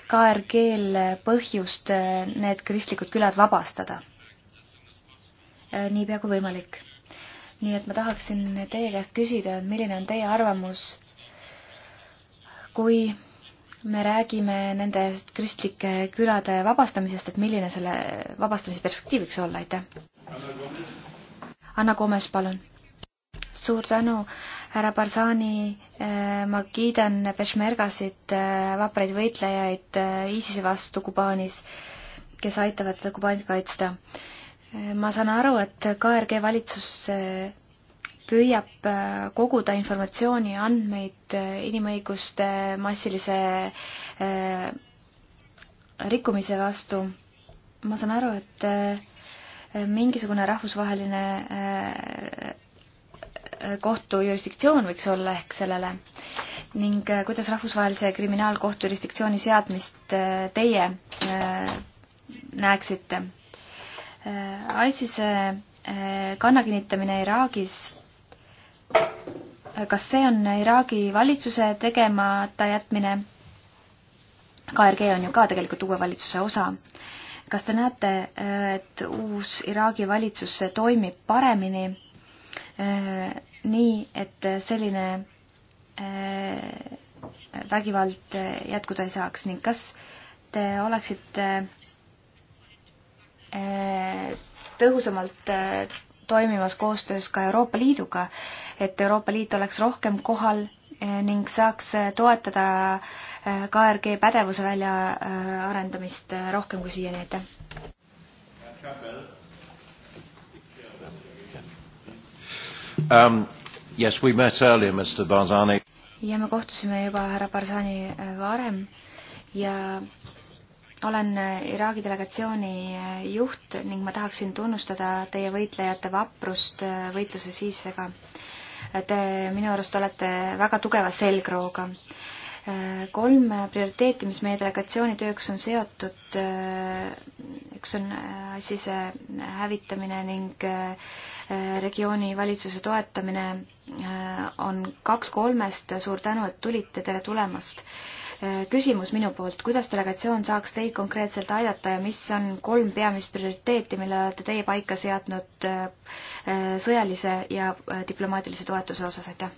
Speaker 3: KRG-l põhjust need kristlikud külad vabastada. niipea kui võimalik. nii et ma tahaksin teie käest küsida, milline on teie arvamus, kui me räägime nende kristlike külade vabastamisest, et milline selle vabastamise perspektiiv võiks olla,
Speaker 2: aitäh.
Speaker 3: Anna Komes, palun. suur tänu, härra Barzani, eh, ma kiidan Peshmergasid, eh, vapraid võitlejaid eh, ISISe vastu Kubaanis, kes aitavad seda Kubaanit kaitsta. ma saan aru, et KRG valitsus püüab äh, koguda informatsiooni ja andmeid äh, inimõiguste massilise äh, rikkumise vastu. ma saan aru, et mingisugune rahvusvaheline kohtu jurisdiktsioon võiks olla ehk sellele ning kuidas rahvusvahelise kriminaalkohtu jurisdiktsiooni seadmist teie näeksite? ISISe kannakinnitamine Iraagis kas see on Iraagi valitsuse tegemata jätmine? KRG on ju ka tegelikult uue valitsuse osa. kas te näete, et uus Iraagi valitsus toimib paremini nii, et selline eh, vägivald jätkuda ei saaks ning kas te oleksite eh, tõhusamalt eh, toimimas koostöös ka Euroopa Liiduga, et Euroopa Liit oleks rohkem kohal eh, ning saaks eh, toetada eh, KRG pädevuse väljaarendamist rohkem kui siiani, aitäh.
Speaker 1: Um, yes, we met earlier, Mr Barzani.
Speaker 3: ja me kohtusime juba härra Barzani varem ja olen äh, Iraagi delegatsiooni äh, juht ning ma tahaksin tunnustada teie võitlejate vaprust äh, võitluse sissega. Te minu arust olete väga tugeva selgrooga. kolm prioriteeti, mis meie delegatsiooni tööks on seotud, üks on asise hävitamine ning regiooni valitsuse toetamine on kaks kolmest, suur tänu, et tulite, tere tulemast Äh, küsimus minu poolt, kuidas delegatsioon saaks teid konkreetselt aidata ja mis on kolm peamist prioriteeti, mille olete teie paika seadnud äh, äh, sõjalise ja diplomaatilise toetuse osas, aitäh?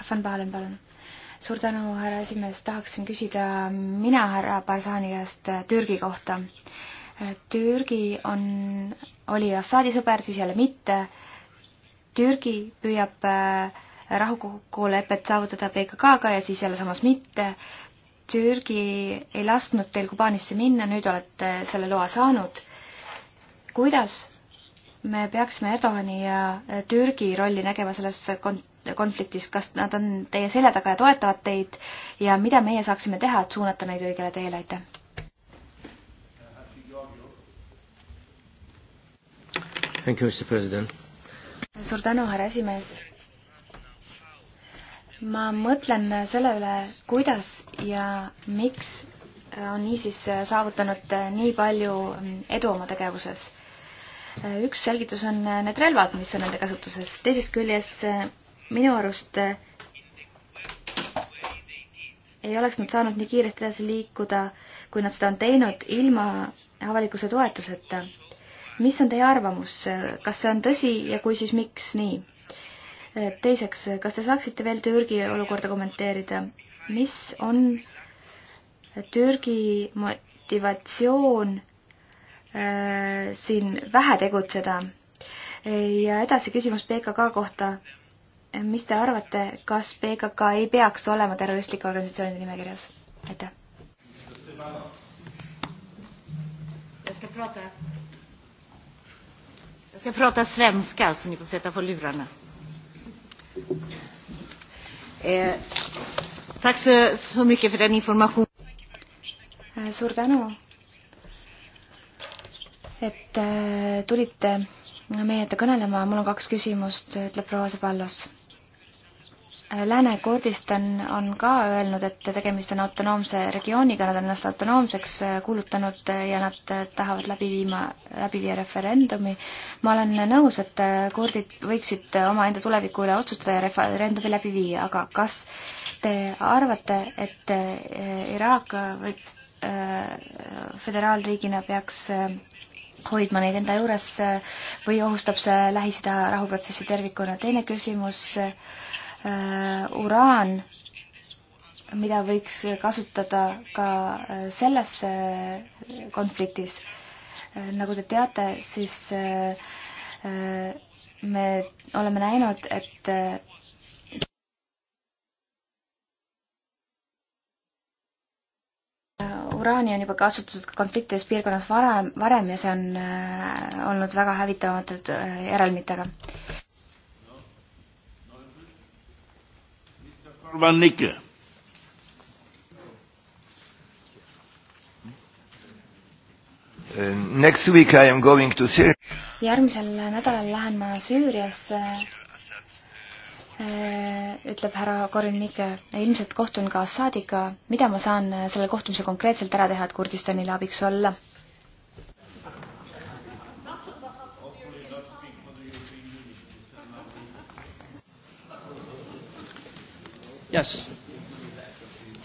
Speaker 3: Rahvan Pahlen, palun suur tänu, härra esimees, tahaksin küsida mina härra Barzani käest Türgi kohta. Türgi on, oli Assadi sõber, siis jälle mitte. Türgi püüab äh, rahukokkulepet saavutada PKK-ga ja siis jälle samas mitte. Türgi ei lasknud teil Kubaanisse minna, nüüd olete selle loa saanud. kuidas me peaksime Erdogani ja Türgi rolli nägema selles kont-, konfliktis, kas nad on teie selja taga ja toetavad teid ja mida meie saaksime teha, et suunata neid õigele teele, aitäh? suur tänu, härra esimees ma mõtlen selle üle, kuidas ja miks on ISIS saavutanud nii palju edu oma tegevuses. üks selgitus on need relvad, mis on nende kasutuses, teisest küljest minu arust ei oleks nad saanud nii kiiresti edasi liikuda, kui nad seda on teinud ilma avalikkuse toetuseta. mis on teie arvamus, kas see on tõsi ja kui, siis miks nii? Eh, teiseks, kas te saaksite veel Türgi olukorda kommenteerida, mis on Türgi motivatsioon äh, siin vähe tegutseda? ja edasi küsimus PKK kohta. mis te arvate, kas PKK ei peaks olema terroristlike organisatsioonide nimekirjas? aitäh. Jag ska prata svenska så ni får sätta på lurarna. Eh, tack så mycket för den information. Eh, suur tänu, et eh, tulite meie ette kõnelema. mul on kaks küsimust, ütleb proua Seballos Lääne-Kurdistan on ka öelnud, et tegemist on autonoomse regiooniga, nad on ennast autonoomseks äh, kuulutanud äh, ja nad äh, tahavad läbi viima, läbi viia referendumi. ma olen nõus, et kurdid võiksid omaenda tuleviku üle otsustada ja referendumi läbi viia, aga kas te arvate, et Iraak võib föderaalriigina peaks hoidma neid enda juures või ohustab see Lähis-Ida rahuprotsessi tervikuna? teine küsimus äh, Äh, uraan, mida võiks kasutada ka äh, selles äh, konfliktis. nagu te teate, siis me oleme näinud, et uraani on juba kasutatud ka konfliktides piirkonnas varem, varem ja see on olnud väga hävitavatud järelmitega.
Speaker 1: Van Nikke. Uh, next week I am going to Syria.
Speaker 3: järgmisel nädalal lähen ma Süüriasse, uh, ütleb härra Korin Mikke. ilmselt kohtun ka Assadiga. mida ma saan uh, selle kohtumise konkreetselt ära teha, et Kurdistanile abiks olla?
Speaker 1: Yes.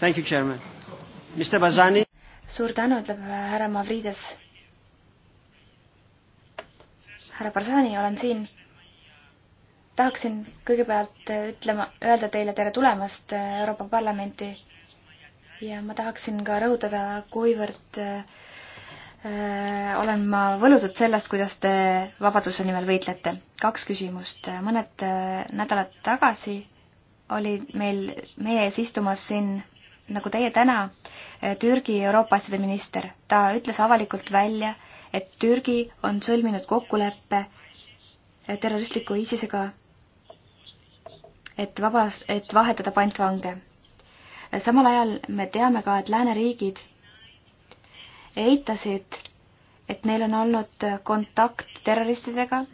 Speaker 1: Thank you, chairman. Mr Bazani.
Speaker 3: suur tänu, ütleb härra Mavrides. härra Barzani, olen siin. tahaksin kõigepealt ütlema, öelda teile tere tulemast Euroopa Parlamenti ja ma tahaksin ka rõhutada, kuivõrd äh, olen ma võlutud sellest, kuidas te vabaduse nimel võitlete. kaks küsimust. mõned äh, nädalad tagasi oli meil meie ees istumas siin nagu teie täna, eh, Türgi Euroopa asjade minister. ta ütles avalikult välja, et Türgi on sõlminud kokkuleppe eh, terroristliku ISISega, et vabas, et vahetada pantvange. Eh, samal ajal me teame ka, et lääneriigid eitasid, et neil on olnud kontakt terroristidega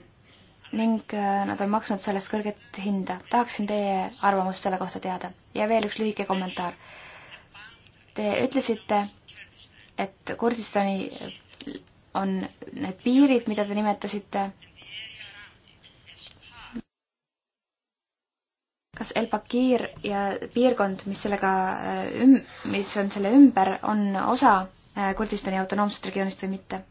Speaker 3: ning äh, nad on maksnud sellest kõrget hinda. tahaksin teie arvamust selle kohta teada. ja veel üks lühike kommentaar. Te ütlesite, et Kurdistani on need piirid, mida te nimetasite. kas El Bakir ja piirkond, mis sellega äh, üm-, mis on selle ümber, on osa äh, Kurdistani autonoomsest regioonist või mitte?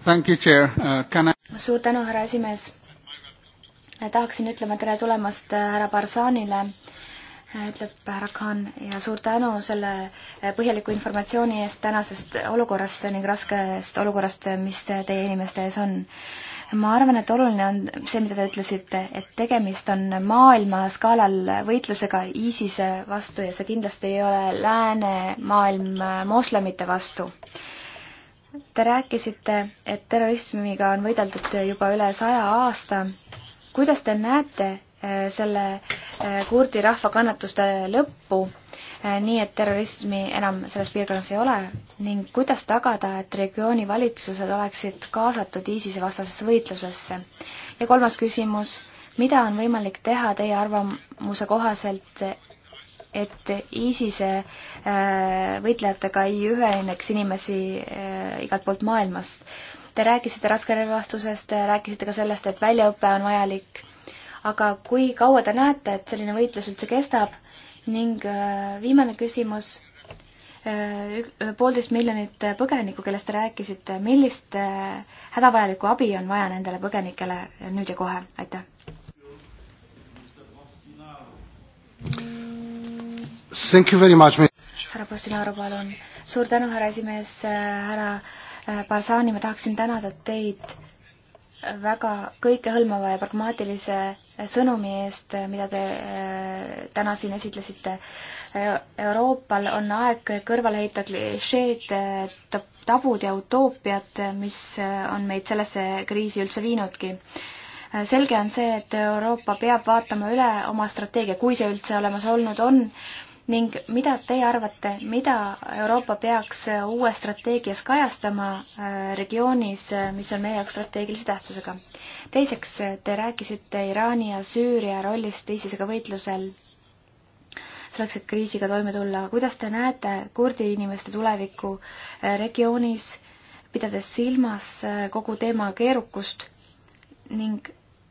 Speaker 2: Uh, I...
Speaker 3: suur tänu, härra esimees. tahaksin ütlema tere tulemast äh, härra Barsanile, äh, ütleb härra Khan ja suur tänu selle äh, põhjaliku informatsiooni eest tänasest olukorrast ning raskest olukorrast, mis teie inimeste ees on ma arvan, et oluline on see, mida te ütlesite, et tegemist on maailmaskaalal võitlusega ISISe vastu ja see kindlasti ei ole läänemaailm moslemite vastu. Te rääkisite, et terrorismiga on võideldud juba üle saja aasta. kuidas te näete eh, selle eh, kurdi rahva kannatuste lõppu, eh, nii et terrorismi enam selles piirkonnas ei ole ning kuidas tagada, et regiooni valitsused oleksid kaasatud ISISe vastasesse võitlusesse? ja kolmas küsimus, mida on võimalik teha teie arvamuse kohaselt et ISISe äh, võitlejatega ei üheneks inimesi äh, igalt poolt maailmast. Te rääkisite raskerelvastusest, rääkisite ka sellest, et väljaõpe on vajalik, aga kui kaua te näete, et selline võitlus üldse kestab ning äh, viimane küsimus poolteist miljonit põgenikku, kellest te rääkisite, millist hädavajalikku abi on vaja nendele põgenikele nüüd ja kohe, aitäh? härra Postinaru, palun. suur tänu, härra esimees, härra äh, Barzani, ma tahaksin tänada teid väga kõikehõlmava ja pragmaatilise äh, sõnumi eest, äh, mida te täna siin esitlesite. Euroopal on aeg kõrvale heita klišeed, tabud ja utoopiad, mis on meid sellesse kriisi üldse viinudki selge on see, et Euroopa peab vaatama üle oma strateegia, kui see üldse olemas olnud on ning mida teie arvate, mida Euroopa peaks uues strateegias kajastama äh, regioonis, äh, mis on meie jaoks strateegilise tähtsusega? teiseks, äh, te rääkisite Iraani ja Süüria rollist ISISega võitlusel selleks, et kriisiga toime tulla. kuidas te näete kurdi inimeste tulevikku regioonis, pidades silmas kogu teema keerukust ning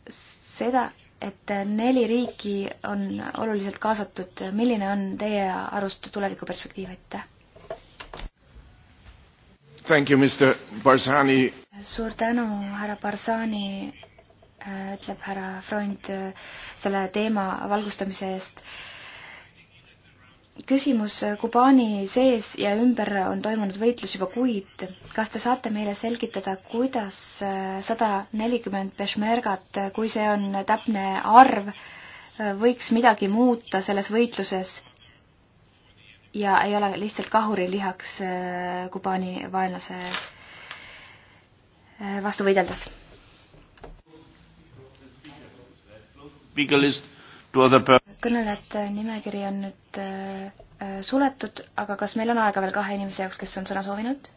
Speaker 3: seda, et neli riiki on oluliselt kaasatud. milline on teie arust tulevikuperspektiiv, aitäh?
Speaker 1: Thank you, Mr Barzani.
Speaker 3: suur tänu, härra Barzani, ütleb härra Freund äh, selle teema valgustamise eest küsimus Kubaani sees ja ümber on toimunud võitlus juba kuid. kas te saate meile selgitada, kuidas äh, sada nelikümmend peshmergat, äh, kui see on täpne arv, äh, võiks midagi muuta selles võitluses ja ei ole lihtsalt kahurilihaks Kubaani vaenlase vastu võideldes? Legalist kõnelejate nimekiri on nüüd äh, äh, suletud, aga kas meil on aega veel kahe inimese jaoks, kes on sõna soovinud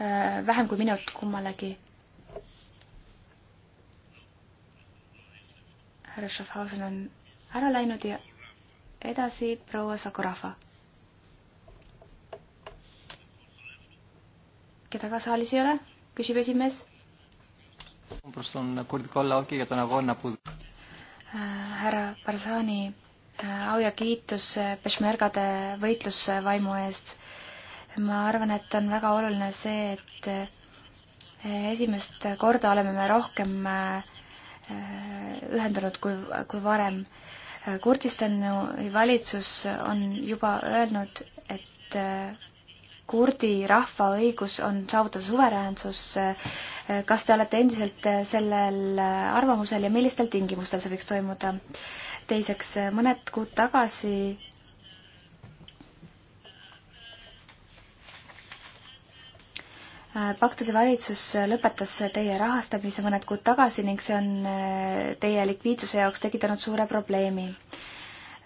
Speaker 3: äh,? vähem kui minut kummalegi. härra Schaffhausen on ära läinud ja edasi proua Sakorafa. keda ka saalis ei ole, küsib esimees. Äh, härra Barzani äh, au ja kiitus äh, peshmergade võitlusvaimu eest. ma arvan, et on väga oluline see, et esimest korda oleme me rohkem ühendunud kui, kui varem. Kurdistani valitsus on juba öelnud, et kurdi rahva õigus on saavutada suveräänsus. kas te olete endiselt sellel arvamusel ja millistel tingimustel see võiks toimuda? teiseks, mõned kuud tagasi Paktide valitsus lõpetas teie rahastamise mõned kuud tagasi ning see on teie likviidsuse jaoks tekitanud suure probleemi.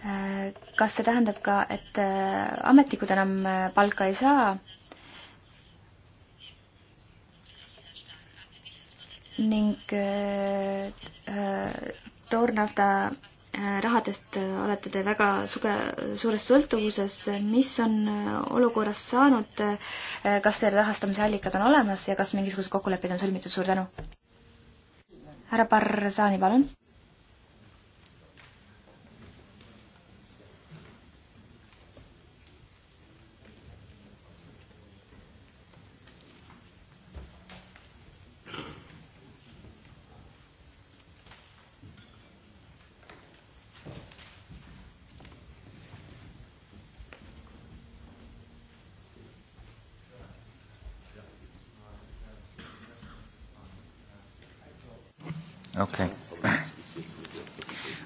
Speaker 3: Äh, kas see tähendab ka, et äh, ametnikud enam äh, palka ei saa? ning toornafta rahadest olete te väga suge-, suures sõltuvuses, mis on olukorrast saanud, kas teil rahastamise allikad on olemas ja kas mingisugused kokkulepped on sõlmitud, suur tänu!
Speaker 1: härra Barzani,
Speaker 3: palun!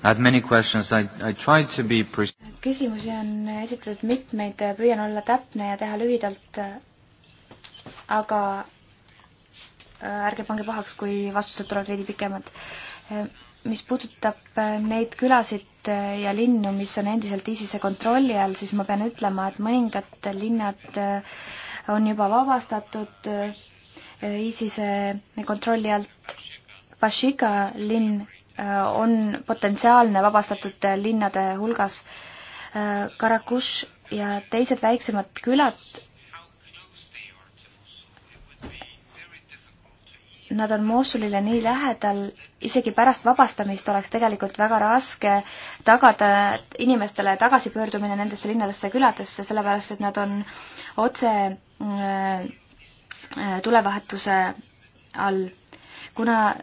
Speaker 3: küsimusi on esitatud mitmeid, püüan olla täpne ja teha lühidalt, aga äh, ärge pange pahaks, kui vastused tulevad veidi pikemad. Äh, mis puudutab äh, neid külasid ja linnu, mis on endiselt ISISe kontrolli all, siis ma pean ütlema, et mõningad linnad on juba vabastatud ISISe kontrolli alt. Bashika linn Äh, on potentsiaalne vabastatud linnade hulgas. Äh, Karakush ja teised väiksemad külad, nad on Mosulile nii lähedal, isegi pärast vabastamist oleks tegelikult väga raske tagada inimestele tagasipöördumine nendesse linnadesse ja küladesse, sellepärast et nad on otse äh, tulevahetuse all. kuna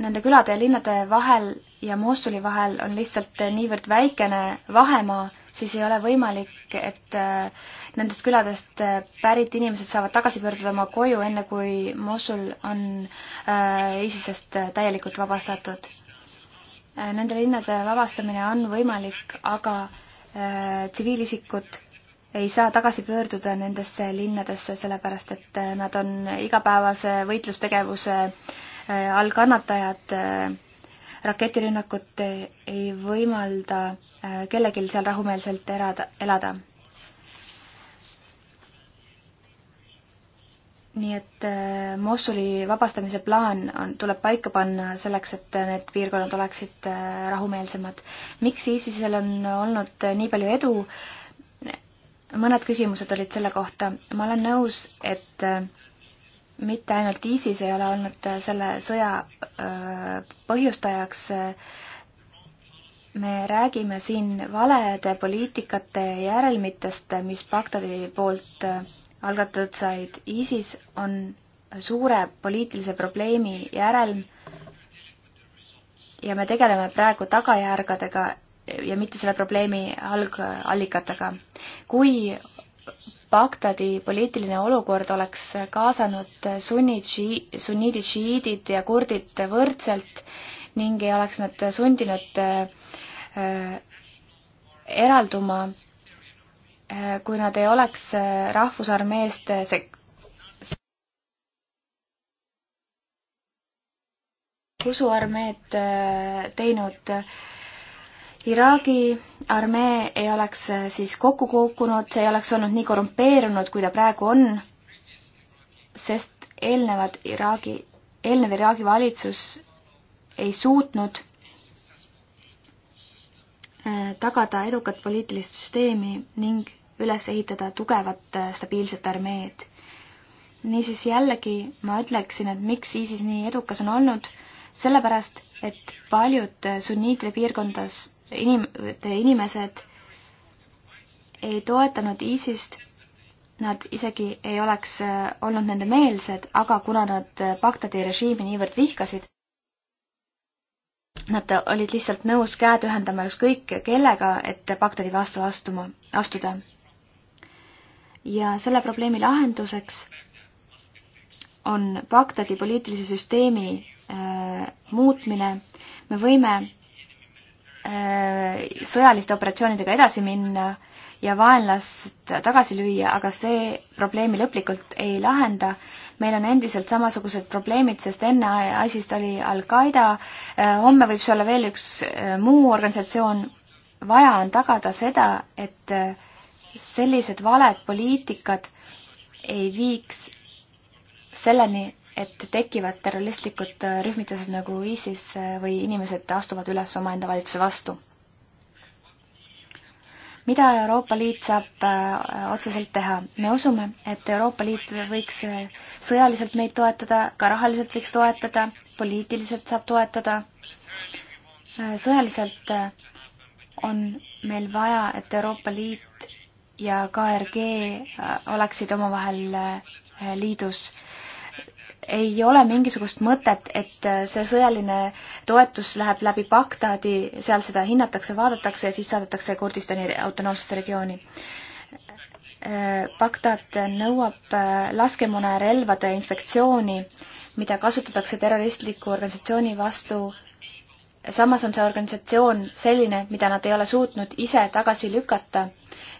Speaker 3: nende külade ja linnade vahel ja Mosuli vahel on lihtsalt niivõrd väikene vahemaa, siis ei ole võimalik, et äh, nendest küladest äh, pärit inimesed saavad tagasi pöörduda oma koju, enne kui Mosul on ISISest äh, täielikult vabastatud. Nende linnade vabastamine on võimalik, aga tsiviilisikud ei saa tagasi pöörduda nendesse linnadesse, sellepärast et nad on igapäevase võitlustegevuse äh, Äh, all kannatajad äh, raketirünnakut äh, ei võimalda kellelgi seal rahumeelselt erada, elada. nii et Mosuli vabastamise plaan on, tuleb paika panna selleks, et need piirkonnad oleksid rahumeelsemad. miks ISISel on olnud nii palju edu? mõned küsimused olid selle kohta. ma olen nõus, et mitte ainult ISIS ei ole olnud äh, selle sõja äh, põhjustajaks, äh, me räägime siin valede poliitikate järelmitest, mis Bagdadi poolt algatatud said. ISIS on suure poliitilise probleemi järelm ja me tegeleme praegu tagajärgedega ja mitte selle probleemi algallikatega. kui Bagdadi poliitiline olukord oleks kaasanud sunnid, sunniidid, šiiidid ja kurdid võrdselt ning ei oleks nad sundinud äh, eralduma, äh, kui nad ei oleks äh, rahvusarmeest sek-, usuarmeed teinud äh, Iraagi armee ei oleks eh, siis kokku kukkunud, see ei oleks olnud nii korrumpeerunud, kui ta praegu on, sest eelnevad Iraagi, eelnev Iraagi valitsus ei suutnud eh, tagada edukat poliitilist süsteemi ning üles ehitada tugevat eh, stabiilset armeed. niisiis jällegi ma ütleksin, et miks ISIS nii edukas on olnud sellepärast, et paljud sunniitide piirkondas inim-, inimesed ei toetanud ISIS-t, nad isegi ei oleks äh, olnud nende meelsed, aga kuna nad äh, Bagdadi režiimi niivõrd vihkasid, nad olid lihtsalt nõus käed ühendama ükskõik kellega, et Bagdadi vastu astuma, astuda. ja selle probleemi lahenduseks on Bagdadi poliitilise süsteemi Äh, muutmine, me võime äh, sõjaliste operatsioonidega edasi minna ja vaenlast tagasi lüüa, aga see probleemi lõplikult ei lahenda. meil on endiselt samasugused probleemid, sest enne ISIS-t oli Al-Qaeda, äh, homme võib see olla veel üks muu organisatsioon. vaja on tagada seda, et sellised valed poliitikad ei viiks selleni, et tekivad terroristlikud rühmitused nagu ISIS äh, või inimesed astuvad üles omaenda valitsuse vastu. mida Euroopa Liit saab äh, otseselt teha? me usume, et Euroopa Liit võiks äh, sõjaliselt meid toetada, ka rahaliselt võiks toetada, poliitiliselt saab toetada. sõjaliselt on meil vaja, et Euroopa Liit ja KRG oleksid omavahel liidus ei ole mingisugust mõtet, et äh, see sõjaline toetus läheb läbi Bagdadi, seal seda hinnatakse, vaadatakse ja siis saadetakse Kurdistani autonoomsesse regiooni. Äh, Bagdad nõuab äh, laskemoona ja relvade inspektsiooni, mida kasutatakse terroristliku organisatsiooni vastu. samas on see organisatsioon selline, mida nad ei ole suutnud ise tagasi lükata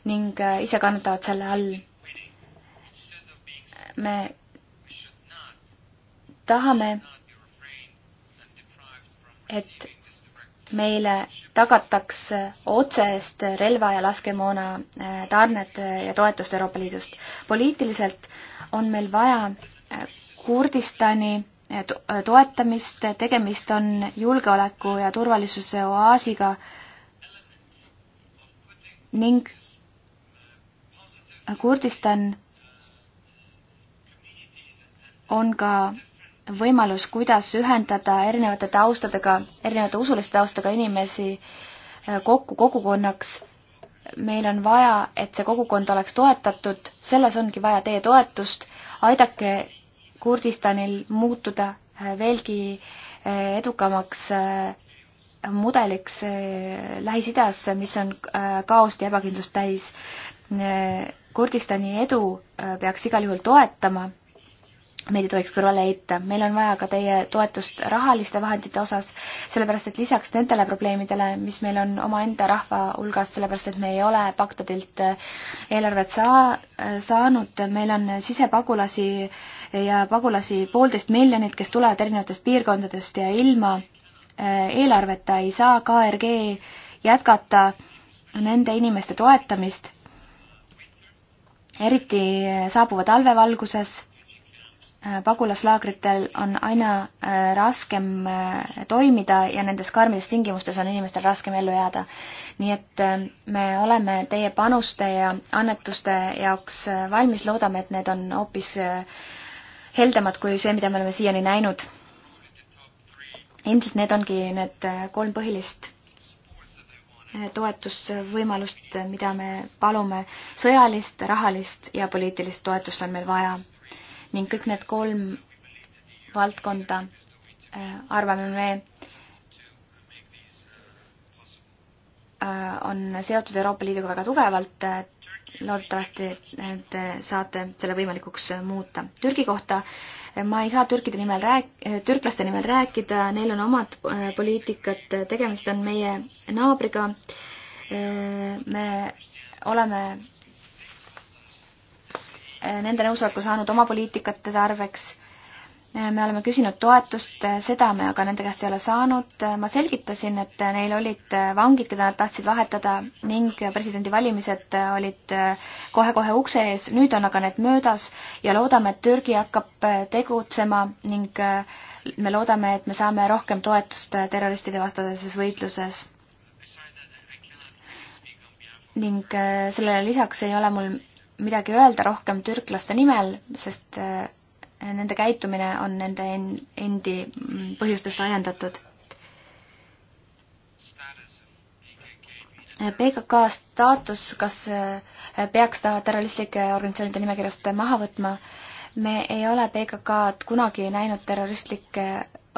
Speaker 3: ning ise kannatavad selle all. me tahame, et meile tagataks otsest relva ja laskemoona äh, tarned ja toetust Euroopa Liidust. poliitiliselt on meil vaja äh, Kurdistani äh, toetamist, tegemist on julgeoleku ja turvalisuse oaasiga ning Kurdistan on ka võimalus, kuidas ühendada erinevate taustadega, erinevate usuliste taustaga inimesi äh, kokku kogukonnaks. meil on vaja, et see kogukond oleks toetatud, selles ongi vaja teie toetust, aidake Kurdistanil muutuda äh, veelgi äh, edukamaks mudeliks Lähis-Idas, mis on kaost ja ebakindlust täis. Kurdistani edu peaks igal juhul toetama meid ei tohiks kõrvale heita. meil on vaja ka teie toetust rahaliste vahendite osas, sellepärast et lisaks nendele probleemidele, mis meil on omaenda rahva hulgas, sellepärast et me ei ole paktadilt eh, eelarvet saa-, eh, saanud, meil on sisepagulasi ja pagulasi poolteist miljonit, kes tulevad erinevatest piirkondadest ja ilma eh, eelarveta ei saa KRG jätkata nende inimeste toetamist, eriti saabuva talve valguses Äh, pagulaslaagritel on aina äh, raskem äh, toimida ja nendes karmides tingimustes on inimestel raskem ellu jääda. nii et me oleme teie panuste ja annetuste jaoks valmis, loodame, et need on hoopis heldemad kui see, mida me oleme siiani näinud. ilmselt need ongi need kolm põhilist toetusvõimalust, mida me palume. sõjalist, rahalist ja poliitilist toetust on meil vaja ning kõik need kolm valdkonda äh, arvame me äh, on seotud Euroopa Liiduga väga tugevalt. loodetavasti te saate selle võimalikuks muuta. Türgi kohta äh, ma ei saa türkide nimel rääk-, türklaste nimel rääkida, neil on omad poliitikad, tegemist on meie naabriga. me oleme Eh, nende nõusoleku saanud oma poliitikate tarveks. Eh, me oleme küsinud toetust, eh, seda me aga nende käest ei ole saanud. ma selgitasin, et neil olid vangid, keda nad tahtsid vahetada ning presidendivalimised olid kohe-kohe ukse ees, nüüd on aga need möödas ja loodame, et Türgi hakkab tegutsema ning me loodame, et me saame rohkem toetust terroristide vastases võitluses ning sellele lisaks ei ole mul midagi öelda rohkem türklaste nimel, sest äh, nende käitumine on nende endi mm, põhjustest ajendatud. Äh, PKK staatus, kas äh, peaks ta terroristlike organisatsioonide nimekirjast maha võtma? me ei ole PKK-d kunagi näinud terroristlike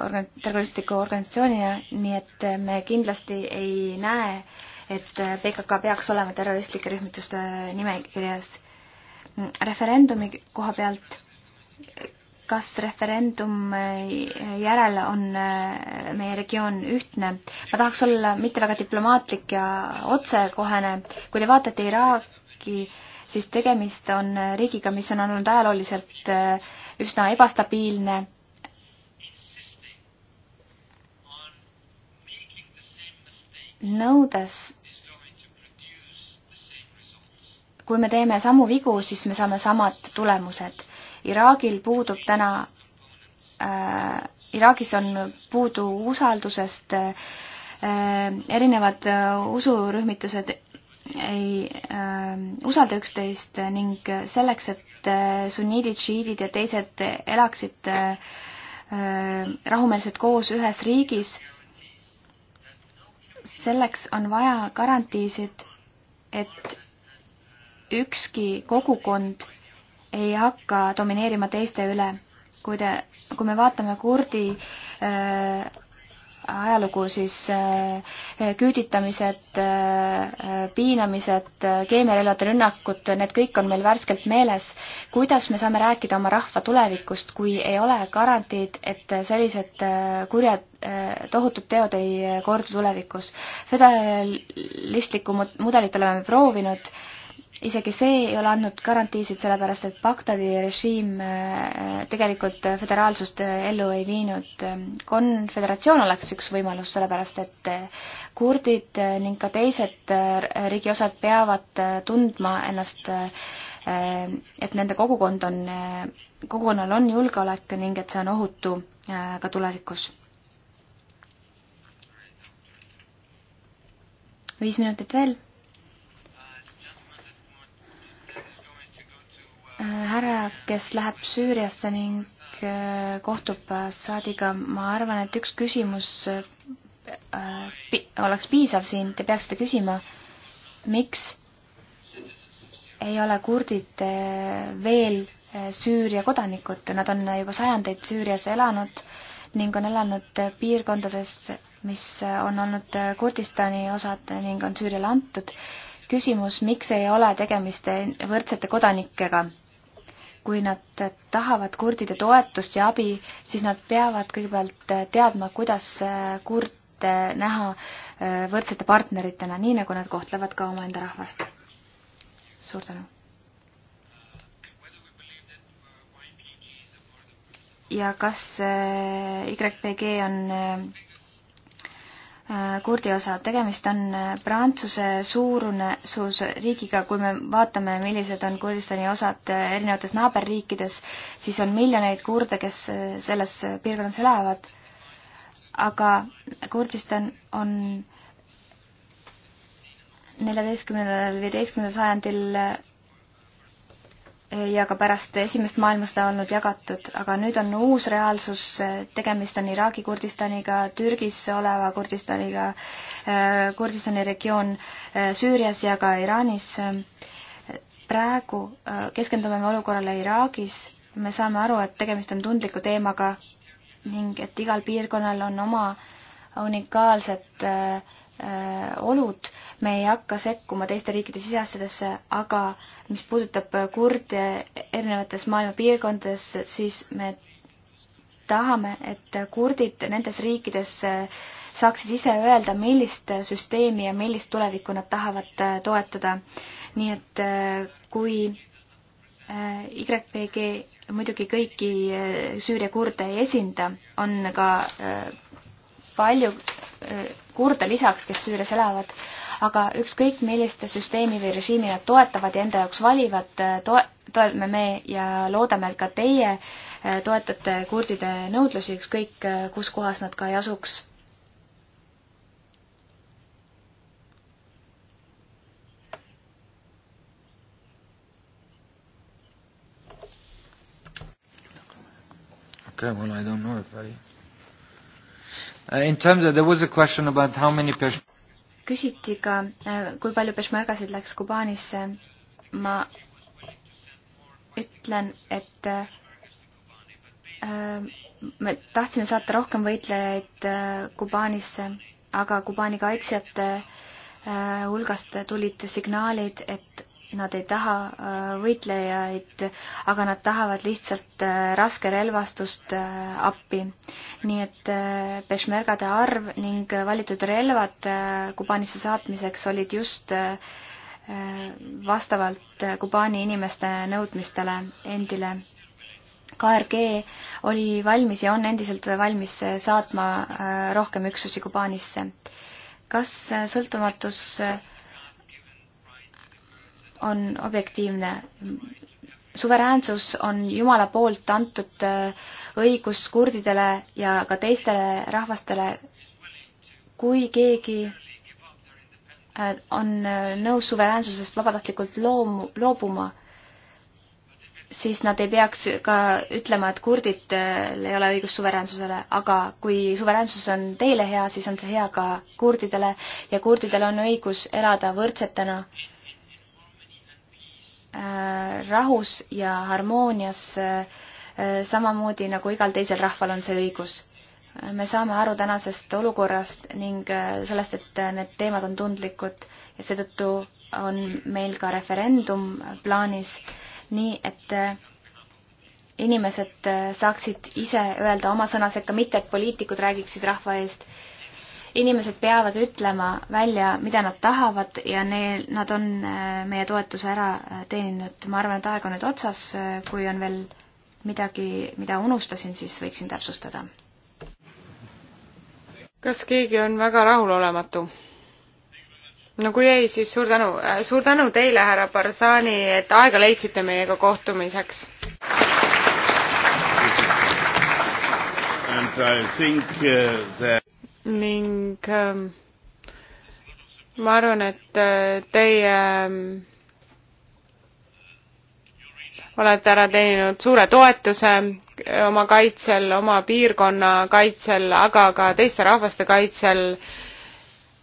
Speaker 3: organ-, terroristliku organisatsioonina, nii et me kindlasti ei näe, et PKK peaks olema terroristlike rühmituste nimekirjas referendumi koha pealt, kas referendum järel on äh, meie regioon ühtne? ma tahaks olla mitte väga diplomaatlik ja otsekohene, kui te vaatate Iraaki, siis tegemist on äh, riigiga, mis on olnud ajalooliselt äh, üsna ebastabiilne. nõudes kui me teeme samu vigu, siis me saame samad tulemused. Iraagil puudub täna äh,, Iraagis on puudu usaldusest äh,, erinevad äh, usurühmitused ei äh, usalda üksteist ning selleks, et äh, sunniidid, šiidid ja teised elaksid äh, äh rahumeelselt koos ühes riigis, selleks on vaja garantiisid, et ükski kogukond ei hakka domineerima teiste üle. kui te, kui me vaatame kurdi äh, ajalugu, siis äh, küüditamised äh,, piinamised, äh, keemiarelvade rünnakud, need kõik on meil värskelt meeles. kuidas me saame rääkida oma rahva tulevikust, kui ei ole garantiid, et sellised äh, kurjad äh,, tohutud teod ei äh, kordu tulevikus? föderalistlikku mudelit oleme proovinud äh,, isegi see ei ole andnud garantiisid, sellepärast et Bagdadi režiim äh, tegelikult föderaalsust äh, ellu ei viinud. konföderatsioon oleks üks võimalus, sellepärast et äh, kurdid ning ka teised riigiosad peavad tundma ennast, et nende kogukond on, kogukonnal on julgeolek ning et see on ohutu ka tulevikus viis minutit veel härra, kes läheb Süüriasse ning äh, kohtub äh, saadiga, ma arvan, et üks küsimus äh, oleks piisav siin, te peaksite küsima, miks ei ole kurdid veel Süüria kodanikud, nad on juba sajandeid Süürias elanud ning on elanud piirkondades, mis on olnud Kurdistani osad ning on Süüriale antud. küsimus, miks ei ole tegemist võrdsete kodanikega kui nad tahavad kurdide toetust ja abi, siis nad peavad kõigepealt teadma, kuidas kurte näha äh, võrdsete partneritena, nii nagu nad kohtlevad ka omaenda rahvast. suur tänu. ja kas äh, YPG on äh, Äh, kurdi osa. tegemist on äh, Prantsuse suurune suurusriigiga, kui me vaatame, millised on Kurdistani osad äh, erinevates naaberriikides, siis on miljoneid kurde, kes selles piirkonnas elavad. aga Kurdistan on neljateistkümnendal, viieteistkümnendal sajandil ja ka pärast Esimest maailmasõda olnud jagatud, aga nüüd on uus reaalsus, tegemist on Iraagi Kurdistaniga, Türgis oleva Kurdistaniga, äh, Kurdistani regioon äh, Süürias ja ka Iraanis. praegu äh, keskendume me olukorrale Iraagis, me saame aru, et tegemist on tundliku teemaga ning et igal piirkonnal on oma unikaalsed äh, Äh, olud, me ei hakka sekkuma teiste riikide siseasjadesse, aga mis puudutab kurde erinevates maailma piirkondades, siis me tahame, et kurdid nendes riikides äh, saaksid ise öelda, millist süsteemi ja millist tulevikku nad tahavad äh, toetada. nii et kui YPG muidugi kõiki Süüria kurde ei esinda, on ka palju kurde lisaks, kes Süürias elavad, aga ükskõik milliste süsteemi või režiimi nad toetavad ja enda jaoks valivad, eh, toe-, toetame me ja loodame, et ka teie eh, toetate kurdide nõudlusi, ükskõik eh, kus kohas nad ka ei asuks
Speaker 1: Okay, well, I don't know if I Uh, in terms of, there was a question about how many
Speaker 3: küsiti ka, uh, kui palju peshmergasid läks Kubaanisse. ma ütlen, et uh, me tahtsime saata rohkem võitlejaid Kubaanisse, aga Kubaani kaitsjate hulgast tulid signaalid, et nad ei taha äh, võitlejaid, aga nad tahavad lihtsalt äh, raskerelvastust äh, appi. nii et peshmergade arv ning valitud relvad Kubaanisse saatmiseks olid just vastavalt Kubaani inimeste nõudmistele endile. KRG oli valmis ja on endiselt valmis saatma rohkem üksusi Kubaanisse. kas sõltumatus äh, on objektiivne. suveräänsus on Jumala poolt antud äh, õigus kurdidele ja ka teistele rahvastele. kui keegi äh, on äh, nõus suveräänsusest vabatahtlikult loomu, loobuma, siis nad ei peaks ka ütlema, et kurditel ei ole õigust suveräänsusele, aga kui suveräänsus on teile hea, siis on see hea ka kurdidele ja kurdidel on õigus elada võrdsetena äh, Äh, rahus ja harmoonias, äh, äh, samamoodi nagu igal teisel rahval on see õigus. me saame aru tänasest olukorrast ning sellest, et need teemad on tundlikud ja seetõttu on meil ka referendum plaanis, nii et inimesed saaksid ise öelda oma sõna sekka, mitte et poliitikud räägiksid rahva eest inimesed peavad ütlema välja, mida nad tahavad ja neil, nad on äh, meie toetuse ära äh, teeninud. ma arvan, et aeg on nüüd otsas, äh, kui on veel midagi, mida unustasin, siis võiksin täpsustada.
Speaker 2: kas keegi on väga rahulolematu? no kui ei, siis suur tänu, suur tänu teile, härra Barzani, et aega leidsite meiega kohtumiseks.
Speaker 1: And I think uh, that
Speaker 2: ning ähm, ma arvan, et äh, teie ähm, olete ära teeninud suure toetuse äh, oma kaitsel, oma piirkonna kaitsel, aga ka teiste rahvaste kaitsel.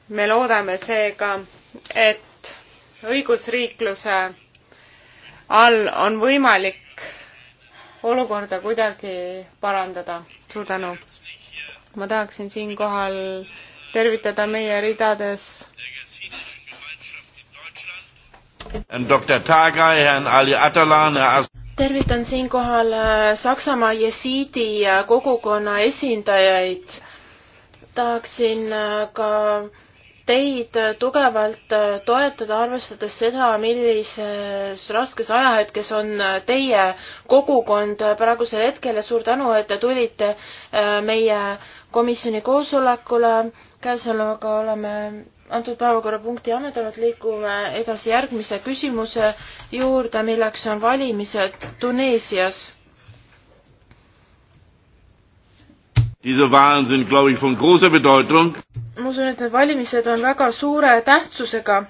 Speaker 2: me loodame seega, et õigusriikluse all on võimalik olukorda kuidagi parandada. suur tänu! ma tahaksin siinkohal tervitada meie ridades
Speaker 1: tervitan siinkohal äh, Saksamaa jesiidi äh, kogukonna esindajaid. tahaksin äh, ka teid tugevalt äh, toetada, arvestades seda, millises raskes ajahetkes on äh, teie kogukond äh, praegusel hetkel ja suur tänu, et te tulite meie komisjoni koosolekule. käesolevaga oleme antud päevakorrapunkti ammendanud, liigume edasi järgmise küsimuse juurde, milleks on valimised Tuneesias
Speaker 2: ma usun, et
Speaker 1: need valimised on väga suure tähtsusega.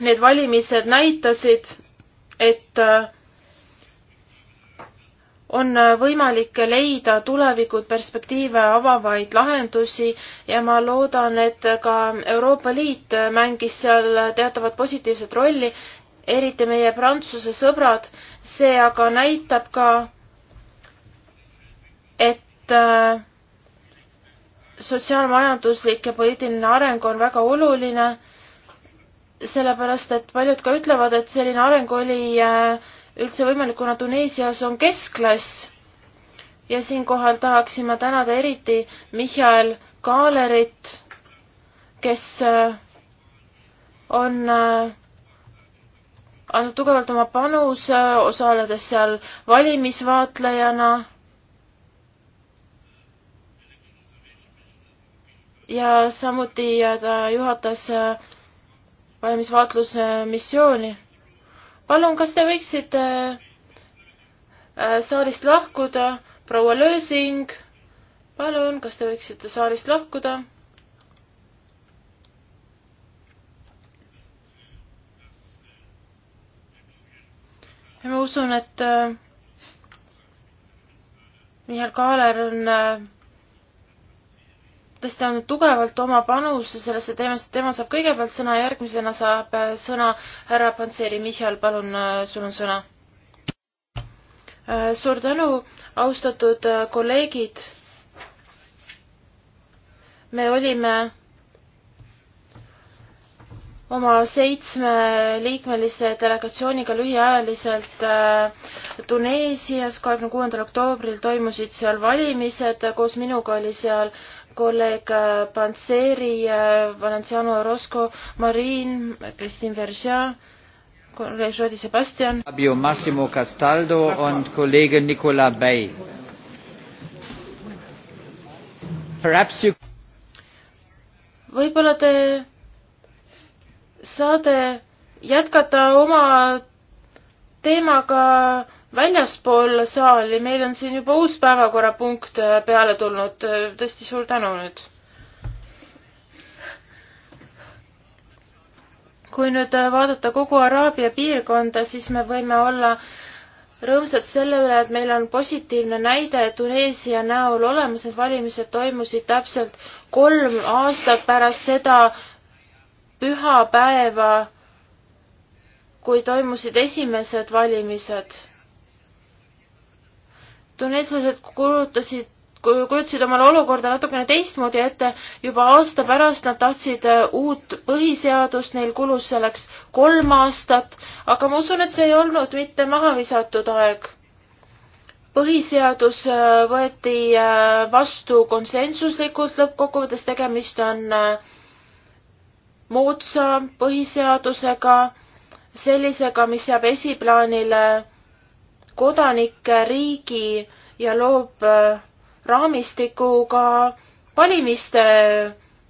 Speaker 1: Need valimised näitasid, et äh, on äh, võimalik leida tulevikuperspektiive avavaid lahendusi ja ma loodan, et ka Euroopa Liit mängis seal teatavat positiivset rolli, eriti meie Prantsuse sõbrad. see aga näitab ka, et äh, sotsiaalmajanduslik ja poliitiline areng on väga oluline, sellepärast et paljud ka ütlevad, et selline areng oli äh, üldse võimalik, kuna Tuneesias on keskklass. ja siinkohal tahaksime tänada eriti Michael Kaalerit, kes äh, on äh, andnud tugevalt oma panuse, osaledes seal valimisvaatlejana ja samuti ta juhatas äh, valimisvaatlusmissiooni. palun, kas te võiksite äh, saalist lahkuda, proua Lösing, palun, kas te võiksite saalist lahkuda? ja ma usun, et äh, Mihhail Kaaler on kes ta on tugevalt oma panuse sellesse teemasse, tema saab kõigepealt sõna, järgmisena saab äh, sõna härra Panseri. Michal, palun, äh, sul on sõna. Äh, suur tänu, austatud kolleegid. me olime oma seitsmeliikmelise delegatsiooniga lühiajaliselt Tuneesias kahekümne kuuendal oktoobril toimusid seal valimised, koos minuga oli seal äh, kolleeg Panseri, Valenciano Orozco, Marin, Kristin Verja, kolleeg Jodi Sebastian.
Speaker 2: Fabio Massimo Castaldo und Kollege Nicola Bay. Perhaps you
Speaker 1: võib-olla te saate jätkata oma teemaga väljaspool saali, meil on siin juba uus päevakorrapunkt äh, peale tulnud, äh, tõesti suur tänu nüüd. kui nüüd äh, vaadata kogu Araabia piirkonda, siis me võime olla rõõmsad selle üle, et meil on positiivne näide Tuneesia näol olemas, need valimised toimusid täpselt kolm aastat pärast seda pühapäeva, kui toimusid esimesed valimised tuneeslased kulutasid kujutasid omale olukorda natukene teistmoodi ette, juba aasta pärast nad tahtsid äh, uut põhiseadust, neil kulus selleks kolm aastat, aga ma usun, et see ei olnud mitte maha visatud aeg. põhiseadus äh, võeti äh, vastu konsensuslikult, lõppkokkuvõttes tegemist on moodsa põhiseadusega, sellisega, mis jääb esiplaanile kodanike, riigi ja loob äh, raamistiku ka valimiste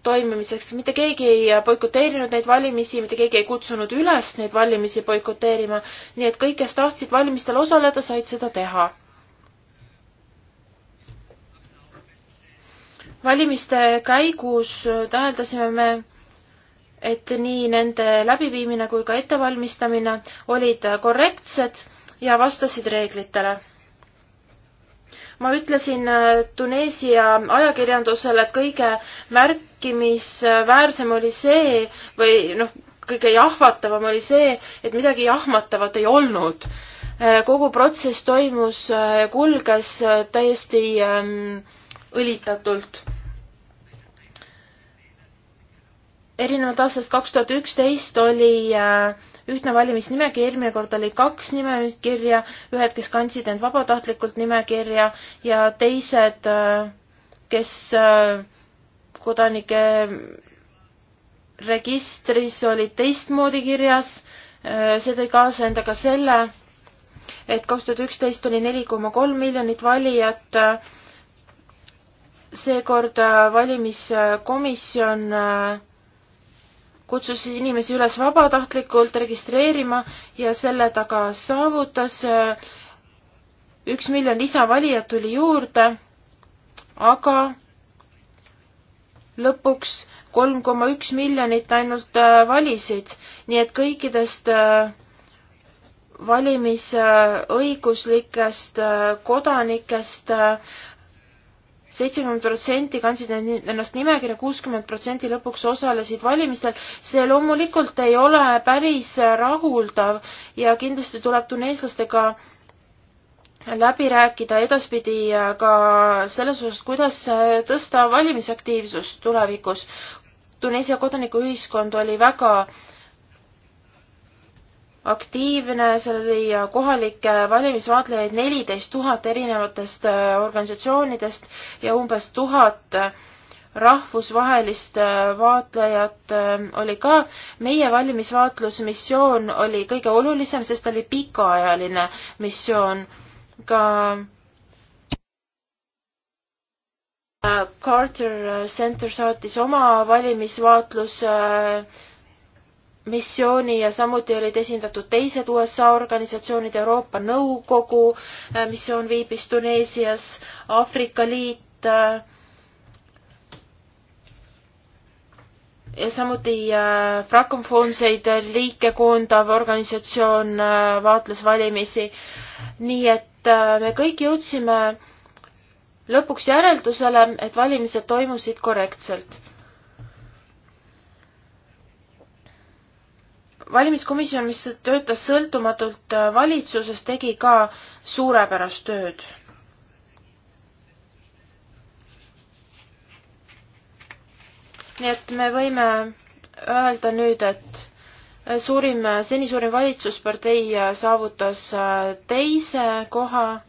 Speaker 1: toimimiseks, mitte keegi ei boikoteerinud neid valimisi, mitte keegi ei kutsunud üles neid valimisi boikoteerima, nii et kõik, kes tahtsid valimistel osaleda, said seda teha. valimiste käigus täheldasime me, et nii nende läbiviimine kui ka ettevalmistamine olid korrektsed ja vastasid reeglitele. ma ütlesin äh, Tuneesia ajakirjandusele, et kõige märkimisväärsem oli see või noh, kõige jahvatavam oli see, et midagi jahmatavat ei olnud. Äh, kogu protsess toimus, äh, kulges täiesti ähm, õlitatult erinevalt aastast kaks tuhat üksteist oli äh, ühtne valimisnimekiri, eelmine kord oli kaks nimekirja, ühed, kes kandsid end vabatahtlikult nimekirja ja teised, kes kodanike registris olid teistmoodi kirjas, see tõi kaasa endaga selle, et kaks tuhat üksteist oli neli koma kolm miljonit valijat, seekord valimiskomisjon äh, kutsus siis inimesi üles vabatahtlikult registreerima ja selle taga saavutas äh, üks miljon lisavalijat tuli juurde, aga lõpuks kolm koma üks miljonit ainult äh, valisid, nii et kõikidest äh, valimisõiguslikest kodanikest seitsekümmend protsenti kandsid ennast nimekirja, kuuskümmend protsenti lõpuks osalesid valimistel. see loomulikult ei ole päris rahuldav ja kindlasti tuleb tuneeslastega läbi rääkida edaspidi ka selles osas, kuidas tõsta valimisaktiivsust tulevikus. Tuneesia kodanikuühiskond oli väga äh, aktiivne, seal oli kohalikke valimisvaatlejaid neliteist tuhat erinevatest äh, organisatsioonidest ja umbes tuhat äh, rahvusvahelist äh, vaatlejat oli ka. meie valimisvaatlusmissioon oli kõige olulisem, sest ta oli pikaajaline missioon. ka Carter Center saatis oma valimisvaatluse äh, missiooni ja samuti olid esindatud teised USA organisatsioonid, Euroopa Nõukogu äh, missioon viibis Tuneesias, Aafrika Liit äh, ja samuti äh, frakomfoonseid liike koondav organisatsioon vaatles valimisi. nii et me kõik jõudsime lõpuks järeldusele, et valimised toimusid korrektselt valimiskomisjon, mis töötas sõltumatult äh, valitsusest, tegi ka suurepärast tööd. nii et me võime öelda nüüd, et äh, suurim, äh, seni suurim valitsuspartei saavutas teise koha.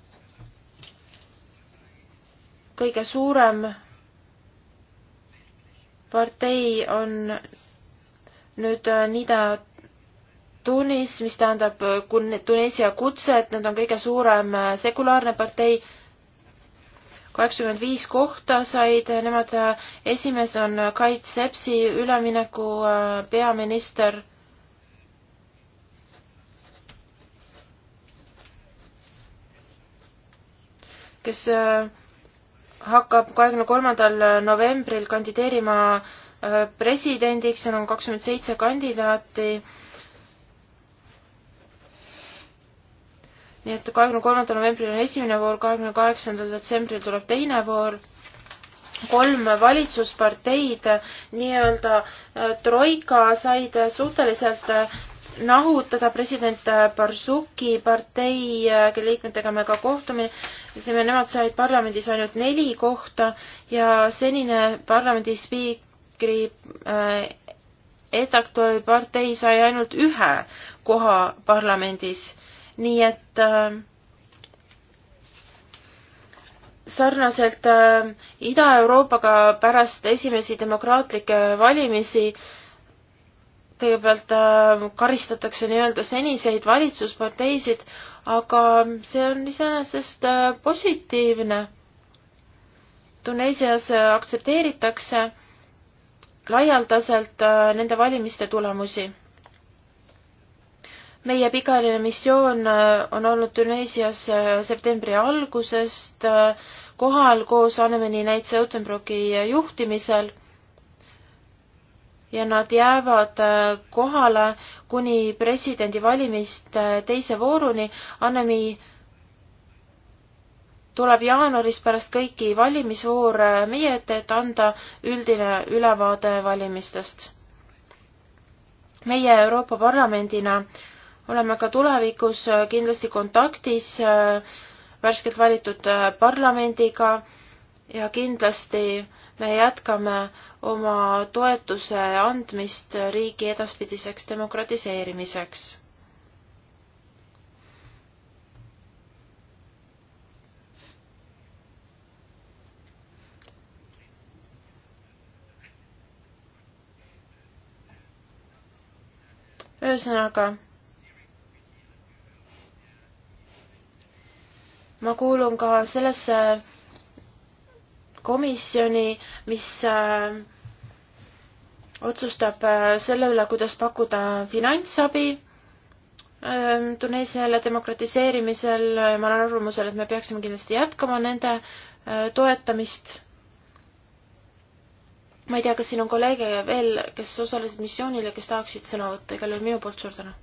Speaker 1: kõige suurem partei on nüüd Nida Tunis, mis tähendab äh, Tuneesia kutset, nad on kõige suurem äh, sekulaarne partei. kaheksakümmend viis kohta said äh, nemad, esimees on Kait Sepsi, ülemineku peaminister. kes hakkab kahekümne kolmandal novembril kandideerima presidendiks, seal on kakskümmend seitse kandidaati nii et kahekümne kolmandal novembril on esimene voor, kahekümne kaheksandal detsembril tuleb teine voor. kolm valitsusparteid, nii-öelda äh, troika said äh, suhteliselt äh, nahutada president Barzuki partei, kelle liikmetega me ka kohtume, ütlesime, nemad said parlamendis ainult neli kohta ja senine parlamendi spiikri äh, Edaktori partei sai ainult ühe koha parlamendis nii et äh, sarnaselt äh, Ida-Euroopaga pärast esimesi demokraatlikke valimisi kõigepealt äh, karistatakse nii-öelda seniseid valitsusparteisid, aga see on iseenesest äh, positiivne. Tuneesias äh, aktsepteeritakse laialdaselt äh, nende valimiste tulemusi meie pikaajaline missioon äh, on olnud Tuneesias äh, septembri algusest äh, kohal koos Annemani Näitse Otenbrocki juhtimisel ja nad jäävad kohale kuni presidendivalimist teise vooruni. Annemi tuleb jaanuaris pärast kõiki valimisvoore meie ette, et anda üldine ülevaade valimistest. meie Euroopa Parlamendina oleme ka tulevikus äh, kindlasti kontaktis äh, värskelt valitud äh, parlamendiga ja kindlasti me jätkame oma toetuse andmist riigi edaspidiseks demokratiseerimiseks. ühesõnaga kuulun ka sellesse komisjoni, mis äh, otsustab äh, selle üle, kuidas pakkuda finantsabi ähm, Tuneesiale demokratiseerimisel. ma olen arvamusel, et me peaksime kindlasti jätkama nende äh, toetamist. ma ei tea, kas siin on kolleege veel, kes osalesid missioonil ja kes tahaksid sõna võtta, igal juhul minu poolt suur tänu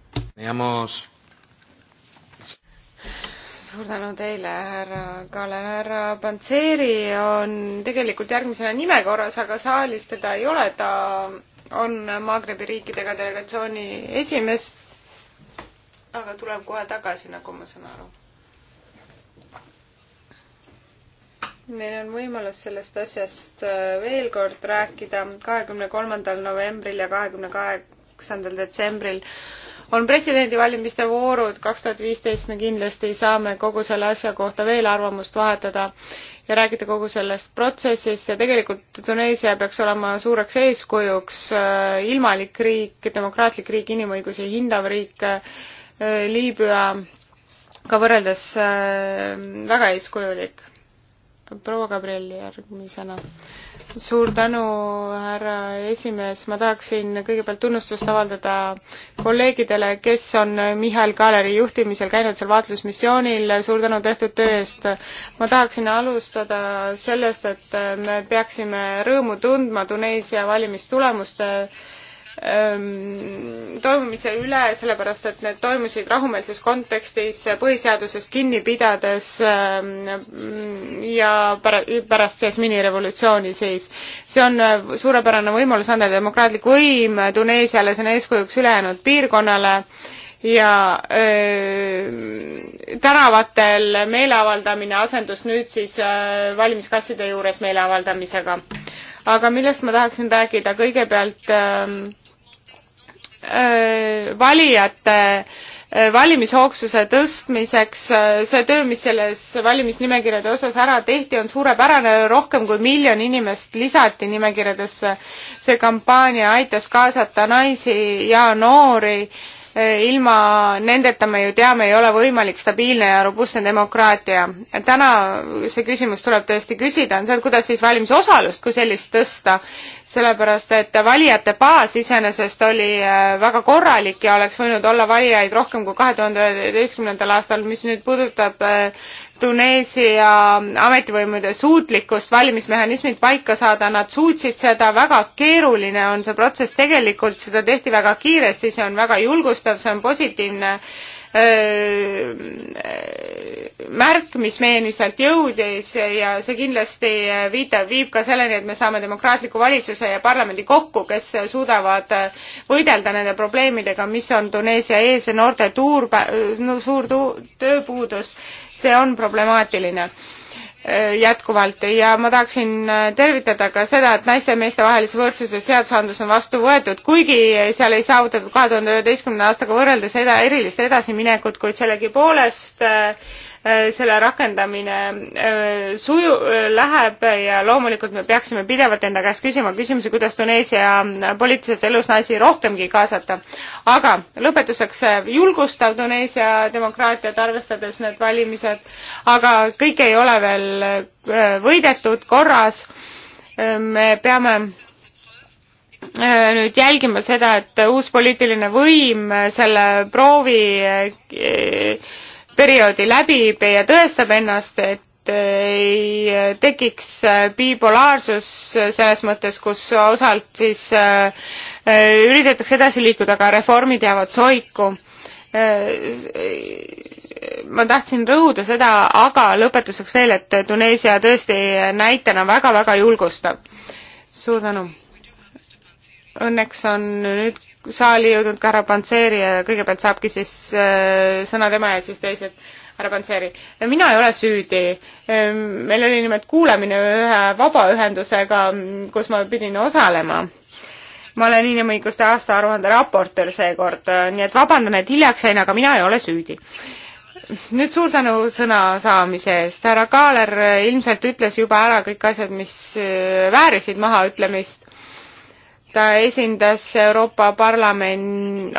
Speaker 1: suur
Speaker 2: tänu teile, härra Kaller. härra Pantseri on tegelikult järgmisena nimekorras, aga saalis teda ei ole. ta on Maagrebi riikidega delegatsiooni esimees. aga tuleb kohe tagasi, nagu ma saan aru. meil on võimalus sellest asjast äh, veel kord rääkida kahekümne kolmandal novembril ja kahekümne kaheksandal detsembril on presidendivalimiste voorud, kaks tuhat viisteist me kindlasti saame kogu selle asja kohta veel arvamust vahetada ja räägite kogu sellest protsessist ja tegelikult Tuneesia peaks olema suureks eeskujuks, äh, ilmalik riik, demokraatlik riik, inimõigusi hindav riik, äh, Liibüaga võrreldes äh, väga eeskujulik. proua Gabriel järgmisena suur tänu, härra esimees, ma tahaksin kõigepealt tunnustust avaldada kolleegidele, kes on Mihhail Kaleri juhtimisel käinud seal vaatlusmissioonil, suur tänu tehtud töö eest. ma tahaksin alustada sellest, et me peaksime rõõmu tundma Tuneesia valimistulemuste Ähm, toimumise üle, sellepärast et need toimusid rahumeelses kontekstis, põhiseadusest kinni pidades ähm, ja pärast Jasmini revolutsiooni siis. see on äh, suurepärane võimalus anda demokraatlik võim Tuneesiale, see on eeskujuks ülejäänud piirkonnale ja öö, äh, tänavatel meeleavaldamine asendus nüüd siis öö, äh, valimiskasside juures meeleavaldamisega. aga millest ma tahaksin rääkida, kõigepealt öö, ähm, Äh, valijate äh, valimishoogsuse tõstmiseks, äh, see töö, mis selles valimisnimekirjade osas ära tehti, on suurepärane, rohkem kui miljon inimest lisati nimekirjadesse. see kampaania aitas kaasata naisi ja noori äh, Äh, ilma nendeta me ju teame, ei ole võimalik stabiilne ja robustne demokraatia. täna see küsimus tuleb tõesti küsida, on see, et kuidas siis valimisosalust kui sellist tõsta, sellepärast et valijate baas iseenesest oli äh, väga korralik ja oleks võinud olla valijaid rohkem kui kahe tuhande üheteistkümnendal aastal, mis nüüd puudutab äh, Tuneesia ametivõimude suutlikkust valimismehhanismid paika saada, nad suutsid seda, väga keeruline on see protsess tegelikult, seda tehti väga kiiresti, see on väga julgustav, see on positiivne märk, mis meieni sealt jõudis ja see kindlasti viitab, viib ka selleni, et me saame demokraatliku valitsuse ja parlamendi kokku, kes suudavad võidelda nende probleemidega, mis on Tuneesia ees ja noorte tuur, no, suur tu, tööpuudus, see on problemaatiline Äh, jätkuvalt ja ma tahaksin äh, tervitada ka seda, et naiste ja meeste vahelise võrdsuse seadusandlus on vastu võetud, kuigi seal ei saavutatud kahe tuhande üheteistkümnenda aastaga võrreldes eda, erilist edasiminekut, kuid sellegipoolest äh, Äh, selle rakendamine äh, suju, äh, läheb ja loomulikult me peaksime pidevalt enda käest küsima küsimusi, kuidas Tuneesia poliitilises elus naisi rohkemgi kaasata. aga lõpetuseks julgustav Tuneesia demokraatiat, arvestades need valimised, aga kõik ei ole veel võidetud, korras. me peame nüüd jälgima seda, et uus poliitiline võim selle proovi perioodi läbib ja tõestab ennast, et äh, ei tekiks äh, bipolaarsus selles mõttes, kus osalt siis äh, üritatakse edasi liikuda, aga reformid jäävad soiku. ma tahtsin rõhuda seda, aga lõpetuseks veel, et Tuneesia tõesti näitena väga-väga julgustab. suur tänu. Õnneks on nüüd saali jõudnud ka härra Panseri ja kõigepealt saabki siis äh, sõna tema ja siis teised. härra Panseri, mina ei ole süüdi. Ähm, meil oli nimelt kuulamine ühe vabaühendusega, kus ma pidin osalema ma olen inimõiguste aastaaruande raportöör seekord, äh, nii et vabandan, et hiljaks jäin, aga mina ei ole süüdi. nüüd suur tänu sõna saamise eest, härra Kaaler äh, ilmselt ütles juba ära kõik asjad, mis äh, väärisid mahaütlemist ta esindas Euroopa Parlament,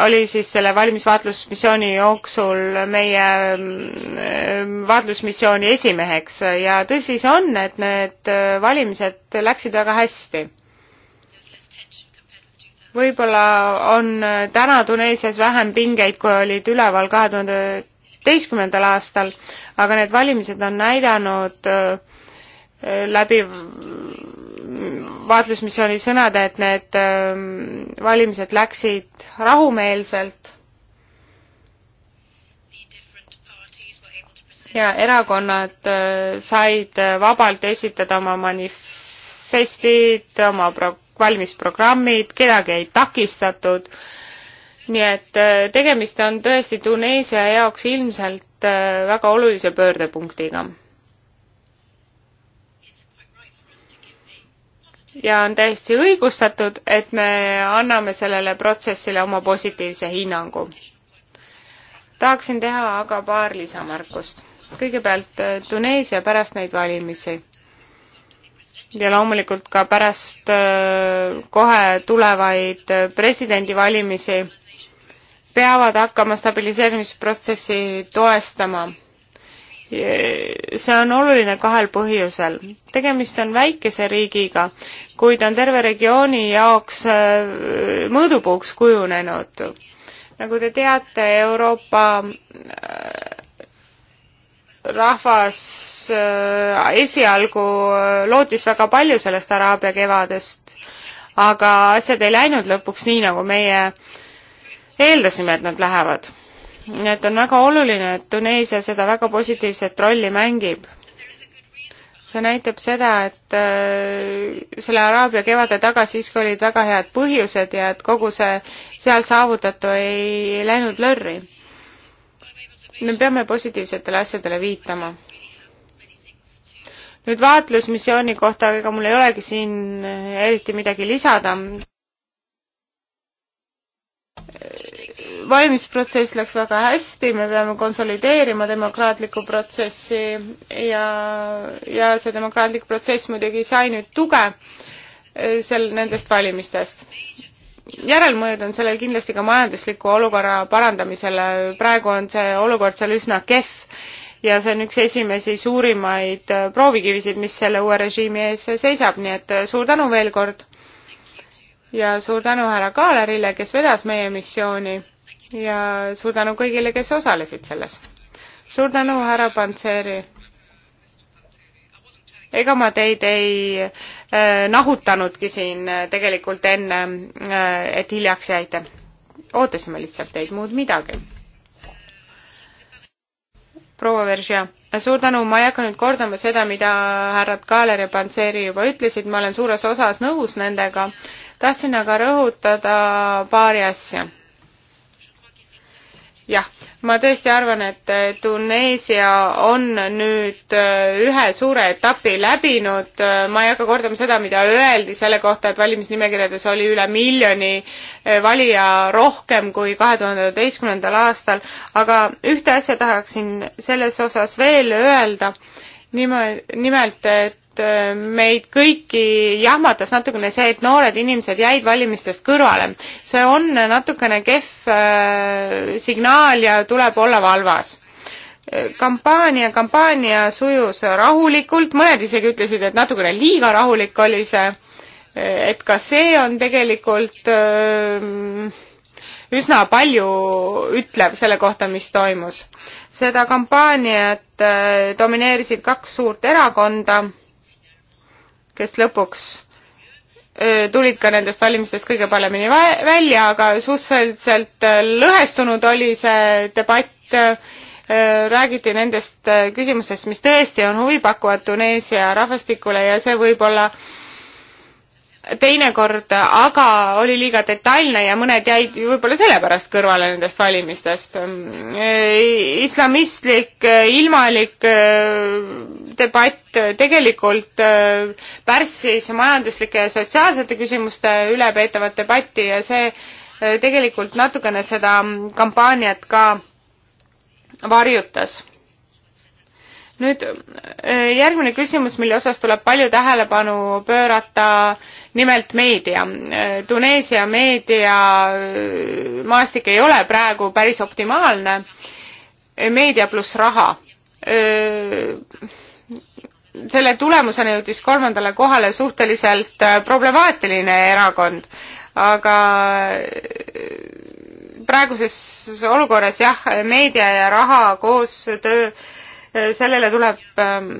Speaker 2: oli siis selle valimisvaatlusmissiooni jooksul meie mm, vaatlusmissiooni esimeheks ja tõsi see on, et need valimised läksid väga hästi. võib-olla on täna Tuneesias vähem pingeid, kui olid üleval kahe tuhande teistkümnendal aastal, aga need valimised on näidanud äh, läbi vaatlusmissiooni sõnad, et need ähm, valimised läksid rahumeelselt ja erakonnad äh, said äh, vabalt esitada oma manifestid, oma pro-, valmisprogrammid, kedagi ei takistatud, nii et äh, tegemist on tõesti Tuneesia jaoks ilmselt väga olulise pöördepunktiga ja on täiesti õigustatud, et me anname sellele protsessile oma positiivse hinnangu. tahaksin teha aga paar lisamärkust. kõigepealt äh, Tuneesia pärast neid valimisi ja loomulikult ka pärast äh, kohe tulevaid äh, presidendivalimisi peavad hakkama stabiliseerimisprotsessi toestama see on oluline kahel põhjusel. tegemist on väikese riigiga, kuid on terve regiooni jaoks äh, mõõdupuuks kujunenud. nagu te teate, Euroopa äh, rahvas äh, esialgu lootis väga palju sellest Araabia kevadest, aga asjad ei läinud lõpuks nii, nagu meie eeldasime, et nad lähevad et on väga oluline, et Tuneesia seda väga positiivset rolli mängib. see näitab seda, et äh, selle Araabia kevade taga siiski olid väga head põhjused ja et kogu see seal saavutatu ei läinud lörri. me peame positiivsetele asjadele viitama. nüüd vaatlusmissiooni kohta, ega mul ei olegi siin eriti midagi lisada valimisprotsess läks väga hästi, me peame konsolideerima demokraatlikku protsessi ja, ja see demokraatlik protsess muidugi sai nüüd tuge eh, seal nendest valimistest. järelmõjud on sellel kindlasti ka majandusliku olukorra parandamisele, praegu on see olukord seal üsna kehv ja see on üks esimesi suurimaid eh, proovikivisid, mis selle uue režiimi ees seisab, nii et eh, suur tänu veel kord ja suur tänu härra Kaalerile, kes vedas meie missiooni ja suur tänu kõigile, kes osalesid selles. suur tänu, härra Pantseri. ega ma teid ei äh, nahutanudki siin äh, tegelikult enne äh,, et hiljaks jäite. ootasime lihtsalt teid, muud midagi. proua Veržia, suur tänu, ma ei hakka nüüd kordama seda, mida härrad Kaaler ja Pantseri juba ütlesid, ma olen suures osas nõus nendega. tahtsin aga rõhutada paari asja jah, ma tõesti arvan, et eh, Tuneesia on nüüd eh, ühe suure etapi läbinud, eh, ma ei hakka kordama seda, mida öeldi selle kohta, et valimisnimekirjades oli üle miljoni valija rohkem kui kahe tuhande üheteistkümnendal aastal, aga ühte asja tahaksin selles osas veel öelda, nimelt, et et äh, meid kõiki jahmatas natukene see, et noored inimesed jäid valimistest kõrvale. see on natukene kehv äh, signaal ja tuleb olla valvas äh, kampaania, kampaania sujus rahulikult, mõned isegi ütlesid, et natukene liiga rahulik oli see, et ka see on tegelikult öö, üsna palju ütleb selle kohta, mis toimus. seda kampaaniat domineerisid kaks suurt erakonda kes lõpuks tulid ka nendest valimistest kõige paremini välja, aga suhteliselt lõhestunud oli see debatt, räägiti nendest küsimustest, mis tõesti on huvipakkuvad Tuneesia rahvastikule ja see võib olla äh, teinekord aga oli liiga detailne ja mõned jäid võib-olla sellepärast kõrvale nendest valimistest. islamistlik, ilmalik äh, debatt tegelikult äh, pärssis majanduslike ja sotsiaalsete küsimuste üle peetavat debatti ja see äh, tegelikult natukene seda kampaaniat ka varjutas nüüd äh, järgmine küsimus, mille osas tuleb palju tähelepanu pöörata, nimelt meedia. Äh, Tuneesia meediamaastik äh, ei ole praegu päris optimaalne. meedia pluss raha. selle tulemusena jõudis kolmandale kohale suhteliselt problemaatiline erakond, aga praeguses olukorras jah, meedia ja raha koostöö sellele tuleb, ähm,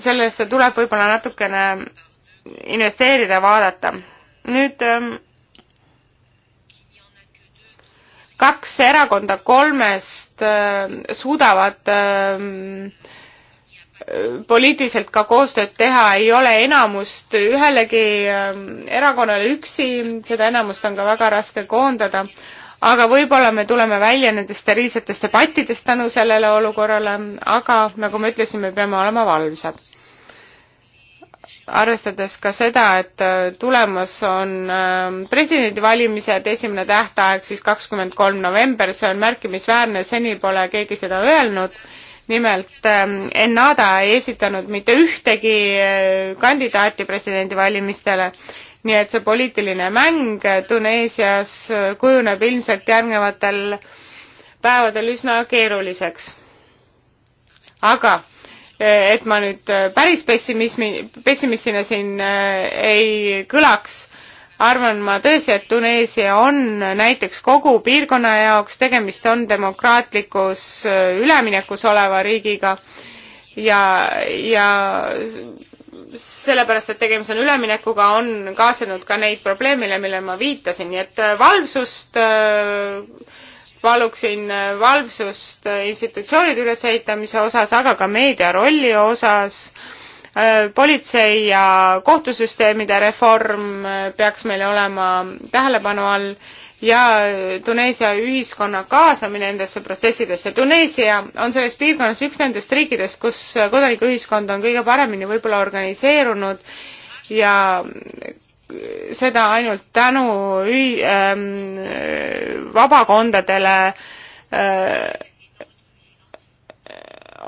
Speaker 2: sellesse tuleb võib-olla natukene investeerida, vaadata. nüüd ähm, kaks erakonda kolmest ähm, suudavad poliitiliselt ka koostööd teha, ei ole enamust ühelegi erakonnale üksi, seda enamust on ka väga raske koondada, aga võib-olla me tuleme välja nendest steriilsetest debattidest tänu sellele olukorrale, aga nagu ma ütlesin, me peame olema valvsad. arvestades ka seda, et äh, tulemas on ähm, presidendivalimised, esimene tähtaeg siis kakskümmend kolm november, see on märkimisväärne, seni pole keegi seda öelnud nimelt ähm, Ennada ei esitanud mitte ühtegi äh, kandidaati presidendivalimistele nii et see poliitiline mäng Tuneesias kujuneb ilmselt järgnevatel päevadel üsna keeruliseks. aga et ma nüüd päris pessimismi, pessimistina siin eh, ei kõlaks, arvan ma tõesti, et Tuneesia on näiteks kogu piirkonna jaoks, tegemist on demokraatlikus eh, üleminekus oleva riigiga ja, ja sellepärast, et tegemist on üleminekuga, on kaasanud ka neid probleemile, millele ma viitasin, nii et äh, valvsust äh, paluksin äh, valvsust institutsioonide ülesehitamise osas, aga ka meedia rolli osas. politsei ja kohtusüsteemide reform peaks meil olema tähelepanu all ja Tuneesia ühiskonna kaasamine nendesse protsessidesse. Tuneesia on selles piirkonnas üks nendest riikidest, kus kodanikuühiskond on kõige paremini võib-olla organiseerunud ja seda ainult tänu ühi- ähm,, vabakondadele äh,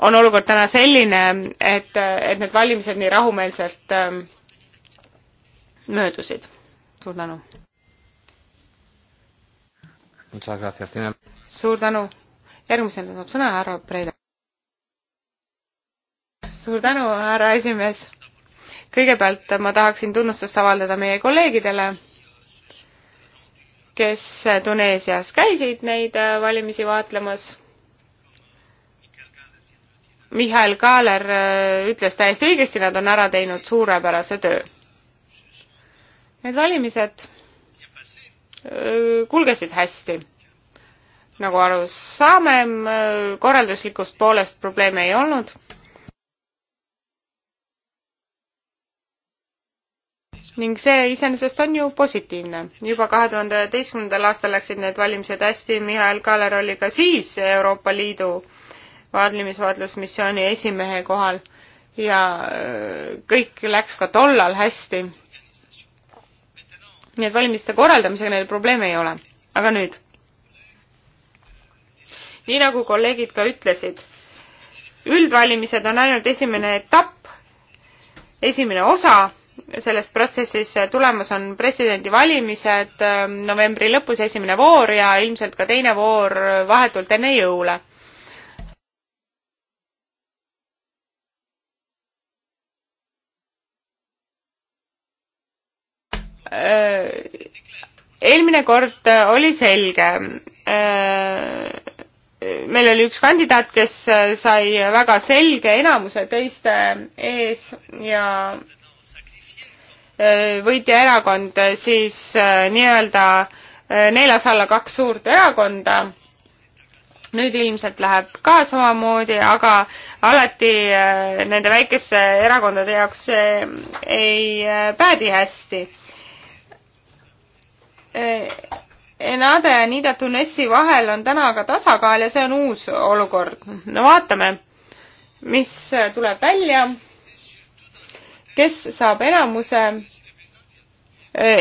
Speaker 2: on olukord täna selline, et, et need valimised nii rahumeelselt ähm, möödusid. suur tänu! suur tänu. järgmisena saab sõna härra Preida. suur tänu, härra esimees. kõigepealt ma tahaksin tunnustust avaldada meie kolleegidele, kes Tuneesias käisid neid valimisi vaatlemas Mihhail Kaaler äh, ütles täiesti õigesti, nad on ära teinud suurepärase töö. Need valimised kulgesid hästi. nagu aru saame, korralduslikust poolest probleeme ei olnud. ning see iseenesest on ju positiivne. juba kahe tuhande üheteistkümnendal aastal läksid need valimised hästi, Mihhail Kaller oli ka siis Euroopa Liidu valimisvaatlusmissiooni esimehe kohal ja kõik läks ka tollal hästi nii et valimiste korraldamisega neil probleeme ei ole. aga nüüd? nii nagu kolleegid ka ütlesid, üldvalimised on ainult esimene etapp, esimene osa selles protsessis, tulemas on presidendivalimised eh, novembri lõpus, esimene voor ja ilmselt ka teine voor vahetult enne jõule Äh, eelmine kord äh, oli selge. Äh, meil oli üks kandidaat, kes sai väga selge enamuse teiste ees ja võitja erakond siis nii-öelda neelas alla kaks suurt erakonda nüüd ilmselt läheb ka samamoodi, aga alati nende väikeste erakondade jaoks see ei päädi hästi. Enade ja Nida Tunessi vahel on täna aga tasakaal ja see on uus olukord. no vaatame, mis tuleb välja. kes saab enamuse?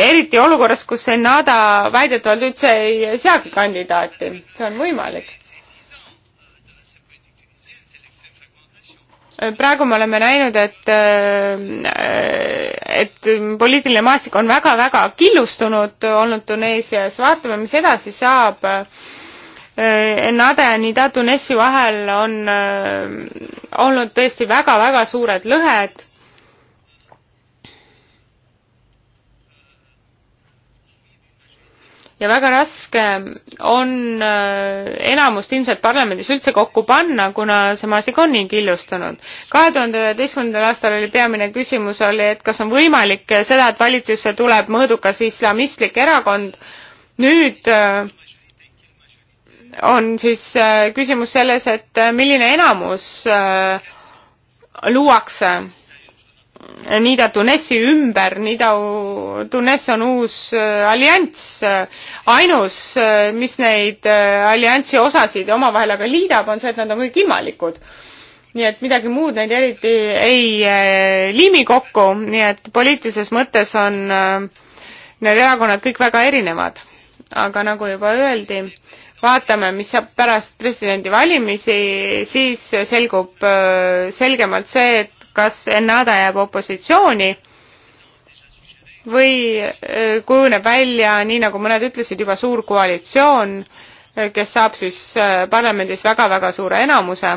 Speaker 2: eriti olukorras, kus Enada väidetavalt üldse ei seagi kandidaati, see on võimalik. praegu me oleme näinud, et, äh, et poliitiline maastik on väga-väga killustunud olnud Tuneesias, vaatame, mis edasi saab. Äh, Nade ja Nida Tunesi vahel on äh, olnud tõesti väga-väga suured lõhed ja väga raske on äh, enamust ilmselt parlamendis üldse kokku panna, kuna see maastik on nii killustunud. kahe tuhande üheteistkümnendal aastal oli peamine küsimus oli, et kas on võimalik seda, et valitsusse tuleb mõõdukas islamistlik erakond. nüüd äh, on siis äh, küsimus selles, et milline enamus luuakse Nida Tunesi ümber, Nida Tunes on uus äh, allianss, äh, ainus, äh, mis neid alliansi osasid omavahel aga liidab, on see, et nad on kõik ilmalikud. nii et midagi muud neid eriti ei liimi kokku, nii et poliitilises mõttes on need erakonnad kõik väga erinevad. aga nagu juba öeldi, vaatame, mis saab pärast presidendivalimisi, siis selgub selgemalt see, et kas Ennada jääb opositsiooni või äh, kujuneb välja, nii nagu mõned ütlesid, juba suur koalitsioon, äh, kes saab siis äh, parlamendis väga-väga suure enamuse.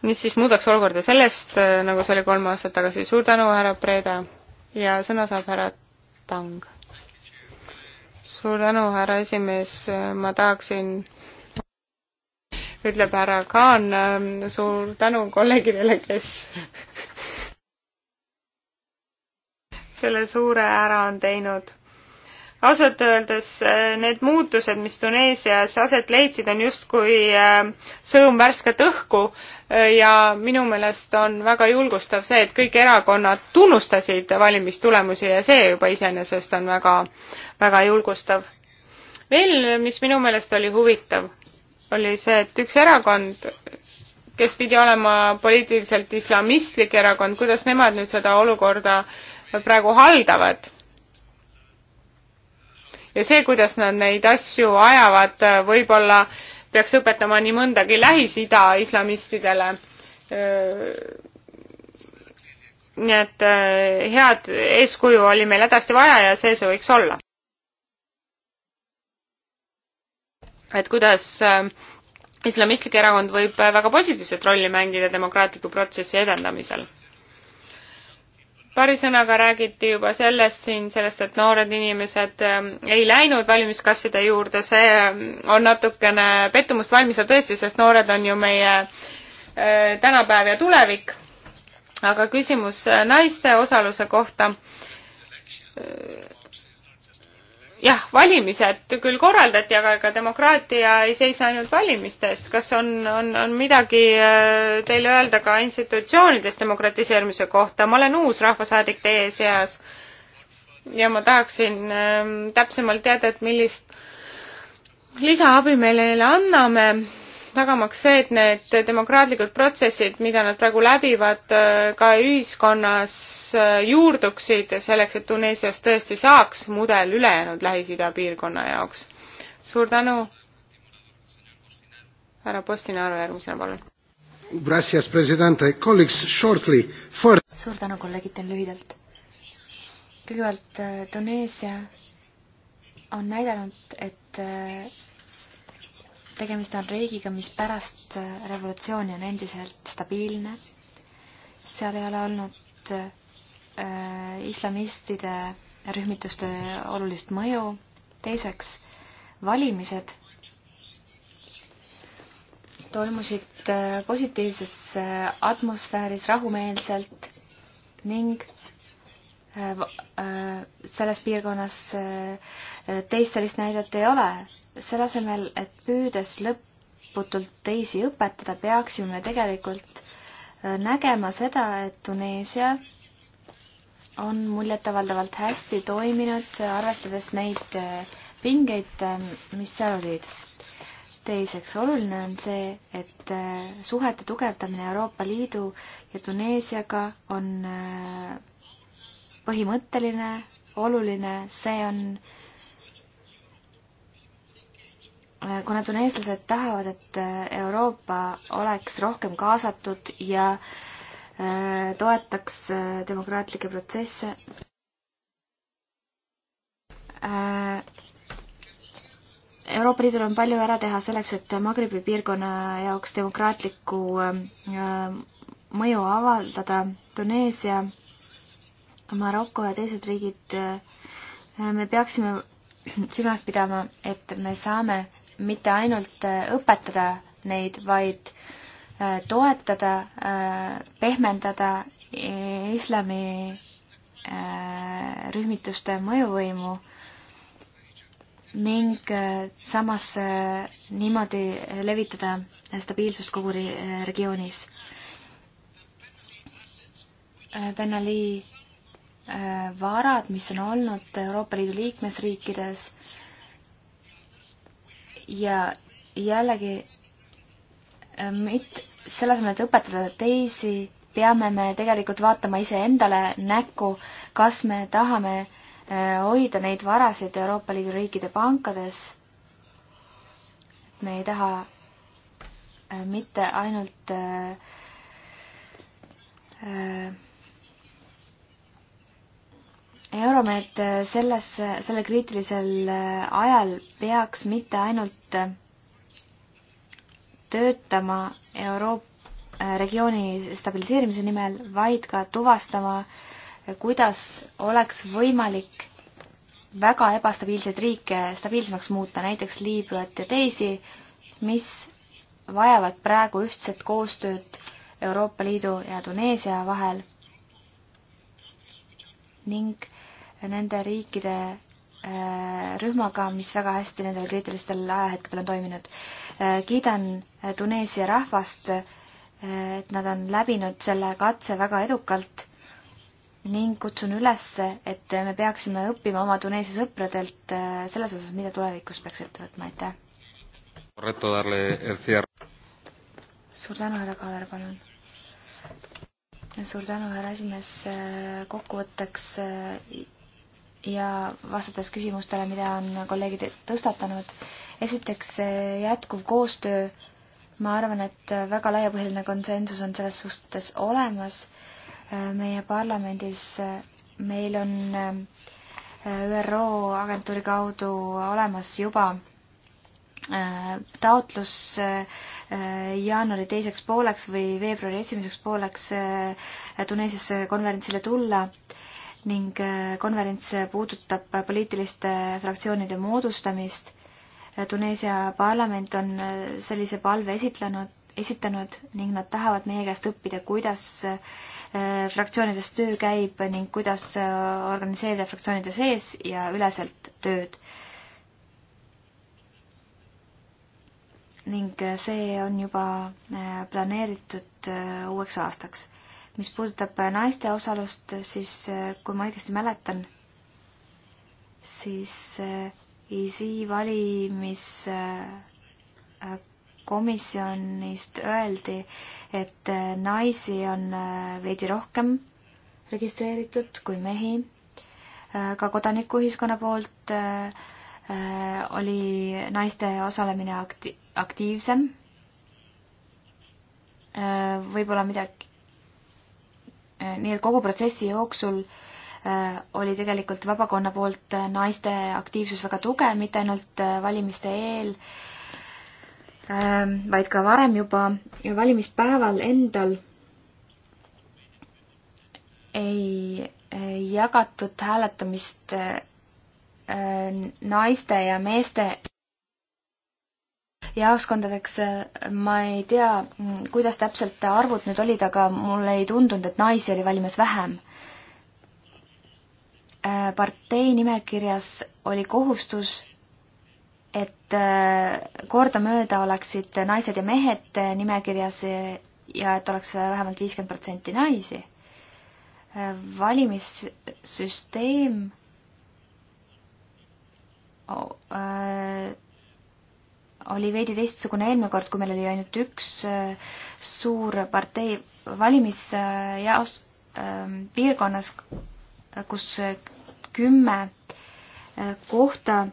Speaker 2: niisiis muudaks olukorda sellest, nagu see oli kolm aastat tagasi. suur tänu, härra Preda ja sõna saab härra Tang. suur tänu, härra esimees, ma tahaksin ütleb härra Kaan. Ähm, suur tänu kolleegidele, kes selle suure ära on teinud ausalt öeldes äh, need muutused, mis Tuneesias aset leidsid, on justkui ähm, sõõm värsket õhku äh, ja minu meelest on väga julgustav see, et kõik erakonnad tunnustasid valimistulemusi ja see juba iseenesest on väga, väga julgustav. veel, mis minu meelest oli huvitav oli see, et üks erakond, kes pidi olema poliitiliselt islamistlik erakond, kuidas nemad nüüd seda olukorda praegu haldavad? ja see, kuidas nad neid asju ajavad, võib-olla peaks õpetama nii mõndagi Lähis-Ida islamistidele. nii et eh, head eeskuju oli meil hädasti vaja ja see see võiks olla. et kuidas äh, islamistlik erakond võib äh, väga positiivset rolli mängida demokraatliku protsessi edendamisel. paari sõnaga räägiti juba sellest siin, sellest, et noored inimesed ähm, ei läinud valimiskasside juurde, see äh, on natukene pettumust valmistav tõesti, sest noored on ju meie tänapäev ja tulevik. aga küsimus naiste osaluse kohta jah, valimised küll korraldati, aga ega demokraatia ei seisa ainult valimiste eest. kas on, on, on midagi äh, teile öelda ka institutsioonides demokratiseerimise kohta? ma olen uus rahvasaadik teie seas ja ma tahaksin ähm, täpsemalt teada, et millist lisaabi me neile anname tagamaks see, et need demokraatlikud protsessid, mida nad praegu läbivad, äh, ka ühiskonnas äh, juurduksid selleks, et Tuneesias tõesti saaks mudel ülejäänud Lähis-Ida piirkonna jaoks. suur tänu. härra Postinaru järgmisena, palun.
Speaker 3: Gracias, president, colleagues, shortly
Speaker 2: for.... suur tänu, kolleegid, teen lühidalt. kõigepealt äh,
Speaker 3: Tuneesia on näidanud, et tegemist on riigiga, mis pärast äh, revolutsiooni on endiselt stabiilne. seal ei ole olnud äh, islamistide rühmituste olulist mõju. teiseks, valimised toimusid äh, positiivses äh, atmosfääris rahumeelselt ning Äh, äh, selles piirkonnas äh, teist sellist näidet ei ole. selle asemel, et püüdes lõputult teisi õpetada, peaksime tegelikult nägema seda, et Tuneesia on muljetavaldavalt hästi toiminud, arvestades neid pingeid, mis seal olid. teiseks, oluline on see, et suhete tugevdamine Euroopa Liidu ja Tuneesiaga on põhimõtteline, oluline, see on äh, kuna tuneeslased tahavad, et äh, Euroopa oleks rohkem kaasatud ja äh, toetaks demokraatlikke protsesse, Euroopa Liidul on palju ära teha selleks, et Magribi piirkonna jaoks demokraatlikku mõju avaldada. Tuneesia Maroko ja teised riigid, äh, me peaksime silmas pidama, et me saame mitte ainult äh, õpetada neid, vaid äh, toetada, pehmendada islami rühmituste mõjuvõimu ning samas niimoodi levitada stabiilsust kogu regioonis. Ben Ali varad, mis on olnud Euroopa Liidu liikmesriikides ja jällegi äh, mit-, selle asemel, et õpetada teisi, peame me tegelikult vaatama iseendale näkku, kas me tahame äh, hoida neid varasid Euroopa Liidu riikide pankades. me ei taha äh, mitte ainult äh, äh, Euromed äh, selles, sellel kriitilisel äh, ajal peaks mitte ainult äh, töötama Euroopa regiooni stabiliseerimise nimel, vaid ka tuvastama, kuidas oleks võimalik väga ebastabiilseid riike stabiilsemaks muuta, näiteks Liibüat ja teisi, mis vajavad praegu ühtset koostööd Euroopa Liidu ja Tuneesia vahel ning nende riikide äh, rühmaga, mis väga hästi nendel kriitilistel ajahetkedel on toiminud. Äh, kiidan äh, Tuneesia rahvast, et nad on läbinud selle katse väga edukalt ning kutsun üles, et me peaksime õppima oma Tuneesia sõpradelt selles osas, mida tulevikus peaks ette võtma, aitäh. suur tänu, härra Kaaler, palun. suur tänu, härra esimees, kokkuvõtteks ja vastates küsimustele, mida on kolleegid tõstatanud. esiteks jätkuv koostöö. ma arvan, et väga laiapõhjaline konsensus on selles suhtes olemas. meie parlamendis meil on äh, ÜRO agentuuri kaudu olemas juba äh, taotlus äh, jaanuari teiseks pooleks või veebruari esimeseks pooleks Tuneesiasse konverentsile tulla ning äh, konverents puudutab poliitiliste fraktsioonide moodustamist. Äh, Tuneesia parlament on äh, sellise palve esitlenud, esitanud ning nad tahavad meie käest õppida, kuidas fraktsioonides töö käib ning kuidas organiseerida fraktsioonide sees ja üleselt tööd. ning see on juba planeeritud uueks aastaks mis puudutab äh, naiste osalust, äh, siis äh, kui ma õigesti mäletan, siis ISI valimiskomisjonist öeldi, et naisi on veidi rohkem registreeritud kui mehi. ka kodanikuühiskonna poolt oli naiste osalemine akti-, aktiivsem. võib-olla midagi Äh, nii et kogu protsessi jooksul äh, oli tegelikult vabakonna poolt äh, naiste aktiivsus väga tugev, mitte ainult valimiste eel, ähm, vaid ka varem juba valimispäeval endal ei jagatud hääletamist naiste ja meeste jaoskondadeks äh, ma ei tea, kuidas täpselt arvud nüüd olid, aga mulle ei tundunud, et naisi oli valimas vähem. Äh, partei nimekirjas oli kohustus, et äh, kordamööda oleksid naised ja mehed nimekirjas ja et oleks vähemalt viiskümmend protsenti naisi. valimissüsteem oh, oli veidi teistsugune eelmine kord, kui meil oli ainult üks äh, suur partei valimisjaos äh, ähm, piirkonnas, kus äh, kümme kohta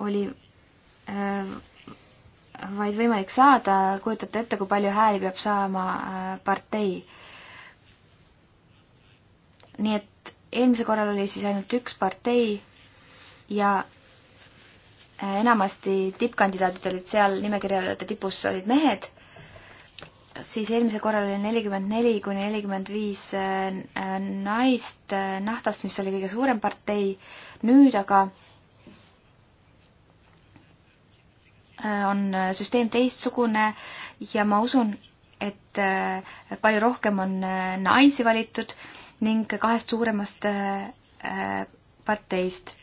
Speaker 3: oli vaid võimalik saada, kujutate ette, kui palju hääli peab saama partei. nii et eelmisel korral oli siis ainult üks partei ja enamasti tippkandidaadid olid seal nimekirjade tipus olid mehed, siis eelmisel korral oli nelikümmend neli kuni nelikümmend viis äh, naist äh, nahtast, mis oli kõige suurem partei. nüüd aga äh, on süsteem teistsugune ja ma usun, et palju rohkem on naisi valitud ning kahest suuremast parteist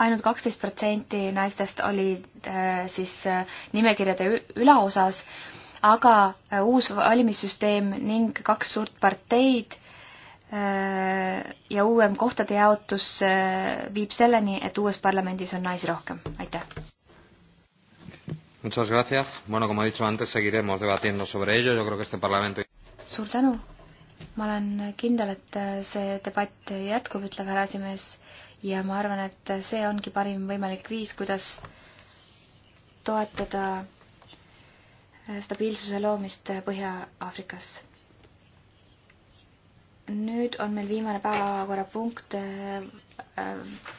Speaker 3: ainult kaksteist protsenti naistest olid äh, siis äh, nimekirjade ülaosas, aga äh, uus valimissüsteem ning kaks suurt parteid ja uuem kohtade jaotus viib selleni, et uues parlamendis on naisi rohkem. aitäh!
Speaker 2: Muchas gracias. Bueno, como he dicho antes, seguiremos debatiendo sobre ello. Yo creo que este Parlamento.
Speaker 3: Suur tänu ma olen kindel, et see debatt jätkub, ütleb härra esimees ja ma arvan, et see ongi parim võimalik viis, kuidas toetada stabiilsuse loomist Põhja-Aafrikas. nüüd on meil viimane päevakorrapunkt äh,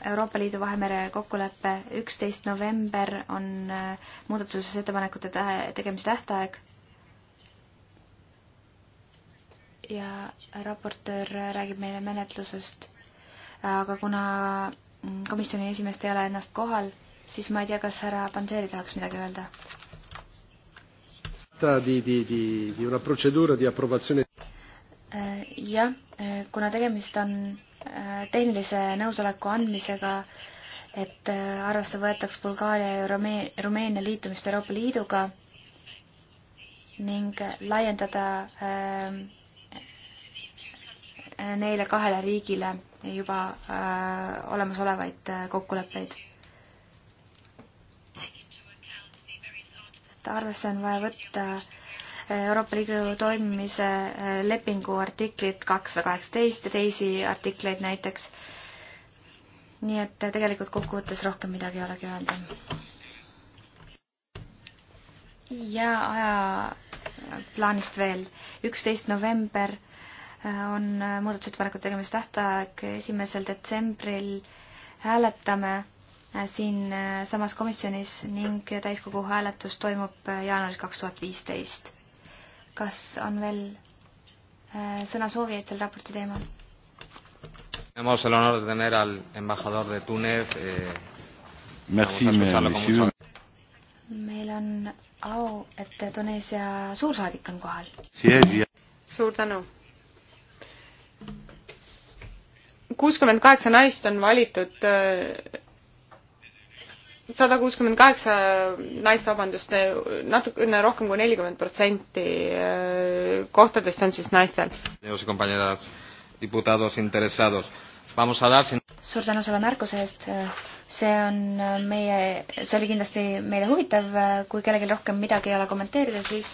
Speaker 3: Euroopa Liidu Vahemere kokkulepe, üksteist november on äh, muudatusettepanekute tegemise tähtaeg ja raportöör räägib meile menetlusest. aga kuna komisjoni esimeest ei ole ennast kohal, siis ma ei tea, kas härra Panseri tahaks midagi öelda. Äh, jah, äh, kuna tegemist on äh, tehnilise nõusoleku andmisega, et arvesse võetaks Bulgaaria ja Rumeenia liitumist Euroopa Liiduga ning laiendada äh, neile kahele riigile juba äh, olemasolevaid äh, kokkuleppeid. et arvesse on vaja võtta äh, Euroopa Liidu toimimise äh, lepingu artiklit kakssada kaheksateist ja teisi artikleid näiteks. nii et äh, tegelikult kokkuvõttes rohkem midagi ei olegi öelda. ja ajaplaanist veel. üksteist november äh, on muudatusettepanekute tegemise tähtaeg esimesel detsembril. hääletame siinsamas komisjonis ning täiskogu hääletus toimub jaanuaris kaks tuhat viisteist. kas on veel äh, sõnasoovijaid selle raporti teemal?
Speaker 2: Tenemos el honor de tener al embajador de Túnez. Eh, Merci, monsieur.
Speaker 3: Meil on au, et Tuneesia suursaadik on
Speaker 2: kohal. Suur tänu. kuuskümmend kaheksa naist on valitud, sada kuuskümmend kaheksa naist, vabandust, natukene rohkem kui nelikümmend protsenti eh, kohtadest on siis naistel.
Speaker 3: suur tänu sulle märkuse eest, see on eh, meie, see oli kindlasti meile huvitav, kui kellelgi rohkem midagi ei ole kommenteerida, siis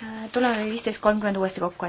Speaker 3: eh, tuleme viisteist kolmkümmend uuesti kokku.